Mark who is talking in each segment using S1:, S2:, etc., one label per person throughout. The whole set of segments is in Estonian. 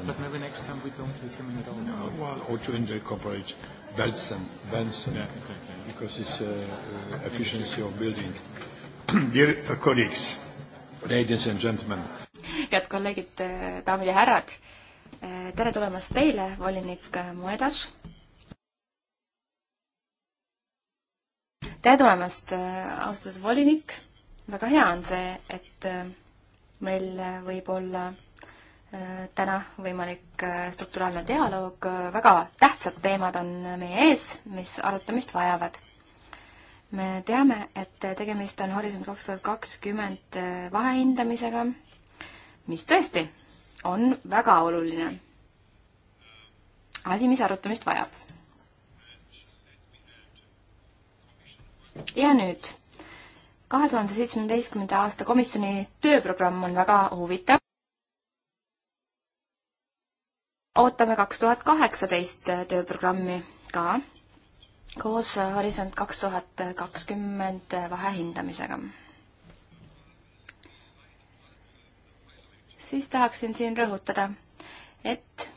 S1: to... But maybe next time we don't use them at all. No, well, or to incorporate Benson, Benson yeah, exactly. because it's uh, uh, efficiency of building. Dear uh, colleagues, ladies and gentlemen.
S2: head kolleegid, äh, daamid ja härrad, äh, tere tulemast teile, volinik äh, Moedas. tere tulemast, austatud volinik, väga hea on see, et meil võib olla täna võimalik äh, strukturaalne dialoog, väga tähtsad teemad on meie ees, mis arutamist vajavad. me teame, et tegemist on Horisont kaks tuhat kakskümmend äh, vahehindamisega, mis tõesti on väga oluline asi, mis arutamist vajab. ja nüüd, kahe tuhande seitsmeteistkümnenda aasta komisjoni tööprogramm on väga huvitav. ootame kaks tuhat kaheksateist tööprogrammi ka koos Horisont kaks tuhat kakskümmend vahehindamisega. siis tahaksin siin rõhutada, et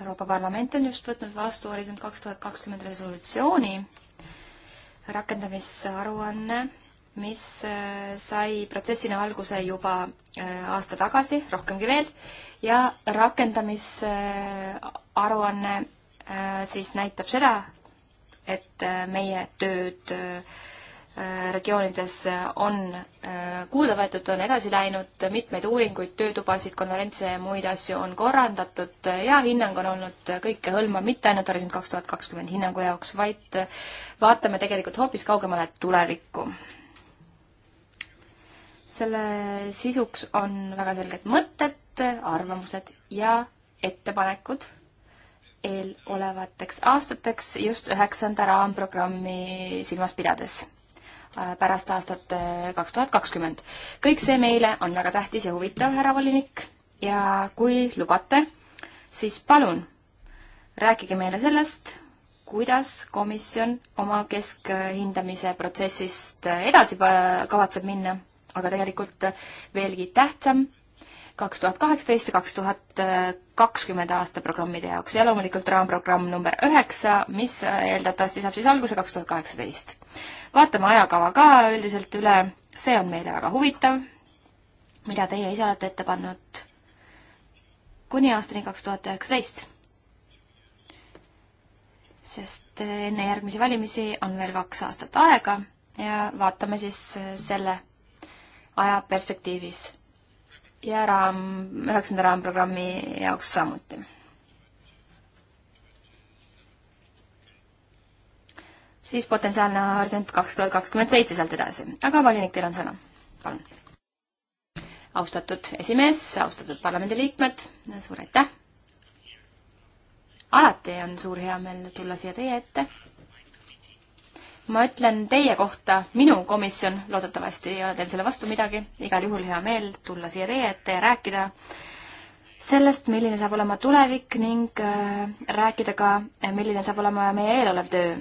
S2: Euroopa Parlament on just võtnud vastu Horisont kaks tuhat kakskümmend resolutsiooni, rakendamisaruanne mis äh, sai protsessina alguse juba äh, aasta tagasi, rohkemgi veel, ja rakendamisaruanne äh, siis näitab seda, et meie tööd regioonides on kuulda võetud, on edasi läinud, mitmeid uuringuid, töötubasid, konverentse ja muid asju on korraldatud ja hinnang on olnud kõikehõlmav, mitte ainult Horisont kaks tuhat kakskümmend hinnangu jaoks, vaid vaatame tegelikult hoopis kaugemale tulevikku selle sisuks on väga selged mõtted, arvamused ja ettepanekud eelolevateks aastateks just üheksanda raamprogrammi silmas pidades äh, pärast aastat kaks tuhat kakskümmend. kõik see meile on väga tähtis ja huvitav, härra volinik, ja kui lubate, siis palun rääkige meile sellest, kuidas komisjon oma keskhindamise protsessist edasi kavatseb minna aga tegelikult veelgi tähtsam kaks tuhat kaheksateist ja kaks tuhat kakskümmend aasta programmide jaoks ja loomulikult raamprogramm number üheksa, mis eeldatavasti saab siis alguse kaks tuhat kaheksateist. vaatame ajakava ka üldiselt üle, see on meile väga huvitav, mida teie ise olete ette pannud kuni aastani kaks tuhat üheksateist. sest enne järgmisi valimisi on veel kaks aastat aega ja vaatame siis selle ajaperspektiivis ja raam, üheksanda raamprogrammi jaoks samuti. siis potentsiaalne horisont kaks tuhat kakskümmend seitse sealt edasi, aga volinik, teil on sõna, palun. austatud esimees, austatud parlamendiliikmed, suur aitäh! alati on suur heameel tulla siia teie ette ma ütlen teie kohta, minu komisjon, loodetavasti ei ole teil selle vastu midagi, igal juhul hea meel tulla siia teie ette ja rääkida sellest, milline saab olema tulevik ning äh, rääkida ka, milline saab olema meie eelolev töö.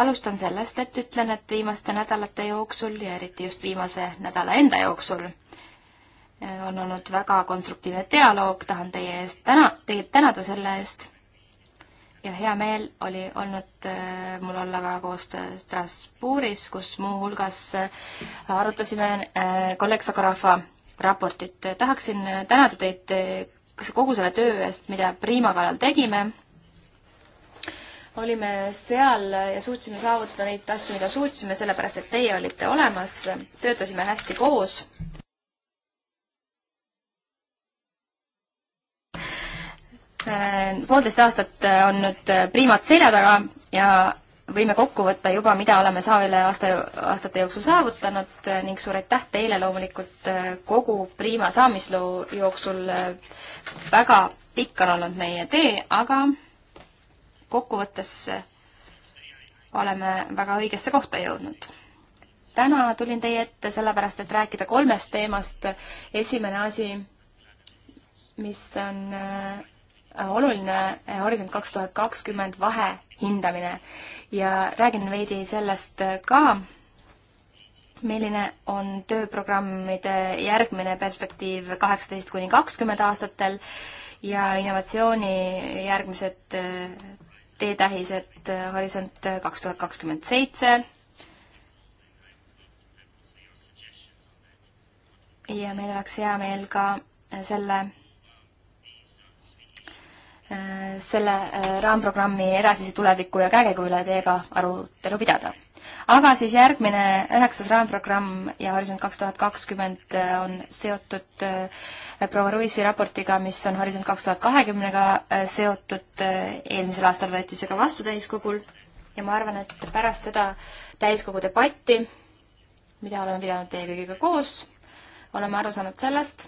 S2: alustan sellest, et ütlen, et viimaste nädalate jooksul ja eriti just viimase nädala enda jooksul äh, on olnud väga konstruktiivne dialoog, tahan teie eest täna, teid tänada selle eest ja hea meel oli olnud äh, mul olla ka koostöö Strasbourgis, kus muuhulgas äh, arutasime äh, kolleeg Sakarafa raportit. tahaksin tänada teid kogu selle töö eest, mida Prima kallal tegime. olime seal ja suutsime saavutada neid asju, mida suutsime, sellepärast et teie olite olemas, töötasime hästi koos Äh, poolteist aastat äh, on nüüd äh, priimad selja taga ja võime kokku võtta juba, mida oleme Saavile aasta, aastate jooksul saavutanud ning suur aitäh teile loomulikult kogu Prima saamisloo jooksul. väga pikk on olnud meie tee, aga kokkuvõttes oleme väga õigesse kohta jõudnud täna tulin teie ette sellepärast, et rääkida kolmest teemast. esimene asi, mis on Äh, oluline äh, Horisont kaks tuhat kakskümmend vahe hindamine ja räägin veidi sellest äh, ka, milline on tööprogrammide järgmine perspektiiv kaheksateist kuni kakskümmend aastatel ja innovatsiooni järgmised teetähised Horisont kaks tuhat kakskümmend seitse. ja meil oleks hea meel ka selle selle äh, raamprogrammi edasise tuleviku ja käekäigu üle teiega arutelu pidada. aga siis järgmine üheksas raamprogramm ja Horisont kaks tuhat kakskümmend äh, on seotud äh, proua Ruisi raportiga, mis on Horisont kaks tuhat kahekümnega seotud, eelmisel aastal võeti see ka vastu täiskogul ja ma arvan, et pärast seda täiskogu debatti, mida oleme pidanud teie kõigiga koos, oleme aru saanud sellest,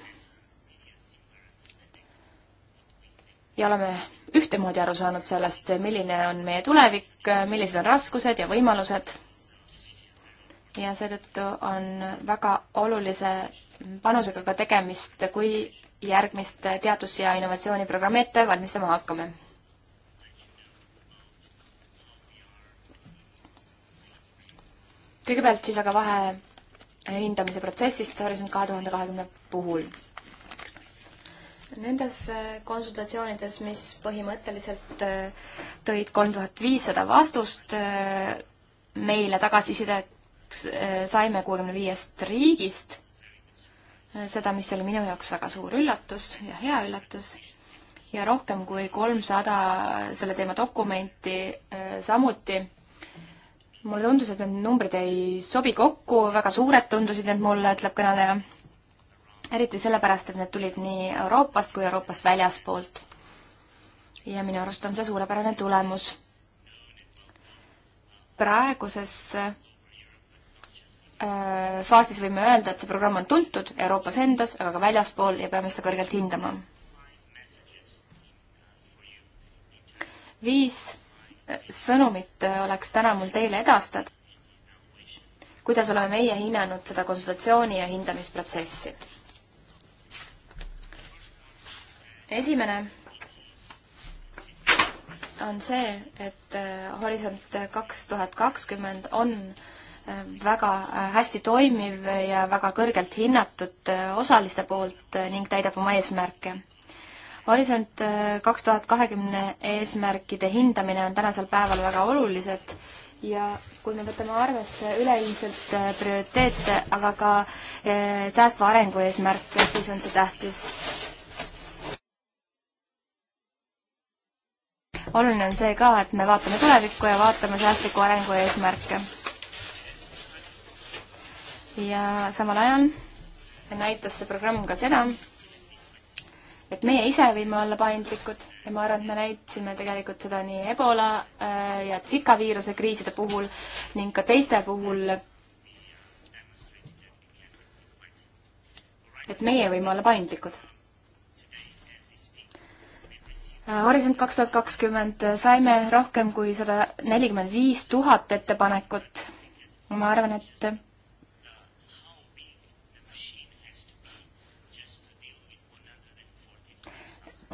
S2: ja oleme ühtemoodi aru saanud sellest, milline on meie tulevik, millised on raskused ja võimalused. ja seetõttu on väga olulise panusega ka tegemist, kui järgmist teadus- ja innovatsiooniprogrammi ette valmistama hakkame. kõigepealt siis aga vahe hindamise protsessist Horisont kahe tuhande kahekümne puhul Nendes äh, konsultatsioonides, mis põhimõtteliselt äh, tõid kolm tuhat viissada vastust äh, meile tagasisidet saime kuuekümne viiest riigist, seda, mis oli minu jaoks väga suur üllatus ja hea üllatus, ja rohkem kui kolmsada selle teema dokumenti samuti mulle tundus, et need numbrid ei sobi kokku, väga suured tundusid need mulle, ütleb kõneleja eriti sellepärast, et need tulid nii Euroopast kui Euroopast väljaspoolt. ja minu arust on see suurepärane tulemus. praeguses äh, faasis võime öelda, et see programm on tuntud Euroopas endas, aga ka väljaspool ja peame seda kõrgelt hindama. viis äh, sõnumit äh, oleks täna mul teile edastada. kuidas oleme meie hinnanud seda konsultatsiooni ja hindamisprotsessi? esimene on see, et äh, Horisont kaks tuhat kakskümmend on äh, väga äh, hästi toimiv ja väga kõrgelt hinnatud osaliste poolt ning täidab oma eesmärke. Horisont kaks tuhat kahekümne eesmärkide hindamine on tänasel päeval väga olulised ja kui me võtame arvesse üleilmselt prioriteete, aga ka säästva arengu eesmärke, siis on see tähtis oluline on see ka, et me vaatame tulevikku ja vaatame säästliku arengu eesmärke. ja samal ajal näitas see programm ka seda, et meie ise võime olla paindlikud ja ma arvan, et me näitasime tegelikult seda nii Ebola äh, ja Zika viiruse kriiside puhul ning ka teiste puhul, et meie võime olla paindlikud Äh, Horisont kaks tuhat kakskümmend äh, saime rohkem kui sada nelikümmend viis tuhat ettepanekut. ma arvan, et äh,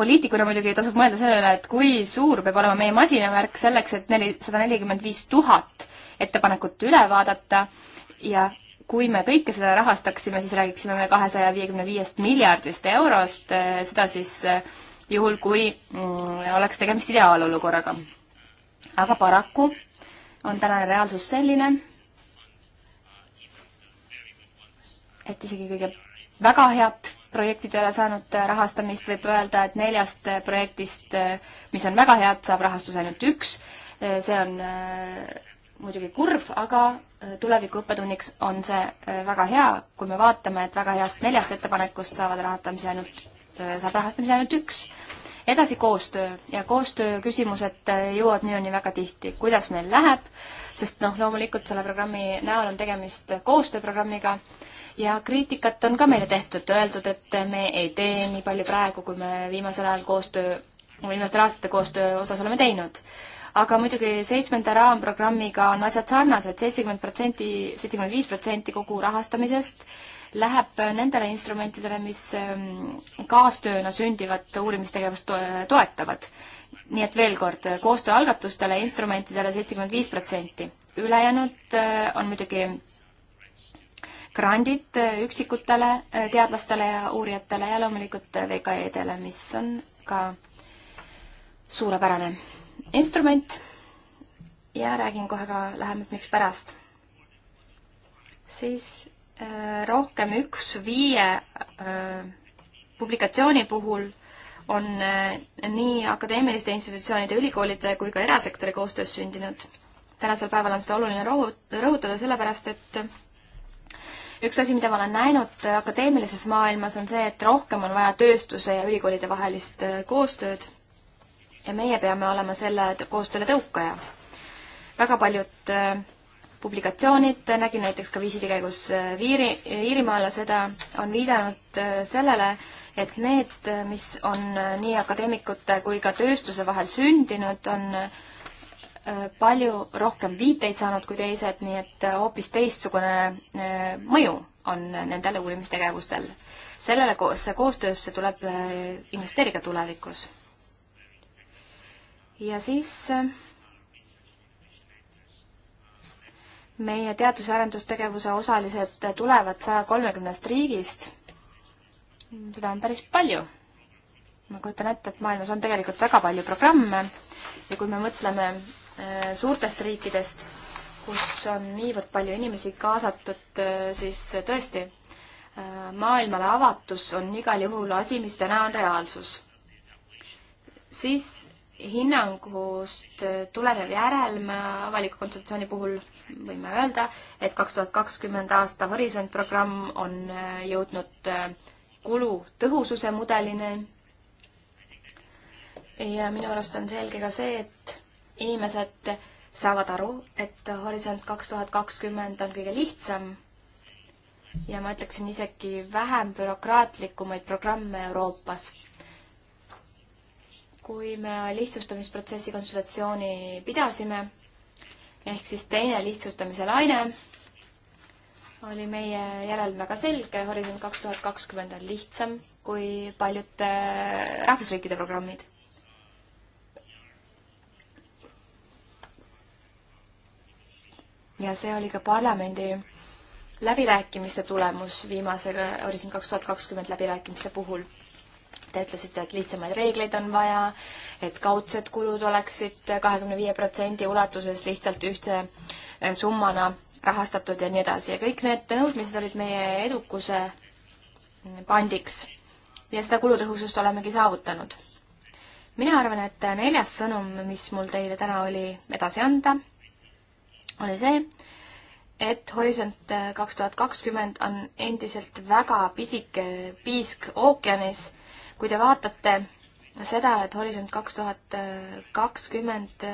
S2: poliitikuna muidugi tasub mõelda sellele, et kui suur peab olema meie masinavärk selleks, et neli, sada nelikümmend viis tuhat ettepanekut üle vaadata ja kui me kõike seda rahastaksime, siis räägiksime me kahesaja viiekümne viiest miljardist eurost, seda siis juhul kui mm, oleks tegemist ideaalolukorraga. aga paraku on tänane reaalsus selline, et isegi kõige väga head projektid ei ole saanud rahastamist, võib öelda, et neljast projektist, mis on väga head, saab rahastus ainult üks. see on äh, muidugi kurb, aga äh, tuleviku õppetunniks on see äh, väga hea, kui me vaatame, et väga heast neljast ettepanekust saavad rahatamise ainult Äh, saab rahastamise ainult üks. edasi koostöö ja koostöö küsimused äh, jõuavad minuni väga tihti, kuidas meil läheb, sest noh, loomulikult selle programmi näol on tegemist koostööprogrammiga ja kriitikat on ka meile tehtud, öeldud, et me ei tee nii palju praegu, kui me viimasel ajal koostöö, viimastel aastate koostöö osas oleme teinud aga muidugi seitsmenda raamprogrammiga on asjad sarnased, seitsekümmend protsenti, seitsekümmend viis protsenti kogu rahastamisest läheb nendele instrumentidele, mis ähm, kaastööna sündivat uurimistegevust toetavad. nii et veel kord, äh, koostööalgatustele, instrumentidele seitsekümmend viis protsenti. ülejäänud äh, on muidugi grandid äh, üksikutele teadlastele ja uurijatele ja loomulikult VKE-dele, mis on ka suurepärane instrument ja räägin kohe ka lähemalt, mikspärast. siis Äh, rohkem üks viie äh, publikatsiooni puhul on äh, nii akadeemiliste institutsioonide, ülikoolide kui ka erasektori koostöös sündinud. tänasel päeval on seda oluline rõhutada, sellepärast et üks asi, mida ma olen näinud akadeemilises maailmas, on see, et rohkem on vaja tööstuse ja ülikoolide vahelist koostööd. ja meie peame olema selle koostööle tõukaja. väga paljud äh, publikatsioonid, nägin näiteks ka viiside käigus äh, Viiri, Iirimaale seda, on viidanud äh, sellele, et need, mis on äh, nii akadeemikute kui ka tööstuse vahel sündinud, on palju rohkem viiteid saanud kui teised, nii et hoopis teistsugune mõju on nendel uurimistegevustel. sellele koos, koostöösse tuleb investeerida tulevikus. ja siis meie teadus- ja arendustegevuse osalised tulevad saja kolmekümnest riigist. seda on päris palju. ma kujutan ette, et maailmas on tegelikult väga palju programme ja kui me mõtleme äh, suurtest riikidest, kus on niivõrd palju inimesi kaasatud, äh, siis tõesti, äh, maailmale avatus on igal juhul asi, mis täna on reaalsus. siis hinnangust tulenev järelm avaliku konsultatsiooni puhul võime öelda, et kaks tuhat kakskümmend aasta Horisont programm on jõudnud kulutõhususe mudelini. ja minu arust on selge ka see, et inimesed saavad aru, et Horisont kaks tuhat kakskümmend on kõige lihtsam ja ma ütleksin isegi vähem bürokraatlikumaid programme Euroopas kui me lihtsustamisprotsessi konsultatsiooni pidasime, ehk siis teine lihtsustamise laine, oli meie järel väga selge, Horisont kaks tuhat kakskümmend on lihtsam kui paljud äh, rahvusriikide programmid. ja see oli ka parlamendi läbirääkimiste tulemus viimase äh, Horisont kaks tuhat kakskümmend läbirääkimiste puhul Te ütlesite, et lihtsamaid reegleid on vaja, et kaudsed kulud oleksid kahekümne viie protsendi ulatuses lihtsalt ühtse eh, summana rahastatud ja nii edasi ja kõik need nõudmised olid meie edukuse mm, pandiks. ja seda kulutõhusust olemegi saavutanud. mina arvan, et neljas sõnum, mis mul teile täna oli edasi anda, oli see, et Horisont eh, kaks tuhat kakskümmend on endiselt väga pisike piisk ookeanis kui te vaatate seda, et Horisont kaks tuhat kakskümmend,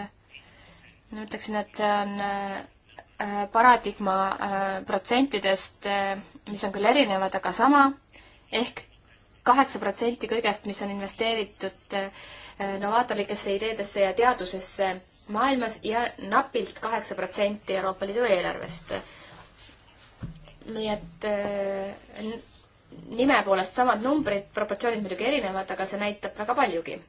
S2: ma ütleksin, et see on äh, paradigma äh, protsentidest, äh, mis on küll erinevad, aga sama, ehk kaheksa protsenti kõigest, mis on investeeritud novaatorlikesse ideedesse ja teadusesse maailmas ja napilt kaheksa protsenti Euroopa Liidu eelarvest. nii et nime poolest samad numbrid, proportsioonid muidugi erinevad, aga see näitab väga paljugi.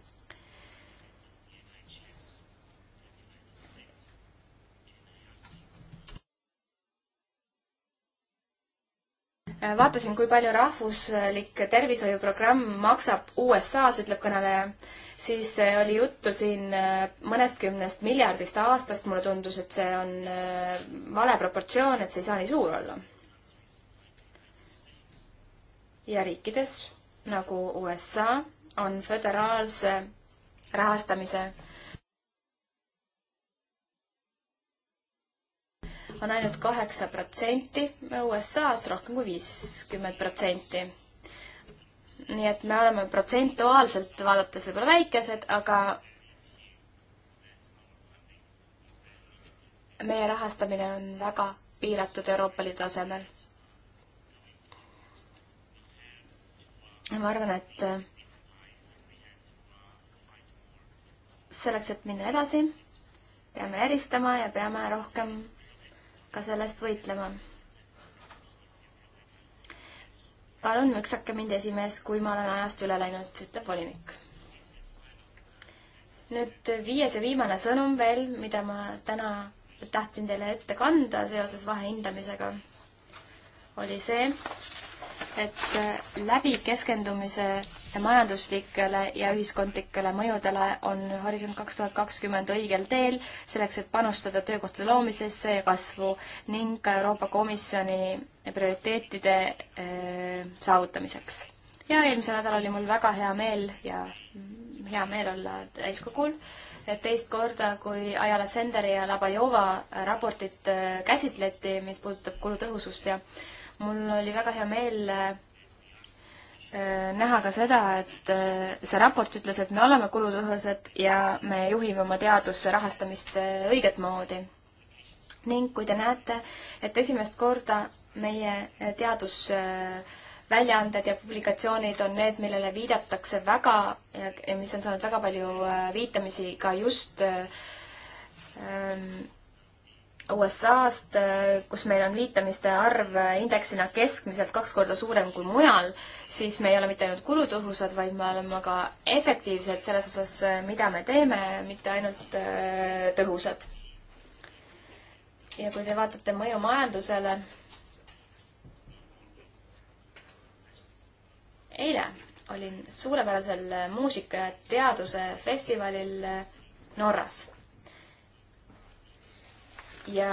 S2: vaatasin, kui palju rahvuslik tervishoiuprogramm maksab USA-s, ütleb kõneleja, siis oli juttu siin äh, mõnest kümnest miljardist aastast, mulle tundus, et see on äh, vale proportsioon, et see ei saa nii suur olla ja riikides nagu USA on föderaalse rahastamise on ainult kaheksa protsenti, USA-s rohkem kui viiskümmend protsenti. nii et me oleme protsentuaalselt vaadates võib-olla väikesed, aga meie rahastamine on väga piiratud Euroopa Liidu tasemel. ma arvan, et äh, selleks, et minna edasi, peame eristama ja peame rohkem ka selle eest võitlema. palun müksake mind esimees, kui ma olen ajast üle läinud, ütleb volinik. nüüd viies ja viimane sõnum veel, mida ma täna tahtsin teile ette kanda seoses vahehindamisega, oli see, et äh, läbi keskendumise majanduslikele ja ühiskondlikele mõjudele on Horisont kaks tuhat kakskümmend õigel teel, selleks et panustada töökohtade loomisesse ja kasvu ning ka Euroopa Komisjoni prioriteetide äh, saavutamiseks. ja eelmisel nädalal oli mul väga hea meel ja hea meel olla täiskogul et teist korda, kui Ajala Senderi ja Labajova raportit äh, käsitleti, mis puudutab kulutõhusust ja äh, mul oli väga hea meel äh, näha ka seda, et äh, see raport ütles, et me oleme kulutõhusad ja me juhime oma teaduse rahastamist äh, õiget moodi. ning kui te näete, et esimest korda meie teadusväljaanded ja publikatsioonid on need, millele viidatakse väga ja mis on saanud väga palju viitamisi ka just ähm, USA-st, kus meil on liitumiste arv indeksina keskmiselt kaks korda suurem kui mujal, siis me ei ole mitte ainult kulutõhusad, vaid me oleme ka efektiivsed selles osas, mida me teeme, mitte ainult äh, tõhusad. ja kui te vaatate mõju majandusele, eile olin suurepärasel muusika- ja teadusefestivalil Norras ja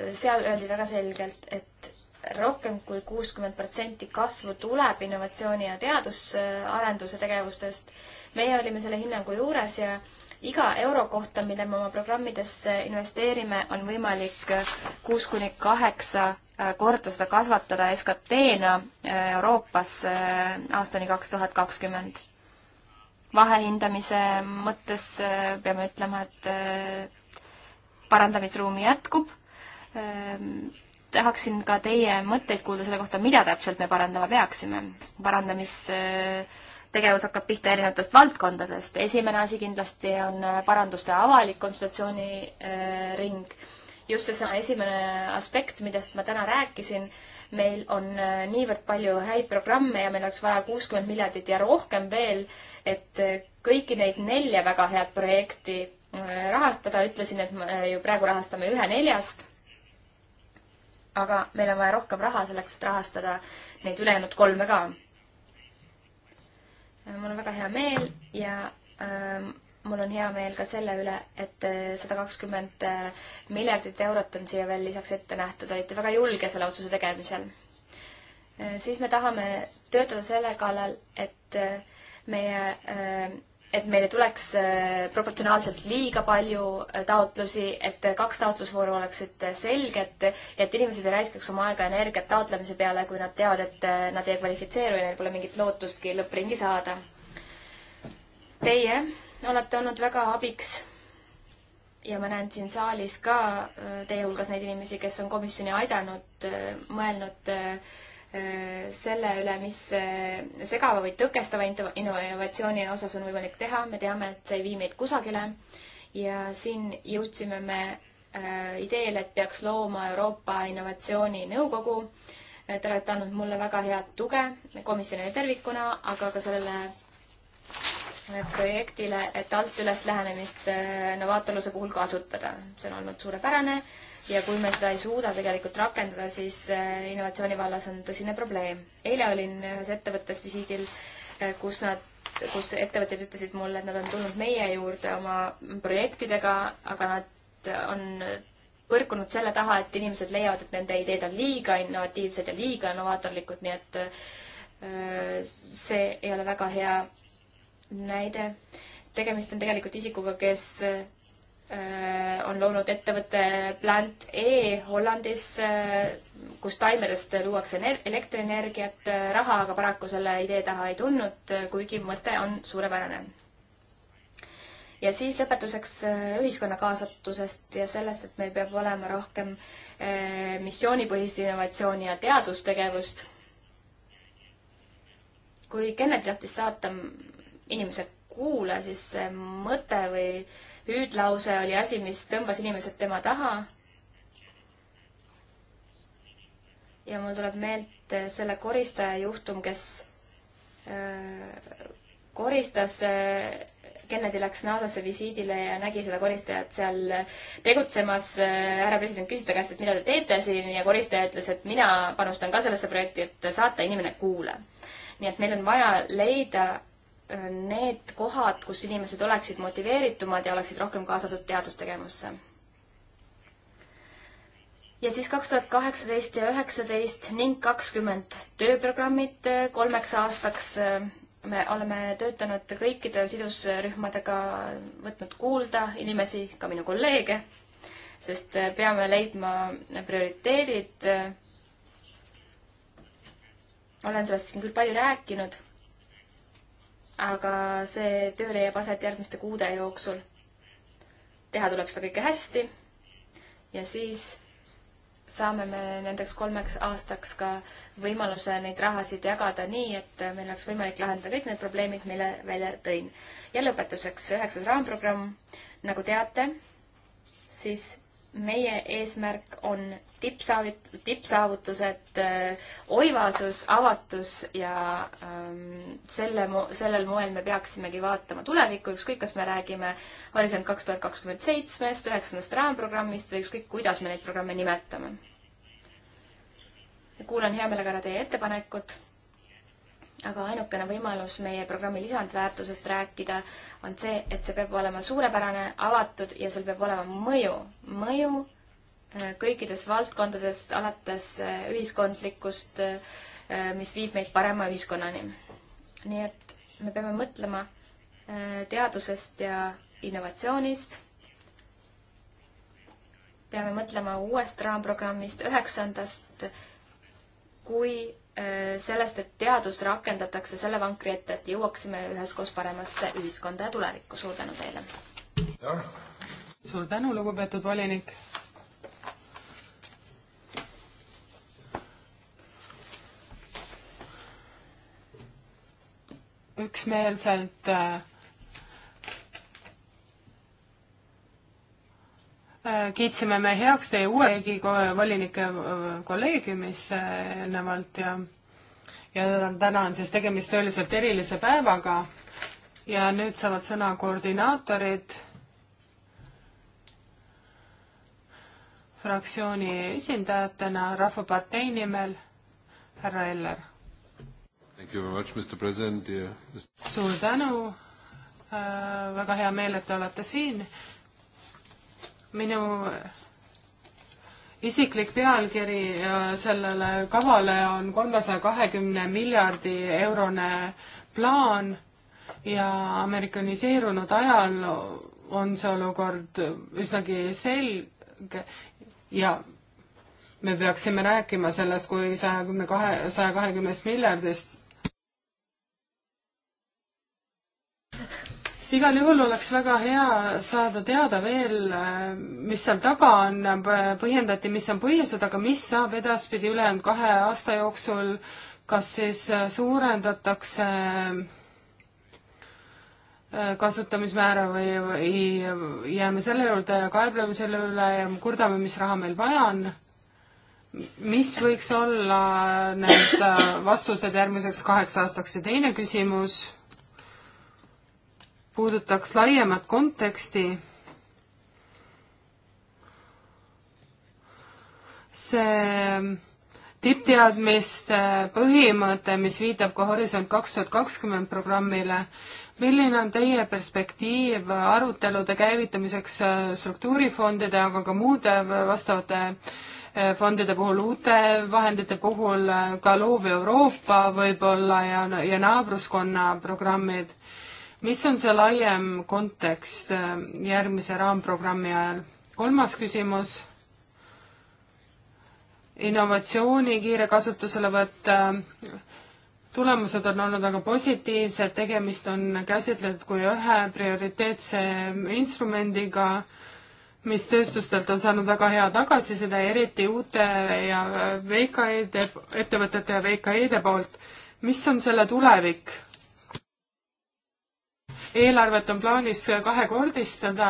S2: äh, seal öeldi väga selgelt, et rohkem kui kuuskümmend protsenti kasvu tuleb innovatsiooni ja teadusarenduse tegevustest. meie olime selle hinnangu juures ja iga euro kohta, mille me oma programmidesse investeerime, on võimalik äh, kuus kuni kaheksa äh, korda seda kasvatada SKT-na Euroopas aastani kaks tuhat kakskümmend. vahehindamise mõttes peame ütlema, et parandamisruumi jätkub. Ehm, tahaksin ka teie mõtteid kuulda selle kohta, mida täpselt me parandama peaksime. parandamistegevus hakkab pihta erinevatest valdkondadest. esimene asi kindlasti on äh, paranduste avalik konsultatsiooniring. Äh, just seesama esimene aspekt, millest ma täna rääkisin meil on äh, niivõrd palju häid programme ja meil oleks vaja kuuskümmend miljardit ja rohkem veel, et kõiki neid nelja väga head projekti rahastada, ütlesin, et me ju praegu rahastame ühe neljast. aga meil on vaja rohkem raha selleks, et rahastada neid ülejäänud kolme ka. mul on väga hea meel ja ähm, mul on hea meel ka selle üle, et äh, sada kakskümmend äh, miljardit eurot on siia veel lisaks ette nähtud, olite väga julge selle otsuse tegemisel. Äh, siis me tahame töötada selle kallal, et meie et meil ei tuleks äh, proportsionaalselt liiga palju äh, taotlusi, et äh, kaks taotlusvooru oleksid selged, et inimesed ei raiskaks oma aega ja energiat taotlemise peale, kui nad teavad, et nad ei kvalifitseeru ja neil pole mingit lootustki lõppringi saada. Teie olete olnud väga abiks ja ma näen siin saalis ka teie hulgas neid inimesi, kes on komisjoni aidanud, mõelnud äh, Äh, selle üle, mis äh, segava või tõkestava innovatsiooni osas on võimalik teha, me teame, et see ei vii meid kusagile ja siin jõudsime me äh, ideel, et peaks looma Euroopa Innovatsiooninõukogu. Te olete andnud mulle väga head tuge komisjonile tervikuna, aga ka sellele projektile, et alt üles lähenemist äh, novaatorluse puhul kasutada. see on olnud suurepärane ja kui me seda ei suuda tegelikult rakendada, siis äh, innovatsiooni vallas on tõsine probleem. eile olin ühes ettevõttes visiidil, äh, kus nad, kus ettevõtjad ütlesid mulle, et nad on tulnud meie juurde oma projektidega, aga nad on põrkunud selle taha, et inimesed leiavad, et nende ideed on liiga innovatiivsed ja liiga innovaatorlikud, nii et see ei ole väga hea näide. tegemist on tegelikult isikuga, kes äh, on loonud ettevõtte Plant E Hollandis, äh, kus taimedest luuakse elektrienergiat, raha aga paraku selle idee taha ei tulnud, kuigi mõte on suurepärane. ja siis lõpetuseks äh, ühiskonna kaasatusest ja sellest, et meil peab olema rohkem missioonipõhist innovatsiooni ja teadustegevust. kui Kennedy tahtis saata inimesed kuule, siis see mõte või hüüdlause oli asi, mis tõmbas inimesed tema taha. ja mul tuleb meelde selle koristaja juhtum, kes äh, koristas äh, Kennedy läks NASA-sse visiidile ja nägi seda koristajat seal tegutsemas. Äh, härra president küsis ta käest, et mida te teete siin ja koristaja ütles, et mina panustan ka sellesse projekti, et saata inimene kuule. nii et meil on vaja leida need kohad, kus inimesed oleksid motiveeritumad ja oleksid rohkem kaasatud teadustegevusse. ja siis kaks tuhat kaheksateist ja üheksateist ning kakskümmend tööprogrammid kolmeks aastaks. Äh, me oleme töötanud kõikide sidusrühmadega, võtnud kuulda inimesi, ka minu kolleege, sest äh, peame leidma prioriteedid. olen sellest siin küll palju rääkinud aga see töö leiab aset järgmiste kuude jooksul. teha tuleb seda kõike hästi ja siis saame me nendeks kolmeks aastaks ka võimaluse neid rahasid jagada nii, et meil oleks võimalik lahendada kõik need probleemid, mille välja tõin. ja lõpetuseks üheksas raamprogramm. nagu teate, siis meie eesmärk on tippsaavut-, tippsaavutused, äh, oivasus, avatus ja ähm, selle, sellel moel me peaksimegi vaatama tulevikku, ükskõik, kas me räägime Horisont kaks tuhat kakskümmend seitsmest, üheksandast raamprogrammist või ükskõik, kuidas me neid programme nimetame. kuulan hea meelega ära teie ettepanekud aga ainukene võimalus meie programmi lisandväärtusest rääkida on see, et see peab olema suurepärane, avatud ja seal peab olema mõju. mõju äh, kõikides valdkondades, alates äh, ühiskondlikust, äh, mis viib meid parema ühiskonnani. nii et me peame mõtlema teadusest ja innovatsioonist. peame mõtlema uuest raamprogrammist, üheksandast, kui Äh, sellest, et teadus rakendatakse selle vankri ette, et jõuaksime üheskoos paremasse ühiskonda ja tulevikku. suur tänu teile!
S3: suur tänu, lugupeetud volinik! üksmeelselt äh, kiitsime me heaks teie uue volinike äh, kolleegiumis äh, eelnevalt ja ja täna on siis tegemist tõeliselt erilise päevaga ja nüüd saavad sõna koordinaatorid, fraktsiooni esindajatena Rahvapartei nimel härra Eller. suur tänu äh,, väga hea meel, et te olete siin minu isiklik pealkiri äh, sellele kavale on kolmesaja kahekümne miljardi eurone plaan ja amerikaniseerunud ajal on see olukord üsnagi selge ja me peaksime rääkima sellest kui saja kümne kahe, saja kahekümnest miljardist igal juhul oleks väga hea saada teada veel, mis seal taga on, põhjendati, mis on põhjused, aga mis saab edaspidi ülejäänud kahe aasta jooksul, kas siis suurendatakse äh, kasutamismäära või, või jääme selle juurde ja kaebleme selle üle ja kurdame, mis raha meil vaja on. mis võiks olla need äh, vastused järgmiseks kaheks aastaks ja teine küsimus puudutaks laiemat konteksti, see tippteadmiste põhimõte, mis viitab ka Horisont kaks tuhat kakskümmend programmile, milline on teie perspektiiv arutelude käivitamiseks äh, struktuurifondide, aga ka muude vastavate äh, fondide puhul, uute vahendite puhul, äh, ka Loov Euroopa võib-olla ja, ja naabruskonna programmid? mis on see laiem kontekst äh, järgmise raamprogrammi ajal? kolmas küsimus, innovatsiooni kiire kasutuselevõtt, tulemused on olnud väga positiivsed, tegemist on käsitletud kui ühe prioriteetse instrumendiga, mis tööstustelt on saanud väga hea tagasiside, eriti uute ja VKE-de, ettevõtete ja VKE-de poolt. mis on selle tulevik? eelarvet on plaanis kahekordistada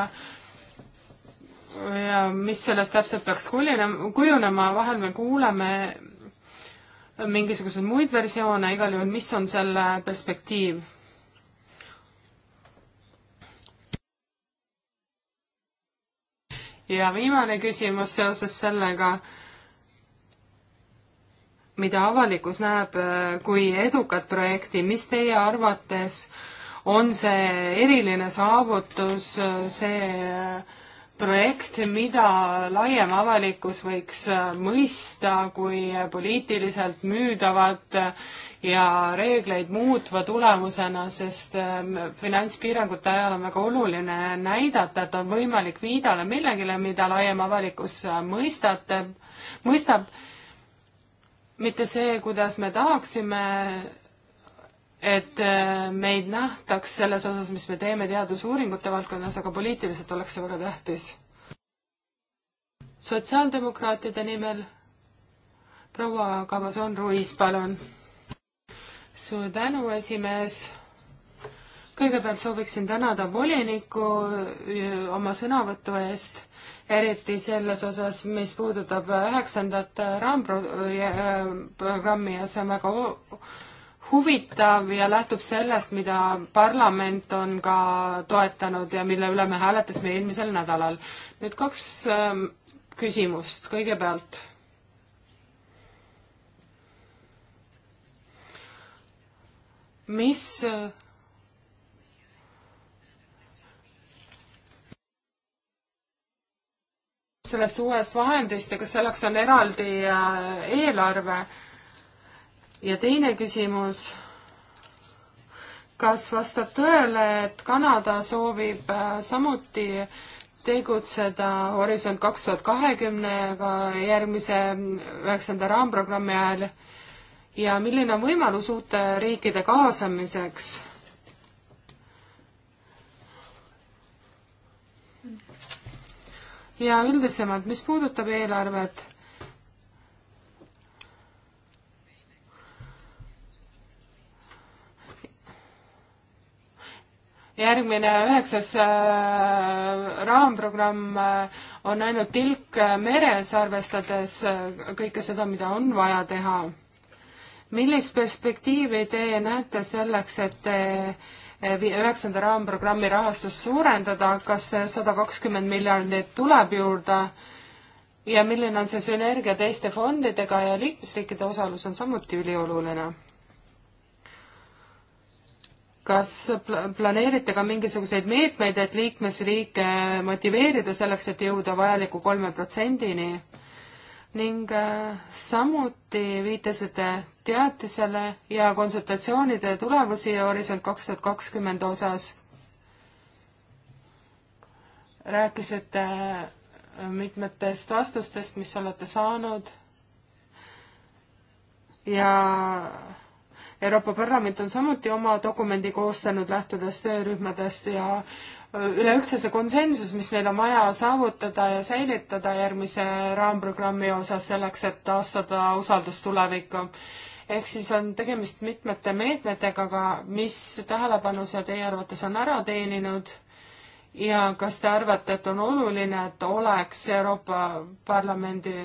S3: ja mis sellest täpselt peaks kujunema, kujunema, vahel me kuuleme mingisuguseid muid versioone, igal juhul, mis on selle perspektiiv? ja viimane küsimus seoses sellega, mida avalikkus näeb äh, kui edukat projekti, mis teie arvates äh, on see eriline saavutus, see projekt, mida laiem avalikkus võiks mõista kui poliitiliselt müüdavat ja reegleid muutva tulemusena, sest ähm, finantspiirangute ajal on väga oluline näidata, et on võimalik viidale millegile, mida laiem avalikkus mõistate, mõistab, mitte see, kuidas me tahaksime et äh, meid nähtaks selles osas, mis me teeme teadusuuringute valdkonnas, aga poliitiliselt oleks see väga tähtis. sotsiaaldemokraatide nimel proua Cabazon Ruiz, palun. suur tänu, esimees. kõigepealt sooviksin tänada volinikku äh, oma sõnavõtu eest, eriti selles osas, mis puudutab üheksandat äh, raamprogrammi ja see on väga huvitav ja lähtub sellest, mida parlament on ka toetanud ja mille üle me hääletasime eelmisel nädalal. nüüd kaks ähm, küsimust kõigepealt. mis sellest uuest vahendist ja kas selleks on eraldi äh, eelarve äh, ja teine küsimus, kas vastab tõele, et Kanada soovib äh, samuti tegutseda Horisont kaks tuhat kahekümnega järgmise mm, üheksanda raamprogrammi ajal ja milline on võimalus uute riikide kaasamiseks? ja üldisemalt, mis puudutab eelarvet järgmine üheksas äh, raamprogramm äh, on ainult tilk äh, meres, arvestades kõike seda, mida on vaja teha. millist perspektiivi te näete selleks, et üheksanda raamprogrammi rahastust suurendada, kas sada kakskümmend miljardit tuleb juurde ja milline on see sünergia teiste fondidega ja liikmesriikide osalus on samuti ülioluline? kas planeerite ka mingisuguseid meetmeid, et liikmesriike motiveerida selleks, et jõuda vajaliku kolme protsendini? ning äh, samuti viitasite teatisele ja konsultatsioonide tulemusi Horisont kaks tuhat kakskümmend osas. rääkisite äh, mitmetest vastustest, mis olete saanud ja Euroopa Parlament on samuti oma dokumendi koostanud, lähtudes töörühmadest ja üleüldse see konsensus, mis meil on vaja saavutada ja säilitada järgmise raamprogrammi osas selleks, et taastada usaldus tulevikku. ehk siis on tegemist mitmete meetmetega, aga mis tähelepanu see teie arvates on ära teeninud ja kas te arvate, et on oluline, et oleks Euroopa Parlamendi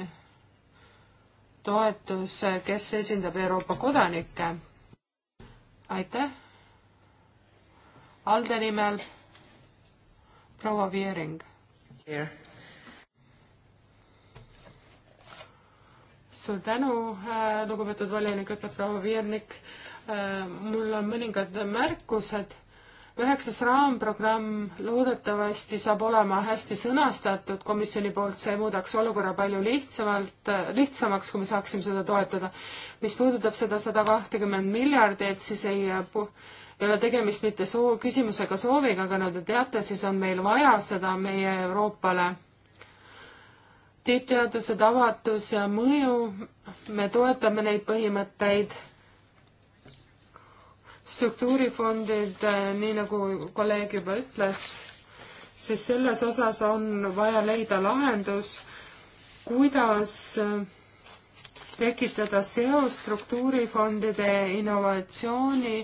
S3: toetus, kes esindab Euroopa kodanikke? aitäh. Alde nimel proua Viering. suur tänu, äh, lugupeetud volinik, ütleb proua Viernik. Äh, mul on mõningad märkused üheksas raamprogramm loodetavasti saab olema hästi sõnastatud komisjoni poolt, see muudaks olukorra palju lihtsamalt, äh, lihtsamaks, kui me saaksime seda toetada. mis puudutab seda sada kahtekümmend miljardit, siis ei, äh, ei ole tegemist mitte soo-, küsimusega sooviga, aga nagu te teate, siis on meil vaja seda meie Euroopale. tippteadused, avatus ja mõju, me toetame neid põhimõtteid struktuurifondid, äh, nii nagu kolleeg juba ütles, siis selles osas on vaja leida lahendus, kuidas äh, tekitada seos struktuurifondide innovatsiooni,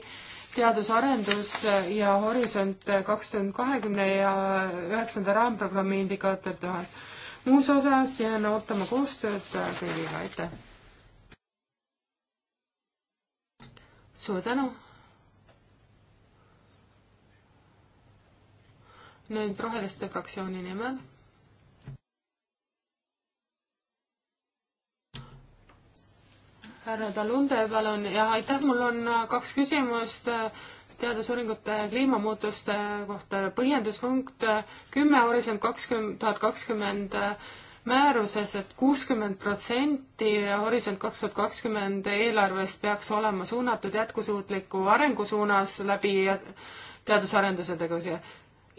S3: teadus-arendus ja Horisont kaks tuhat kahekümne ja üheksanda raamprogrammi indikaatorite vahel. muus osas jään ootama koostööd kõigiga, aitäh! suur tänu! nüüd Roheliste fraktsiooni nimel. härra Talunde, palun, jah, aitäh, mul on äh, kaks küsimust äh, teadusuuringute kliimamuutuste kohta. põhjenduspunkt äh, kümme, Horisont kakskümmend, tuhat kakskümmend määruses et, et kuuskümmend protsenti Horisont kaks tuhat kakskümmend eelarvest peaks olema suunatud jätkusuutliku arengu suunas läbi teadus-arenduse tegevuse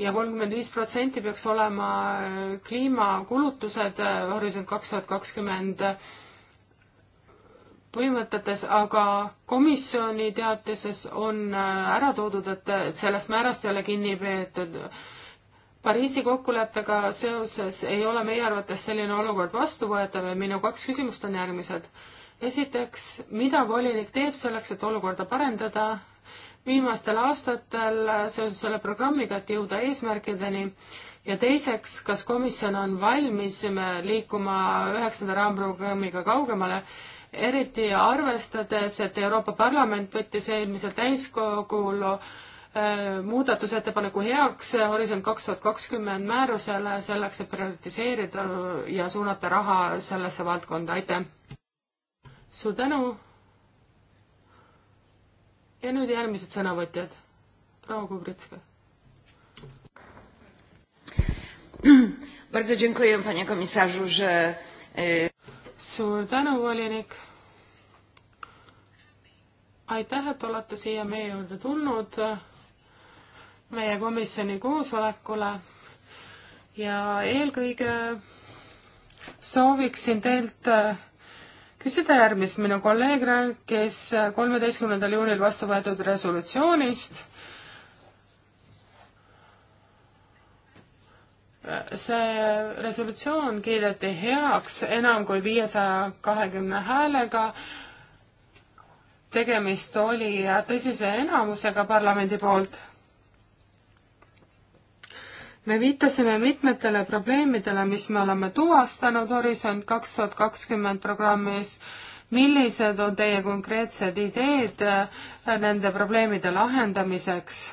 S3: ja kolmkümmend viis protsenti peaks olema äh, kliimakulutused äh, Horisont kaks tuhat kakskümmend äh, põhimõtetes, aga komisjoni teatises on ära toodud, et sellest määrast ei ole kinni peetud. Pariisi kokkuleppega seoses ei ole meie arvates selline olukord vastuvõetav ja minu kaks küsimust on järgmised. esiteks, mida volinik teeb selleks, et olukorda parendada viimastel aastatel seoses selle programmiga, et jõuda eesmärkideni ja teiseks, kas komisjon on valmis liikuma üheksanda raamprogrammiga kaugemale, eriti arvestades, et Euroopa Parlament võttis eelmisel täiskogul äh, muudatusettepaneku heaks Horisont kaks tuhat kakskümmend määrusele selleks, et prioritiseerida ja suunata raha sellesse valdkonda, aitäh! suur tänu! ja nüüd järgmised sõnavõtjad. proua Kubritska. Bardzo dziękuję, panie komisarzu, że... E, Suur tänu, volinik. Aitäh, et olete siia meie juurde tulnud meie komisjoni koosolekule ja eelkõige sooviksin teilt küsis seda järgmist, minu kolleeg rääkis kolmeteistkümnendal juunil vastu võetud resolutsioonist, see resolutsioon kiideti heaks enam kui viiesaja kahekümne häälega, tegemist oli tõsise enamusega parlamendi poolt me viitasime mitmetele probleemidele, mis me oleme tuvastanud Horisont kaks tuhat kakskümmend programmis. millised on teie konkreetsed ideed äh, nende probleemide lahendamiseks?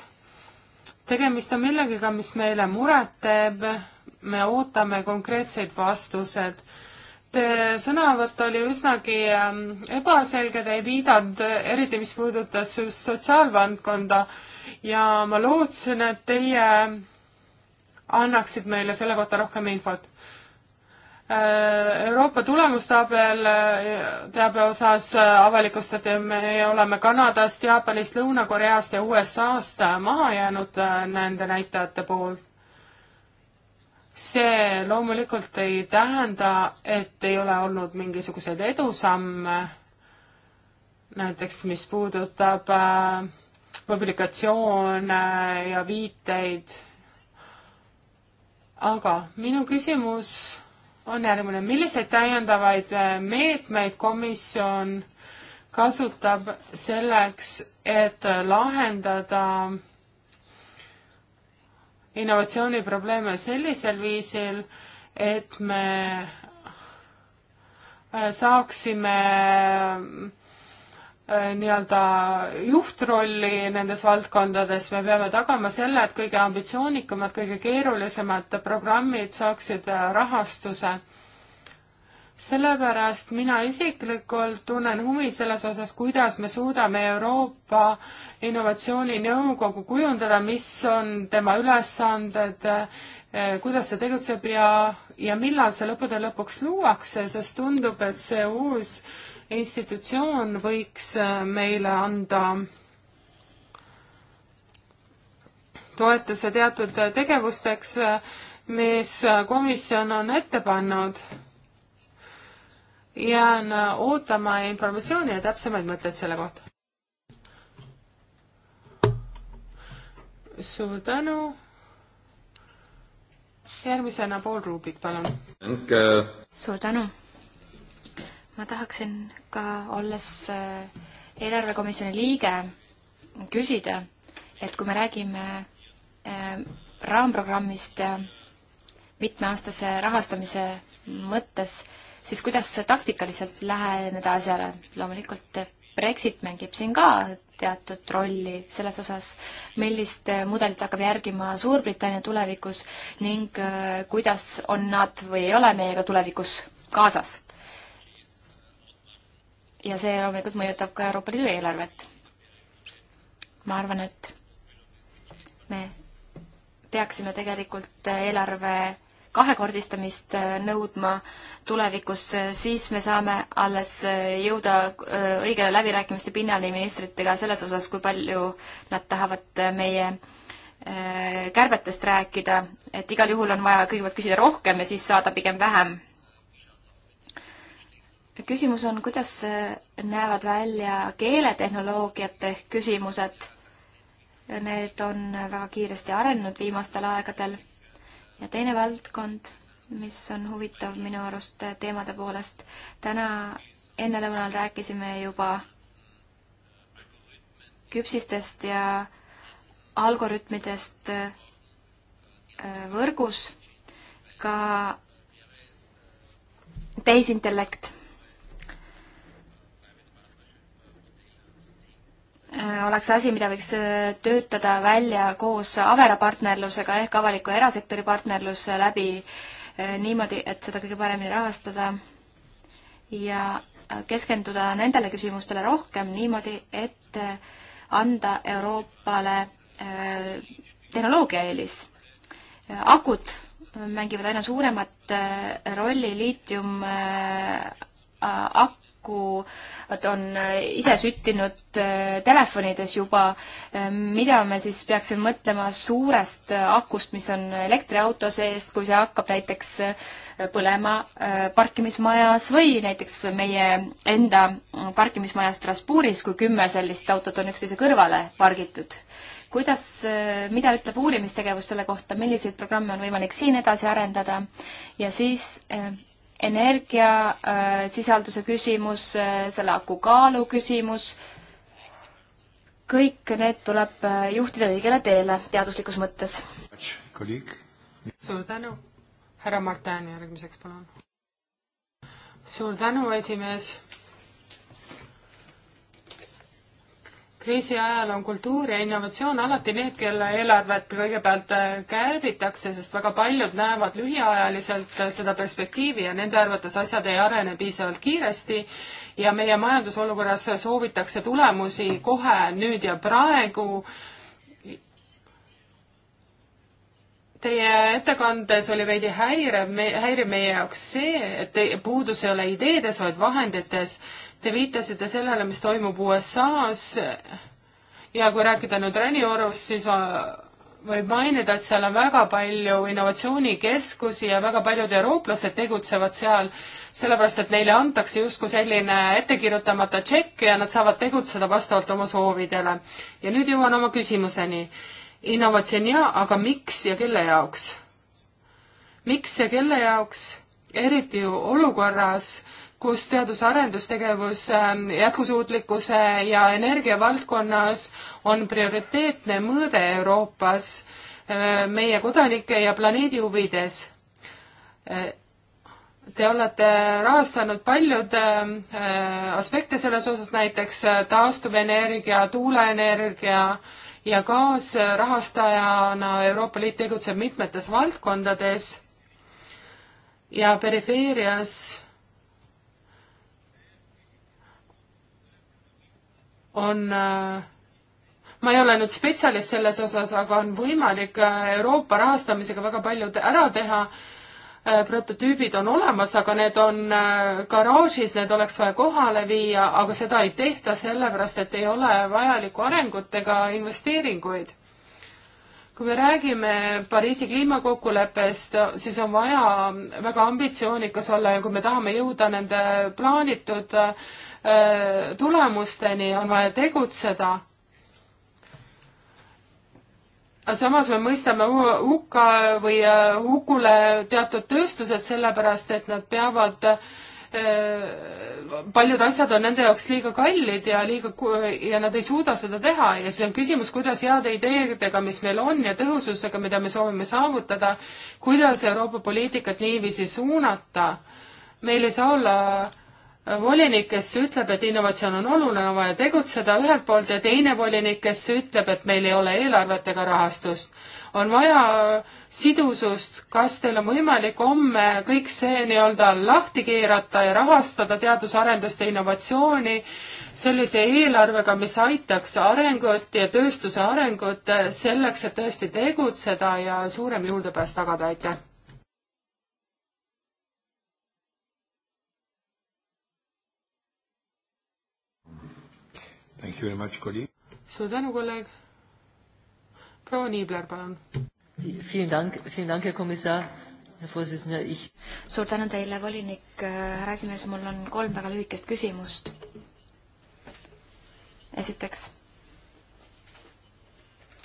S3: tegemist on millegiga, mis meile muret teeb, me ootame konkreetseid vastuseid. Teie sõnavõtt oli üsnagi ähm, ebaselge, te ei viidanud äh, eriti, mis puudutas just sotsiaalvaldkonda ja ma lootsin, et teie annaksid meile selle kohta rohkem infot. Äh, Euroopa tulemustabel äh, teabe osas äh, avalikustati, me oleme Kanadast, Jaapanist, Lõuna-Koreast ja USA-st maha jäänud nende näitajate poolt. see loomulikult ei tähenda, et ei ole olnud mingisuguseid edusamme, näiteks mis puudutab publikatsioone ja viiteid aga minu küsimus on järgmine, milliseid täiendavaid äh, meetmeid komisjon kasutab selleks, et lahendada innovatsiooniprobleeme sellisel viisil, et me äh, saaksime Äh, nii-öelda juhtrolli nendes valdkondades, me peame tagama selle, et kõige ambitsioonikamad, kõige keerulisemad programmid saaksid äh, rahastuse. sellepärast mina isiklikult tunnen huvi selles osas, kuidas me suudame Euroopa Innovatsiooninõukogu kujundada, mis on tema ülesanded, äh, kuidas see tegutseb ja, ja millal see lõppude lõpuks luuakse, sest tundub, et see uus äh, institutsioon võiks äh, meile anda toetuse teatud tegevusteks, äh, mis äh, komisjon on ette pannud. jään ootama informatsiooni ja täpsemaid mõtteid selle kohta. suur tänu.
S2: järgmisena Paul Rubik, palun. suur tänu ma tahaksin ka, olles äh, eelarvekomisjoni liige, küsida, et kui me räägime äh, raamprogrammist äh, mitmeaastase rahastamise mõttes, siis kuidas taktikaliselt läheneda asjale? loomulikult Brexit mängib siin ka teatud rolli selles osas, millist mudelit hakkab järgima Suurbritannia tulevikus ning kuidas on nad või ei ole meiega tulevikus kaasas ja see loomulikult mõjutab ka Euroopa Liidu eelarvet. ma arvan, et me peaksime tegelikult eelarve kahekordistamist nõudma tulevikus, siis me saame alles jõuda õigele läbirääkimiste pinnani ministritega selles osas, kui palju nad tahavad meie äh, kärbetest rääkida, et igal juhul on vaja kõigepealt küsida rohkem ja siis saada pigem vähem küsimus on, kuidas näevad välja keeletehnoloogiate küsimused? Need on väga kiiresti arenenud viimastel aegadel. ja teine valdkond, mis on huvitav minu arust teemade poolest, täna ennelõunal rääkisime juba küpsistest ja algoritmidest äh, võrgus, ka tehisintellekt Äh, oleks asi, mida võiks äh, töötada välja koos Avera partnerlusega ehk avaliku ja erasektori partnerluse äh, läbi niimoodi, et seda kõige paremini rahastada ja keskenduda nendele küsimustele rohkem niimoodi, et anda Euroopale tehnoloogia eelis. akud mängivad aina suuremat rolli liitium ak-, paraku on äh, ise süttinud äh, telefonides juba, äh, mida me siis peaksime mõtlema suurest akust, mis on elektriauto sees, kui see hakkab näiteks põlema parkimismajas või näiteks meie enda parkimismajas Strasbourgis, kui kümme sellist autot on üksteise kõrvale pargitud. kuidas, mida ütleb uurimistegevus selle kohta, milliseid programme on võimalik siin edasi arendada ja siis energiasisalduse äh, küsimus, äh, selle aku kaalu küsimus, kõik need tuleb äh, juhtida õigele teele teaduslikus mõttes.
S3: suur tänu, härra Martin järgmiseks palun. suur tänu, esimees kriisi ajal on kultuur ja innovatsioon alati need, kelle eelarvet kõigepealt äh, kärbitakse, sest väga paljud näevad lühiajaliselt äh, seda perspektiivi ja nende arvates asjad ei arene piisavalt kiiresti ja meie majandusolukorras soovitakse tulemusi kohe, nüüd ja praegu. Teie ettekandes oli veidi häirev, häirib meie jaoks see, et puudus ei ole ideedes, vaid vahendites Te viitasite sellele, mis toimub USA-s ja kui rääkida nüüd Reniorust, siis äh, võib mainida, et seal on väga palju innovatsioonikeskusi ja väga paljud eurooplased tegutsevad seal, sellepärast et neile antakse justkui selline ettekirjutamata tšekk ja nad saavad tegutseda vastavalt oma soovidele. ja nüüd jõuan oma küsimuseni. innovatsioon jaa, aga miks ja kelle jaoks? miks ja kelle jaoks? eriti ju olukorras, kus teadus- ja arendustegevus ähm, jätkusuutlikkuse ja energia valdkonnas on prioriteetne mõõde Euroopas äh, meie kodanike ja planeedi huvides. Äh, te olete rahastanud paljud ähm, äh, aspekte selles osas, näiteks taastuvenergia, tuuleenergia ja kaasrahastajana Euroopa Liit tegutseb mitmetes valdkondades ja perifeerias on äh, ma ei ole nüüd spetsialist selles osas, aga on võimalik äh, Euroopa rahastamisega väga palju ära teha. Äh, prototüübid on olemas, aga need on garaažis, need oleks vaja kohale viia, aga seda ei tehta sellepärast, et ei ole vajalikku arengut ega investeeringuid. kui me räägime Pariisi kliimakokkuleppest, siis on vaja väga ambitsioonikas olla ja kui me tahame jõuda nende plaanitud äh, Äh, tulemusteni, on vaja tegutseda. samas me mõistame hukka või äh, hukule teatud tööstused, sellepärast et nad peavad äh, paljud asjad on nende jaoks liiga kallid ja liiga ja nad ei suuda seda teha ja siis on küsimus, kuidas heade ideedega, mis meil on ja tõhususega, mida me soovime saavutada, kuidas Euroopa poliitikat niiviisi suunata. meil ei saa olla äh, volinik, kes ütleb, et innovatsioon on oluline, on vaja tegutseda ühelt poolt ja teine volinik, kes ütleb, et meil ei ole eelarvet ega rahastust. on vaja sidusust, kas teil on võimalik homme kõik see nii-öelda lahti keerata ja rahastada teadus-arendust ja innovatsiooni sellise eelarvega, mis aitaks arengut ja tööstuse arengut selleks, et tõesti tegutseda ja suurem juurdepääs tagada, aitäh! suur tänu, kolleeg. proua Niibler, palun.
S2: suur tänu teile, volinik, härra esimees, mul on kolm väga lühikest küsimust. esiteks,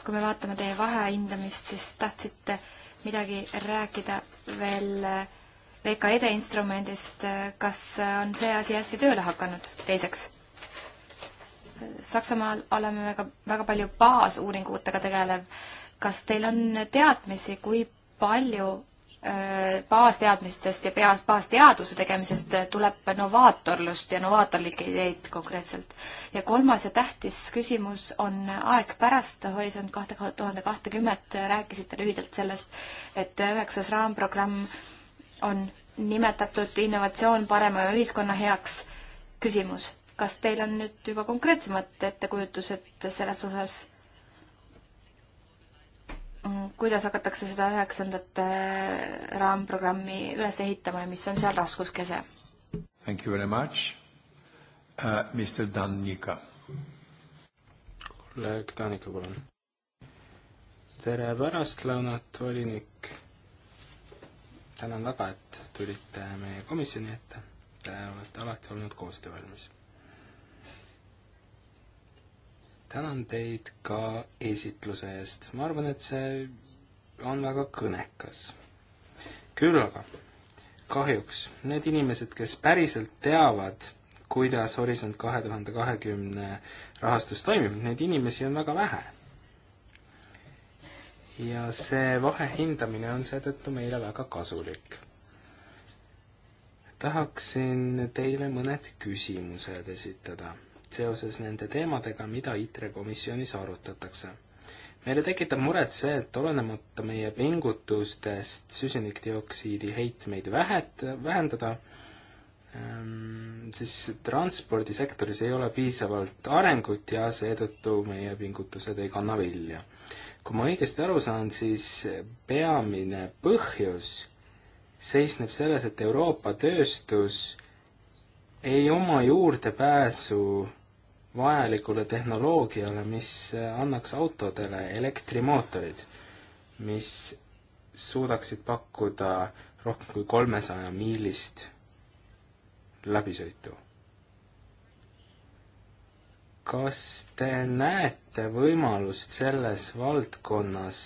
S2: kui me vaatame teie vahehindamist, siis tahtsite midagi rääkida veel VKED instrumendist, kas on see asi hästi tööle hakanud? teiseks Saksamaal oleme väga, väga palju baasuuringutega tegelev. kas teil on teadmisi, kui palju äh, baasteadmistest ja baasteaduse tegemisest tuleb novaatorlust ja novaatorlikke ideid konkreetselt. ja kolmas ja tähtis küsimus on aeg pärast Horisont kahte tuhande kahtekümmet, rääkisite lühidalt sellest, et üheksas raamprogramm on nimetatud innovatsioon parema ühiskonna heaks küsimus kas teil on nüüd juba konkreetsemad ettekujutused selles osas, mm, kuidas hakatakse seda üheksandat eh, raamprogrammi üles ehitama ja mis on seal raskuskese?
S1: Thank you very much uh,. Mr Danica. kolleeg Danica, palun. tere pärastlõunat, volinik. tänan väga, et tulite meie komisjoni ette. Te olete alati olnud koostöövalmis tänan teid ka esitluse eest, ma arvan, et see on väga kõnekas. küll aga kahjuks need inimesed, kes päriselt teavad, kuidas Horisont kahe tuhande kahekümne rahastus toimib, neid inimesi on väga vähe. ja see vahehindamine on seetõttu meile väga kasulik. tahaksin teile mõned küsimused esitada seoses nende teemadega, mida ITRE komisjonis arutatakse. meile tekitab muret see, et olenemata meie pingutustest süsinikdioksiidi heitmeid vähet-, vähendada, ehm, siis transpordisektoris ei ole piisavalt arengut ja seetõttu meie pingutused ei kanna vilja. kui ma õigesti aru saan, siis peamine põhjus seisneb selles, et Euroopa tööstus ei oma juurdepääsu vajalikule tehnoloogiale, mis annaks autodele elektrimootorid, mis suudaksid pakkuda rohkem kui kolmesaja miilist läbisõitu. kas te näete võimalust selles valdkonnas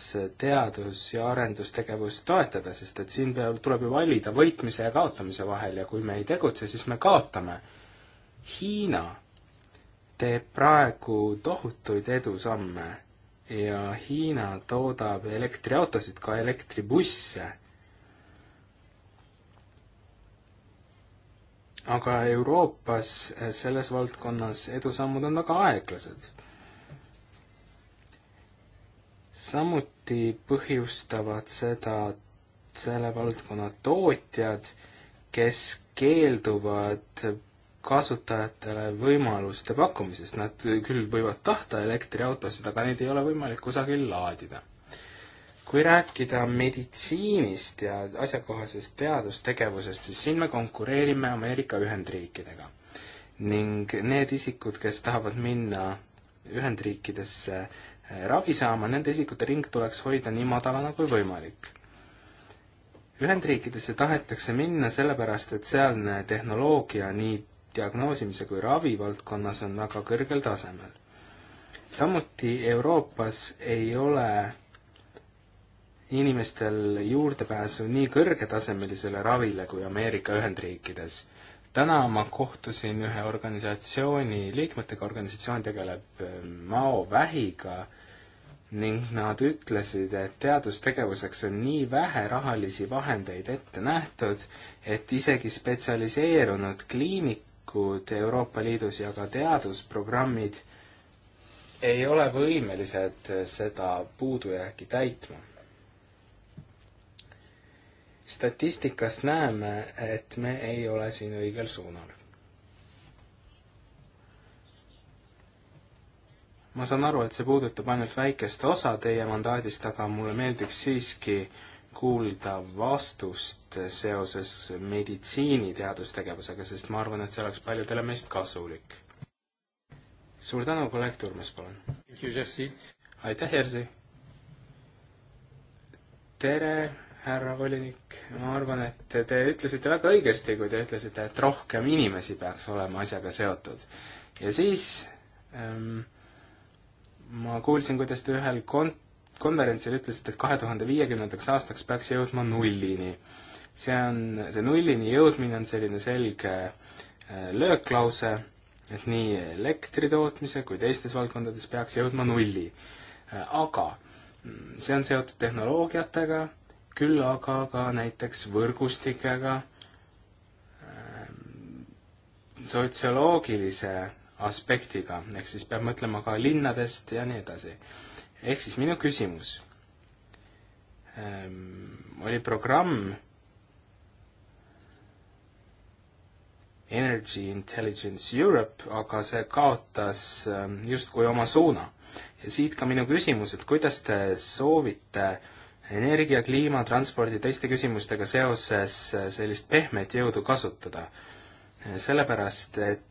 S1: teadus- ja arendustegevust toetada, sest et siin peab, tuleb ju valida võitmise ja kaotamise vahel ja kui me ei tegutse, siis me kaotame. Hiina teeb praegu tohutuid edusamme ja Hiina toodab elektriautosid, ka elektribusse. aga Euroopas selles valdkonnas edusammud on väga aeglased. samuti põhjustavad seda selle valdkonna tootjad, kes keelduvad kasutajatele võimaluste pakkumisest, nad küll võivad tahta elektriautosid, aga neid ei ole võimalik kusagil laadida. kui rääkida meditsiinist ja asjakohasest teadustegevusest, siis siin me konkureerime Ameerika Ühendriikidega. ning need isikud, kes tahavad minna Ühendriikidesse eh, ravi saama, nende isikute ring tuleks hoida nii madalana kui võimalik Ühendriikidesse tahetakse minna sellepärast, et sealne tehnoloogia nii diagnoosimise kui ravi valdkonnas on väga kõrgel tasemel. samuti Euroopas ei ole inimestel juurdepääsu nii kõrgetasemelisele ravile kui Ameerika Ühendriikides. täna ma kohtusin ühe organisatsiooni liikmetega, organisatsioon tegeleb ehm, maovähiga ning nad ütlesid, et teadustegevuseks on nii vähe rahalisi vahendeid ette nähtud, et isegi spetsialiseerunud kliinik, poliitikud Euroopa Liidus ja ka teadusprogrammid ei ole võimelised seda puudujääki täitma. statistikast näeme, et me ei ole siin õigel suunal. ma saan aru, et see puudutab ainult väikest osa teie mandaadist, aga mulle meeldiks siiski äh, kuulda vastust seoses meditsiiniteadustegevusega, sest ma arvan, et see oleks paljudele meist kasulik. suur tänu, kolleeg Turmes, palun! aitäh, Jerzy! tere, härra volinik, ma arvan, et te ütlesite väga õigesti, kui te ütlesite, et rohkem inimesi peaks olema asjaga seotud. ja siis ähm, ma kuulsin, kuidas te ühel kont-, konverentsil ütlesite, et kahe tuhande viiekümnendaks aastaks peaks jõudma nullini. see on, see nullini jõudmine on selline selge äh, lööklause, et nii elektri tootmise kui teistes valdkondades peaks jõudma nulli. Äh, aga mm, see on seotud tehnoloogiatega, küll aga ka näiteks võrgustikega, ähm, sotsioloogilise aspektiga, ehk siis peab mõtlema ka linnadest ja nii edasi ehk siis minu küsimus ähm, oli programm Energy Intelligence Europe, aga see kaotas ähm, justkui oma suuna. ja siit ka minu küsimus, et kuidas te soovite energia, kliima, transpordi, teiste küsimustega seoses sellist pehmet jõudu kasutada? sellepärast, et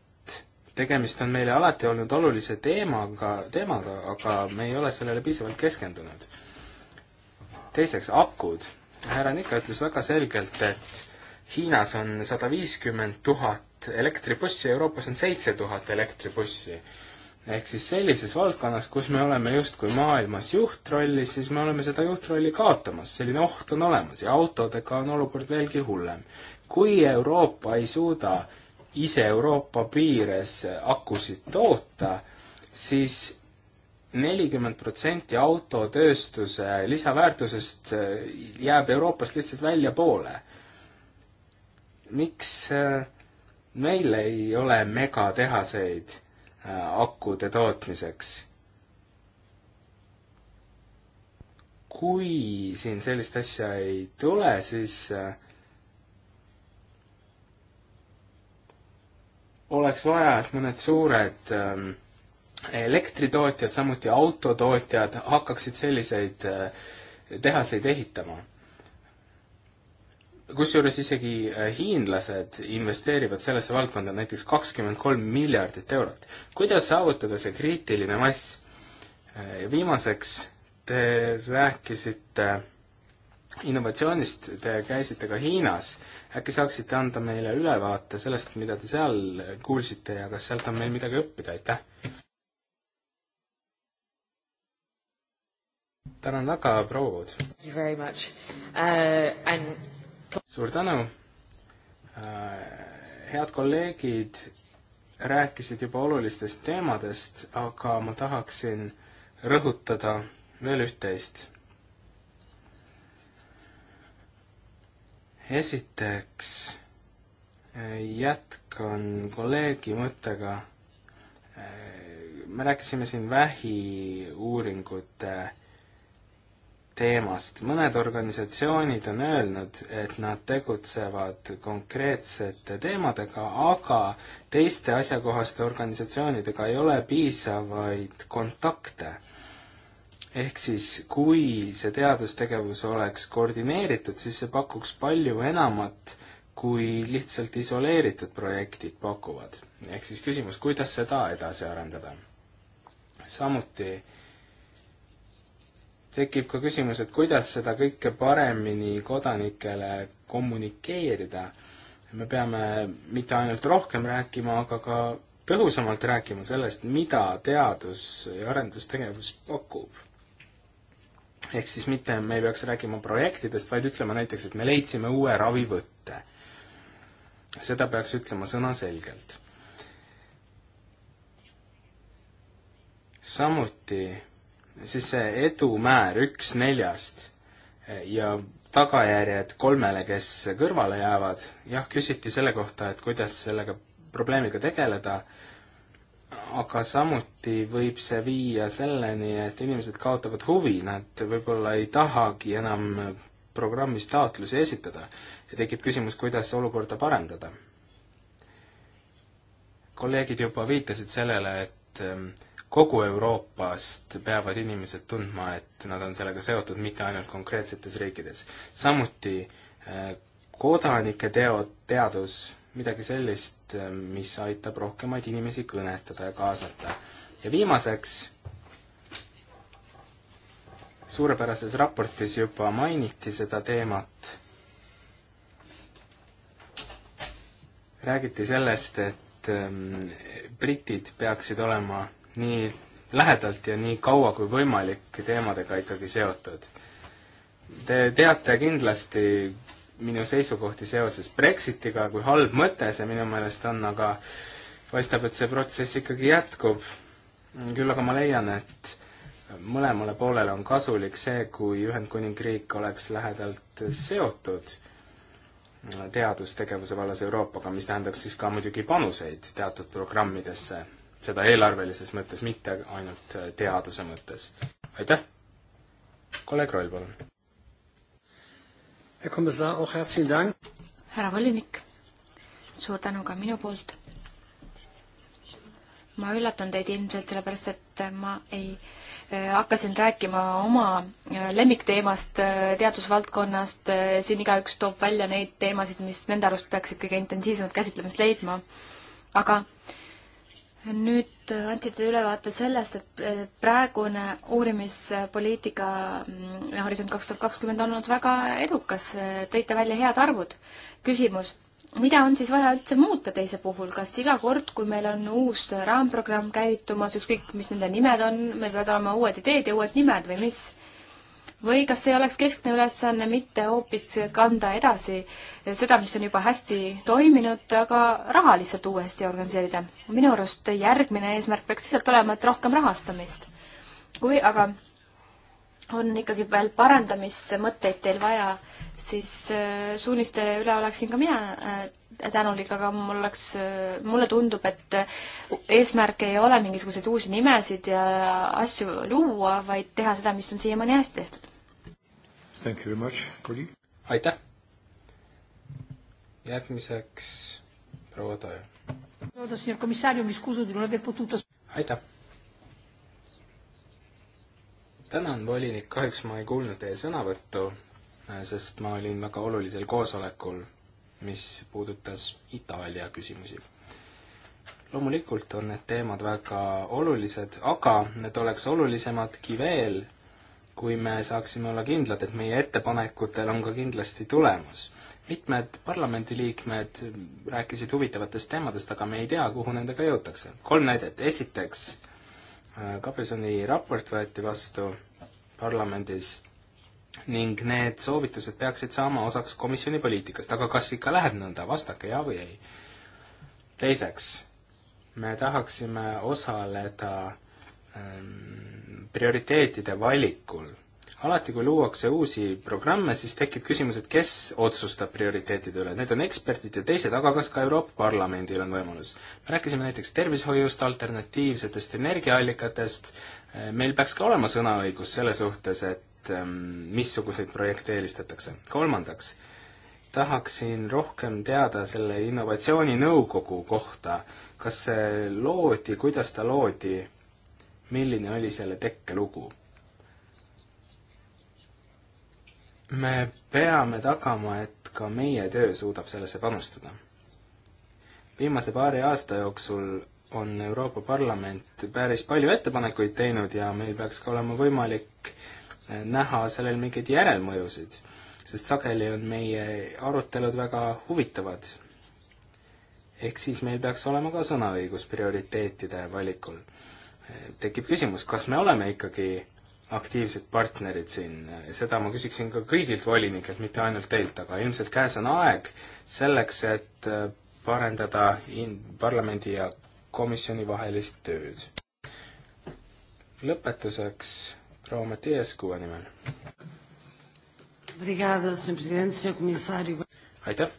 S1: tegemist on meile alati olnud olulise teemaga, teemaga, aga me ei ole sellele piisavalt keskendunud. teiseks, akud. härra Nika ütles väga selgelt, et Hiinas on sada viiskümmend tuhat elektribussi, Euroopas on seitse tuhat elektribussi. ehk siis sellises valdkonnas, kus me oleme justkui maailmas juhtrollis, siis me oleme seda juhtrolli kaotamas, selline oht on olemas ja autodega on olukord veelgi hullem. kui Euroopa ei suuda ise Euroopa piires akusid toota siis, siis nelikümmend protsenti autotööstuse lisaväärtusest äh, jääb Euroopast lihtsalt väljapoole. miks äh, meil ei ole megatehaseid äh, akude tootmiseks? kui siin sellist asja ei tule, siis äh, oleks vaja, et mõned suured ähm, elektritootjad, samuti autotootjad hakkaksid selliseid äh, tehaseid ehitama. kusjuures isegi äh, hiinlased investeerivad sellesse valdkonda näiteks kakskümmend kolm miljardit eurot. kuidas saavutada see kriitiline mass äh,? viimaseks te rääkisite äh, innovatsioonist, te käisite ka Hiinas äh, äkki saaksite anda meile ülevaate sellest, mida te seal kuulsite ja kas sealt on meil midagi õppida, aitäh! tänan väga, proua Vood!
S3: Uh,
S1: suur tänu uh,! head kolleegid rääkisid juba olulistest teemadest, aga ma tahaksin rõhutada veel üht-teist esiteks äh, jätkan kolleegi mõttega. Äh, me rääkisime siin vähiuuringute teemast. mõned organisatsioonid on öelnud, et nad tegutsevad konkreetsete teemadega, aga teiste asjakohaste organisatsioonidega ei ole piisavaid kontakte ehk siis, kui see teadustegevus oleks koordineeritud, siis see pakuks palju enamat, kui lihtsalt isoleeritud projektid pakuvad. ehk siis küsimus, kuidas seda edasi arendada. samuti tekib ka küsimus, et kuidas seda kõike paremini kodanikele kommunikeerida. me peame mitte ainult rohkem rääkima, aga ka tõhusamalt rääkima sellest, mida teadus- ja arendustegevus pakub ehk siis mitte me ei peaks rääkima projektidest, vaid ütlema näiteks, et me leidsime uue ravivõtte. seda peaks ütlema sõnaselgelt. samuti siis see edumäär üks neljast ja tagajärjed kolmele, kes kõrvale jäävad, jah, küsiti selle kohta, et kuidas sellega, probleemiga tegeleda aga samuti võib see viia selleni, et inimesed kaotavad huvi, nad võib-olla ei tahagi enam programmis taotlusi esitada ja tekib küsimus, kuidas olukorda parandada. kolleegid juba viitasid sellele, et ehm, kogu Euroopast peavad inimesed tundma, et nad on sellega seotud mitte ainult konkreetsetes riikides. samuti eh, kodanike teo, teadus midagi sellist, mis aitab rohkemaid inimesi kõnetada ja kaasata. ja viimaseks, suurepärases raportis juba mainiti seda teemat, räägiti sellest, et ähm, britid peaksid olema nii lähedalt ja nii kaua kui võimalik teemadega ikkagi seotud. Te teate kindlasti minu seisukohti seoses Brexitiga kui halb mõte see minu meelest on, aga paistab, et see protsess ikkagi jätkub. küll aga ma leian, et mõlemale poolele on kasulik see, kui Ühendkuningriik oleks lähedalt seotud teadustegevuse vallas Euroopaga, mis tähendaks siis ka muidugi panuseid teatud programmidesse, seda eelarvelises mõttes, mitte ainult teaduse mõttes.
S3: aitäh! kolleeg Roll, palun! härra
S2: volinik, suur tänu ka minu poolt. ma üllatan teid ilmselt sellepärast, et ma ei äh, hakkasin rääkima oma äh, lemmikteemast, äh, teadusvaldkonnast, siin igaüks toob välja neid teemasid, mis nende arust peaksid kõige intensiivsemat käsitlemist leidma. aga äh, nüüd andsite ülevaate sellest, et eh, praegune uurimispoliitika mm, Horisont kaks tuhat kakskümmend on olnud väga edukas, eh, tõite välja head arvud. küsimus, mida on siis vaja üldse muuta teise puhul, kas iga kord, kui meil on uus raamprogramm käitumas, ükskõik mis nende nimed on, meil peavad olema uued ideed ja uued nimed või mis? või kas ei oleks keskne ülesanne mitte hoopis kanda edasi seda, mis on juba hästi toiminud, aga rahaliselt uuesti organiseerida? minu arust järgmine eesmärk peaks lihtsalt olema, et rohkem rahastamist. kui aga on ikkagi veel parandamismõtteid teil vaja, siis äh, suuniste üle oleksin ka mina äh, tänulik, aga mul oleks, äh, mulle tundub, et eesmärk ei ole mingisuguseid uusi nimesid ja asju luua, vaid teha seda, mis on siiamaani hästi tehtud.
S1: Thank you very much, kolleeg. aitäh. järgmiseks proua Toja. aitäh. tänan, volinik, kahjuks ma ei kuulnud teie sõnavõttu, äh, sest ma olin väga olulisel koosolekul, mis puudutas Itaalia küsimusi loomulikult on need teemad väga olulised, aga need oleks olulisemadki veel, kui me saaksime olla kindlad, et meie ettepanekutel on ka kindlasti tulemus. mitmed parlamendiliikmed rääkisid huvitavatest teemadest, aga me ei tea, kuhu nendega jõutakse. kolm näidet, esiteks Kapesoni äh, raport võeti vastu parlamendis ning need soovitused peaksid saama osaks komisjoni poliitikast, aga kas ikka läheb nõnda, vastake jaa või ei. teiseks, me tahaksime osaleda ähm, prioriteetide valikul. alati, kui luuakse uusi programme, siis tekib küsimus, et kes otsustab prioriteetide üle, need on eksperdid ja teised, aga kas ka Euroopa Parlamendil on võimalus? me rääkisime näiteks tervishoiust, alternatiivsetest energiaallikatest, meil peaks ka olema sõnaõigus selle suhtes, et ehm, missuguseid projekte eelistatakse. kolmandaks, tahaksin rohkem teada selle innovatsiooninõukogu kohta, kas see loodi, kuidas ta loodi, milline oli selle tekkelugu? me peame tagama, et ka meie töö suudab sellesse panustada. viimase paari aasta jooksul on Euroopa Parlament päris palju ettepanekuid teinud ja meil peaks ka olema võimalik eh, näha sellel mingeid järelmõjusid, sest sageli on meie arutelud väga huvitavad. ehk siis meil peaks olema ka sõnaõigus prioriteetide valikul tekib küsimus, kas me oleme ikkagi aktiivsed partnerid siin, seda ma küsiksin ka kõigilt volinikelt, mitte ainult teilt, aga ilmselt käes on aeg selleks, et äh, parendada in-, parlamendi ja komisjoni vahelist tööd. lõpetuseks proua Mattias Kuue nimel. aitäh!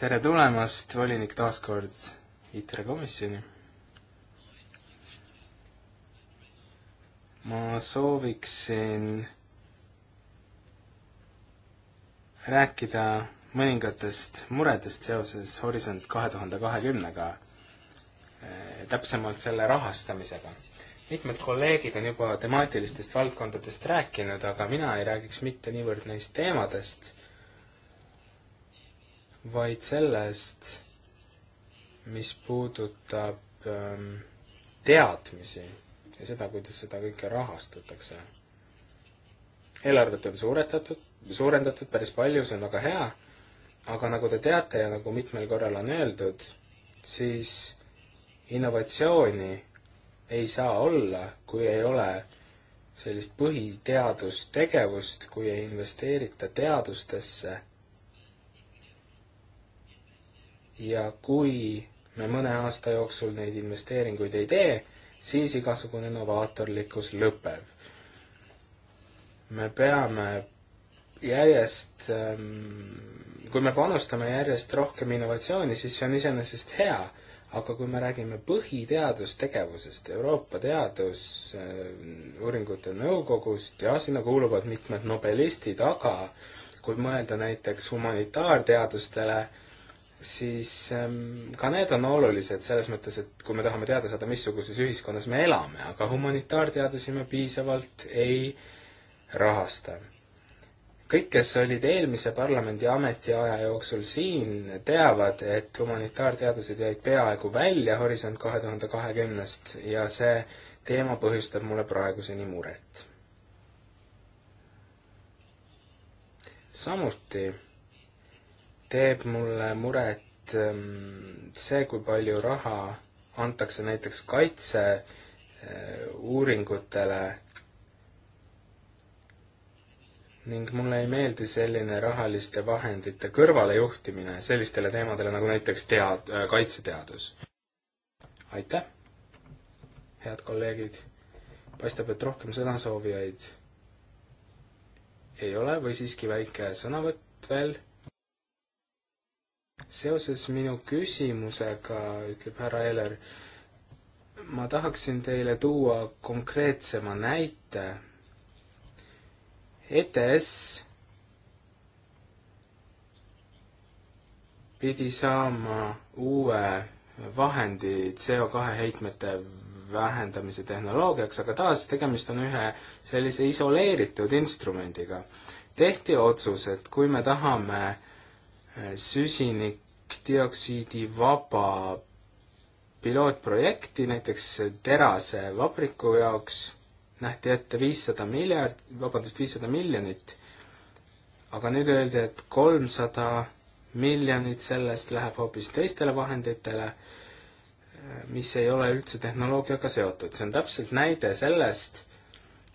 S1: tere tulemast, volinik, taas kord ITRE komisjoni ma sooviksin rääkida mõningatest muredest seoses Horisont kahe tuhande kahekümnega, eh, täpsemalt selle rahastamisega. mitmed kolleegid on juba temaatilistest valdkondadest rääkinud, aga mina ei räägiks mitte niivõrd neist teemadest, vaid sellest, mis puudutab ähm, teadmisi ja seda, kuidas seda kõike rahastatakse. eelarvet on suuretatud, suurendatud päris palju, see on väga hea, aga nagu te teate ja nagu mitmel korral on öeldud, siis innovatsiooni ei saa olla, kui ei ole sellist põhiteadustegevust, kui ei investeerita teadustesse. ja kui me mõne aasta jooksul neid investeeringuid ei tee, siis igasugune novaatorlikkus lõpeb. me peame järjest, ähm, kui me panustame järjest rohkem innovatsiooni, siis see on iseenesest hea, aga kui me räägime põhiteadustegevusest, Euroopa Teadusuuringute ähm, Nõukogust, jah, sinna kuuluvad mitmed nobelistid, aga kui mõelda näiteks humanitaarteadustele, siis ähm, ka need on olulised selles mõttes, et kui me tahame teada saada, missuguses ühiskonnas me elame, aga humanitaarteadusi me piisavalt ei rahasta. kõik, kes olid eelmise parlamendi ametiaja jooksul siin, teavad, et humanitaarteadused jäid peaaegu välja Horisont kahe tuhande kahekümnest ja see teema põhjustab mulle praeguseni muret. samuti teeb mulle muret ehm, see, kui palju raha antakse näiteks kaitseuuringutele eh, ning mulle ei meeldi selline rahaliste vahendite kõrvalejuhtimine sellistele teemadele nagu näiteks tead-, eh, kaitseteadus. aitäh, head kolleegid! paistab, et rohkem sõnasoovijaid ei ole või siiski väike sõnavõtt veel seoses minu küsimusega, ütleb härra Eller, ma tahaksin teile tuua konkreetsema näite. ETS pidi saama uue vahendi CO2 heitmete vähendamise tehnoloogiaks, aga taas tegemist on ühe sellise isoleeritud instrumendiga. tehti otsus, et kui me tahame äh, Äh, süsinikdioksiidi vaba pilootprojekti näiteks terasevabriku jaoks nähti ette viissada miljard, vabandust, viissada miljonit, aga nüüd öeldi, et kolmsada miljonit sellest läheb hoopis teistele vahenditele, äh, mis ei ole üldse tehnoloogiaga seotud. see on täpselt näide sellest,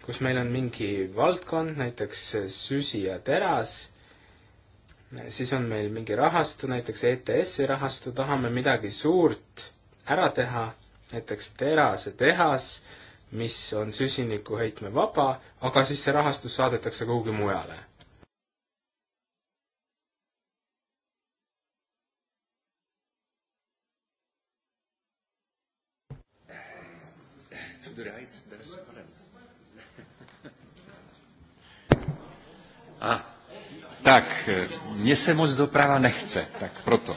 S1: kus meil on mingi valdkond, näiteks süsi ja teras, siis on meil mingi rahastu, näiteks ETS-i rahastu, tahame midagi suurt ära teha, näiteks terasetehas, mis on süsinikuheitmevaba, aga siis see rahastus saadetakse kuhugi mujale to the right, there's Varel.
S3: ah, Tak, eh, mně se moc doprava nechce, tak proto.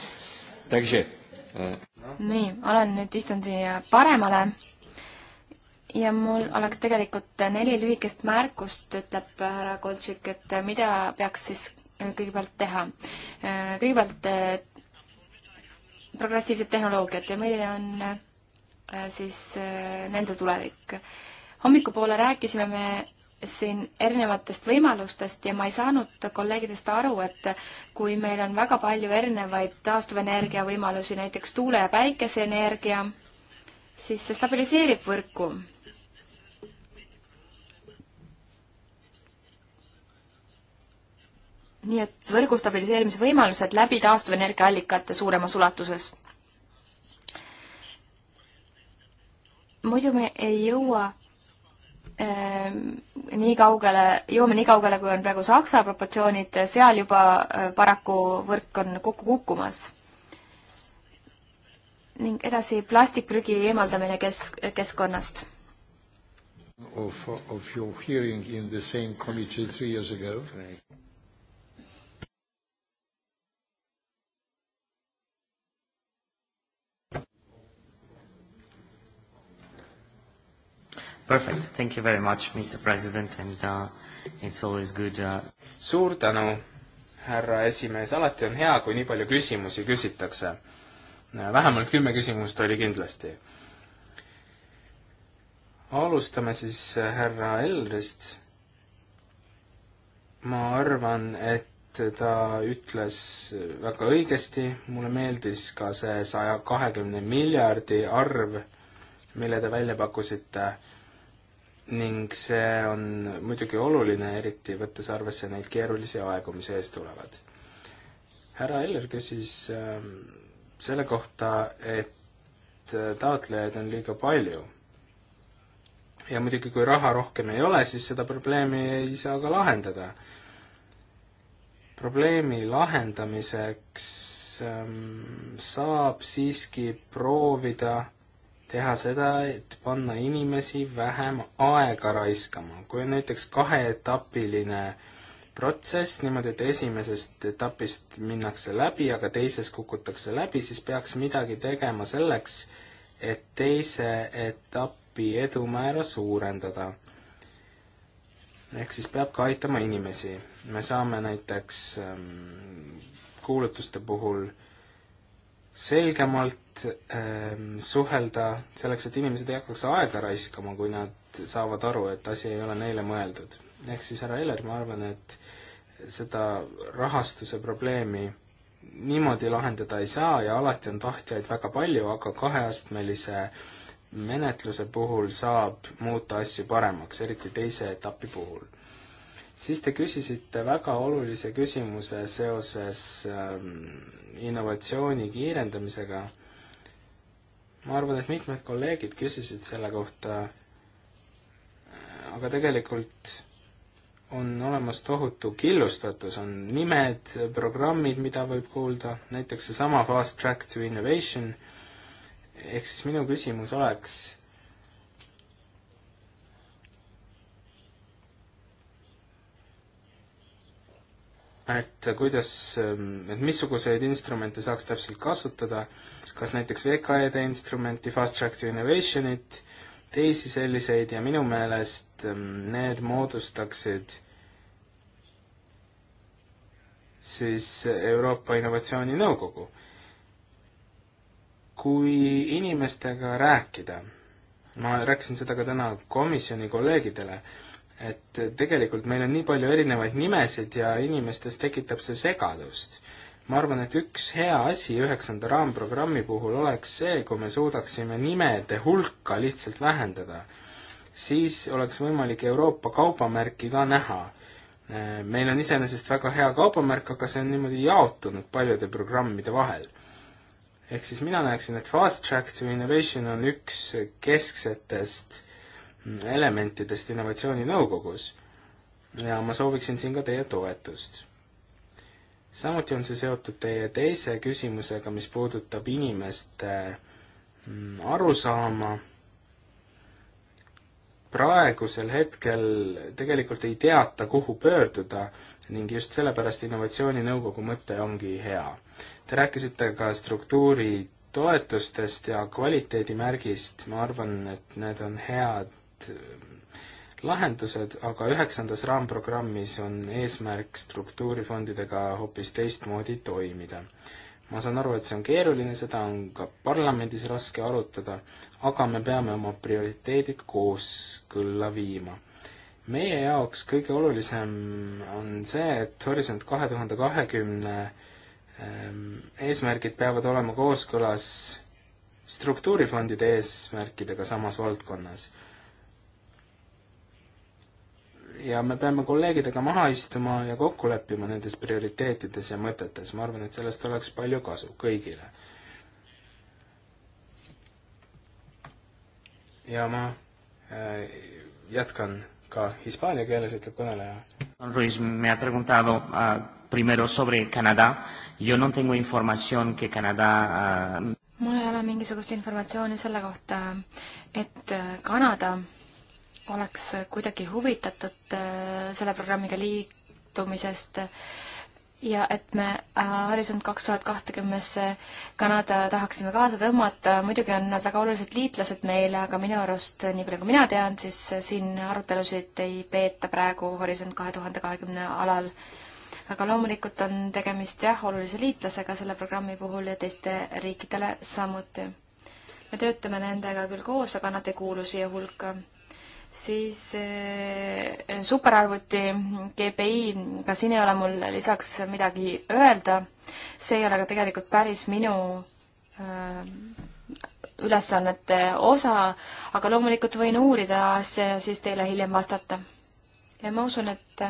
S3: Takže. Eh,
S2: nii, olen nüüd istun siia paremale ja mul oleks tegelikult neli lühikest märkust, ütleb härra Koltšik, et mida peaks siis eh, kõigepealt teha. kõigepealt progressiivsed tehnoloogiad ja milline on siis nende tulevik. hommikupoole rääkisime me siin erinevatest võimalustest ja ma ei saanud kolleegidest aru, et kui meil on väga palju erinevaid taastuvenergia võimalusi, näiteks tuule- ja päikeseenergia, siis see stabiliseerib võrku. nii et võrgu stabiliseerimise võimalused läbi taastuvenergia allikate suuremas ulatuses. muidu me ei jõua Ehm, nii kaugele, jõuame nii kaugele, kui on praegu Saksa proportsioonid, seal juba äh, paraku võrk on kokku kukkumas. ning edasi plastikprügi eemaldamine kesk, keskkonnast.
S3: Of, of your hearing in the same committee three years ago
S1: Perfect, thank you very much, Mr President and uh, it's always good uh.... suur tänu, härra esimees, alati on hea, kui nii palju küsimusi küsitakse. vähemalt kümme küsimust oli kindlasti. alustame siis äh, härra Elrist. ma arvan, et ta ütles väga õigesti, mulle meeldis ka see saja kahekümne miljardi arv, mille te välja pakkusite ning see on muidugi oluline, eriti võttes arvesse neid keerulisi aegu, mis ees tulevad. härra Eller küsis äh, selle kohta, et äh, taotlejaid on liiga palju. ja muidugi, kui raha rohkem ei ole, siis seda probleemi ei saa ka lahendada. probleemi lahendamiseks ähm, saab siiski proovida teha seda, et panna inimesi vähem aega raiskama. kui on näiteks kaheetapiline protsess, niimoodi, et esimesest etapist minnakse läbi, aga teises kukutakse läbi, siis peaks midagi tegema selleks, et teise etapi edumäära suurendada. ehk siis peab ka aitama inimesi. me saame näiteks ähm, kuulutuste puhul äh, selgemalt ähm, suhelda, selleks et inimesed ei hakkaks aega raiskama, kui nad saavad aru, et asi ei ole neile mõeldud. ehk siis härra Eller, ma arvan, et seda rahastuse probleemi niimoodi lahendada ei saa ja alati on tahtjaid väga palju, aga kaheastmelise menetluse puhul saab muuta asju paremaks, eriti teise etapi puhul. siis te küsisite väga olulise küsimuse seoses ähm, innovatsiooni kiirendamisega. ma arvan, et mitmed kolleegid küsisid selle kohta, aga tegelikult on olemas tohutu killustatus, on nimed, programmid, mida võib kuulda, näiteks seesama Fast Track to Innovation, ehk siis minu küsimus oleks, et kuidas, ähm, et missuguseid instrumente saaks täpselt kasutada, kas näiteks VKE-de instrumenti, Fast Track to Innovationit, teisi selliseid ja minu meelest ähm, need moodustaksid siis Euroopa Innovatsiooninõukogu. kui inimestega rääkida, ma rääkisin seda ka täna komisjoni kolleegidele et tegelikult meil on nii palju erinevaid nimesid ja inimestes tekitab see segadust. ma arvan, et üks hea asi üheksanda raamprogrammi puhul oleks see, kui me suudaksime nimede hulka lihtsalt vähendada. siis oleks võimalik Euroopa kaubamärki ka näha. meil on iseenesest väga hea kaubamärk, aga see on niimoodi jaotunud paljude programmide vahel ehk siis mina näeksin, et fast track to innovation on üks kesksetest elementidest innovatsiooninõukogus ja ma sooviksin siin ka teie toetust. samuti on see seotud teie teise küsimusega, mis puudutab inimeste mm, arusaama. praegusel hetkel tegelikult ei teata, kuhu pöörduda ning just sellepärast innovatsiooninõukogu mõte ongi hea. Te rääkisite ka struktuuri toetustest ja kvaliteedimärgist, ma arvan, et need on head Ähm, lahendused, aga üheksandas raamprogrammis on eesmärk struktuurifondidega hoopis teistmoodi toimida. ma saan aru, et see on keeruline, seda on ka parlamendis raske arutada, aga me peame oma prioriteedid kooskõlla viima. meie jaoks kõige olulisem on see, et Horisont kahe tuhande kahekümne ähm, eesmärgid peavad olema kooskõlas struktuurifondide eesmärkidega samas valdkonnas ja me peame kolleegidega maha istuma ja kokku leppima nendes prioriteetides ja mõtetes, ma arvan, et sellest oleks palju kasu kõigile. ja ma äh, jätkan ka hispaania keeles, ütleb kõneleja. Ruiz me ha preguntado uh, primero sobre Canadá, yo no tengo información que Canadá uh...
S2: mul ei ole mingisugust informatsiooni selle kohta, et äh, Kanada uh, oleks kuidagi huvitatud äh, selle programmiga liitumisest ja et me äh, Horisont kaks tuhat kahtekümnesse Kanada tahaksime kaasa tõmmata, muidugi on nad väga olulised liitlased meile, aga minu arust, nii palju kui mina tean, siis äh, siin arutelusid ei peeta praegu Horisont kahe tuhande kahekümne alal. aga loomulikult on tegemist jah, olulise liitlasega selle programmi puhul ja teiste riikidele samuti. me töötame nendega küll koos, aga nad ei kuulu siia hulka siis eh, superarvuti GPI, ka siin ei ole mul lisaks midagi öelda, see ei ole ka tegelikult päris minu eh, ülesannete osa, aga loomulikult võin uurida asja ja siis teile hiljem vastata. ja ma usun, et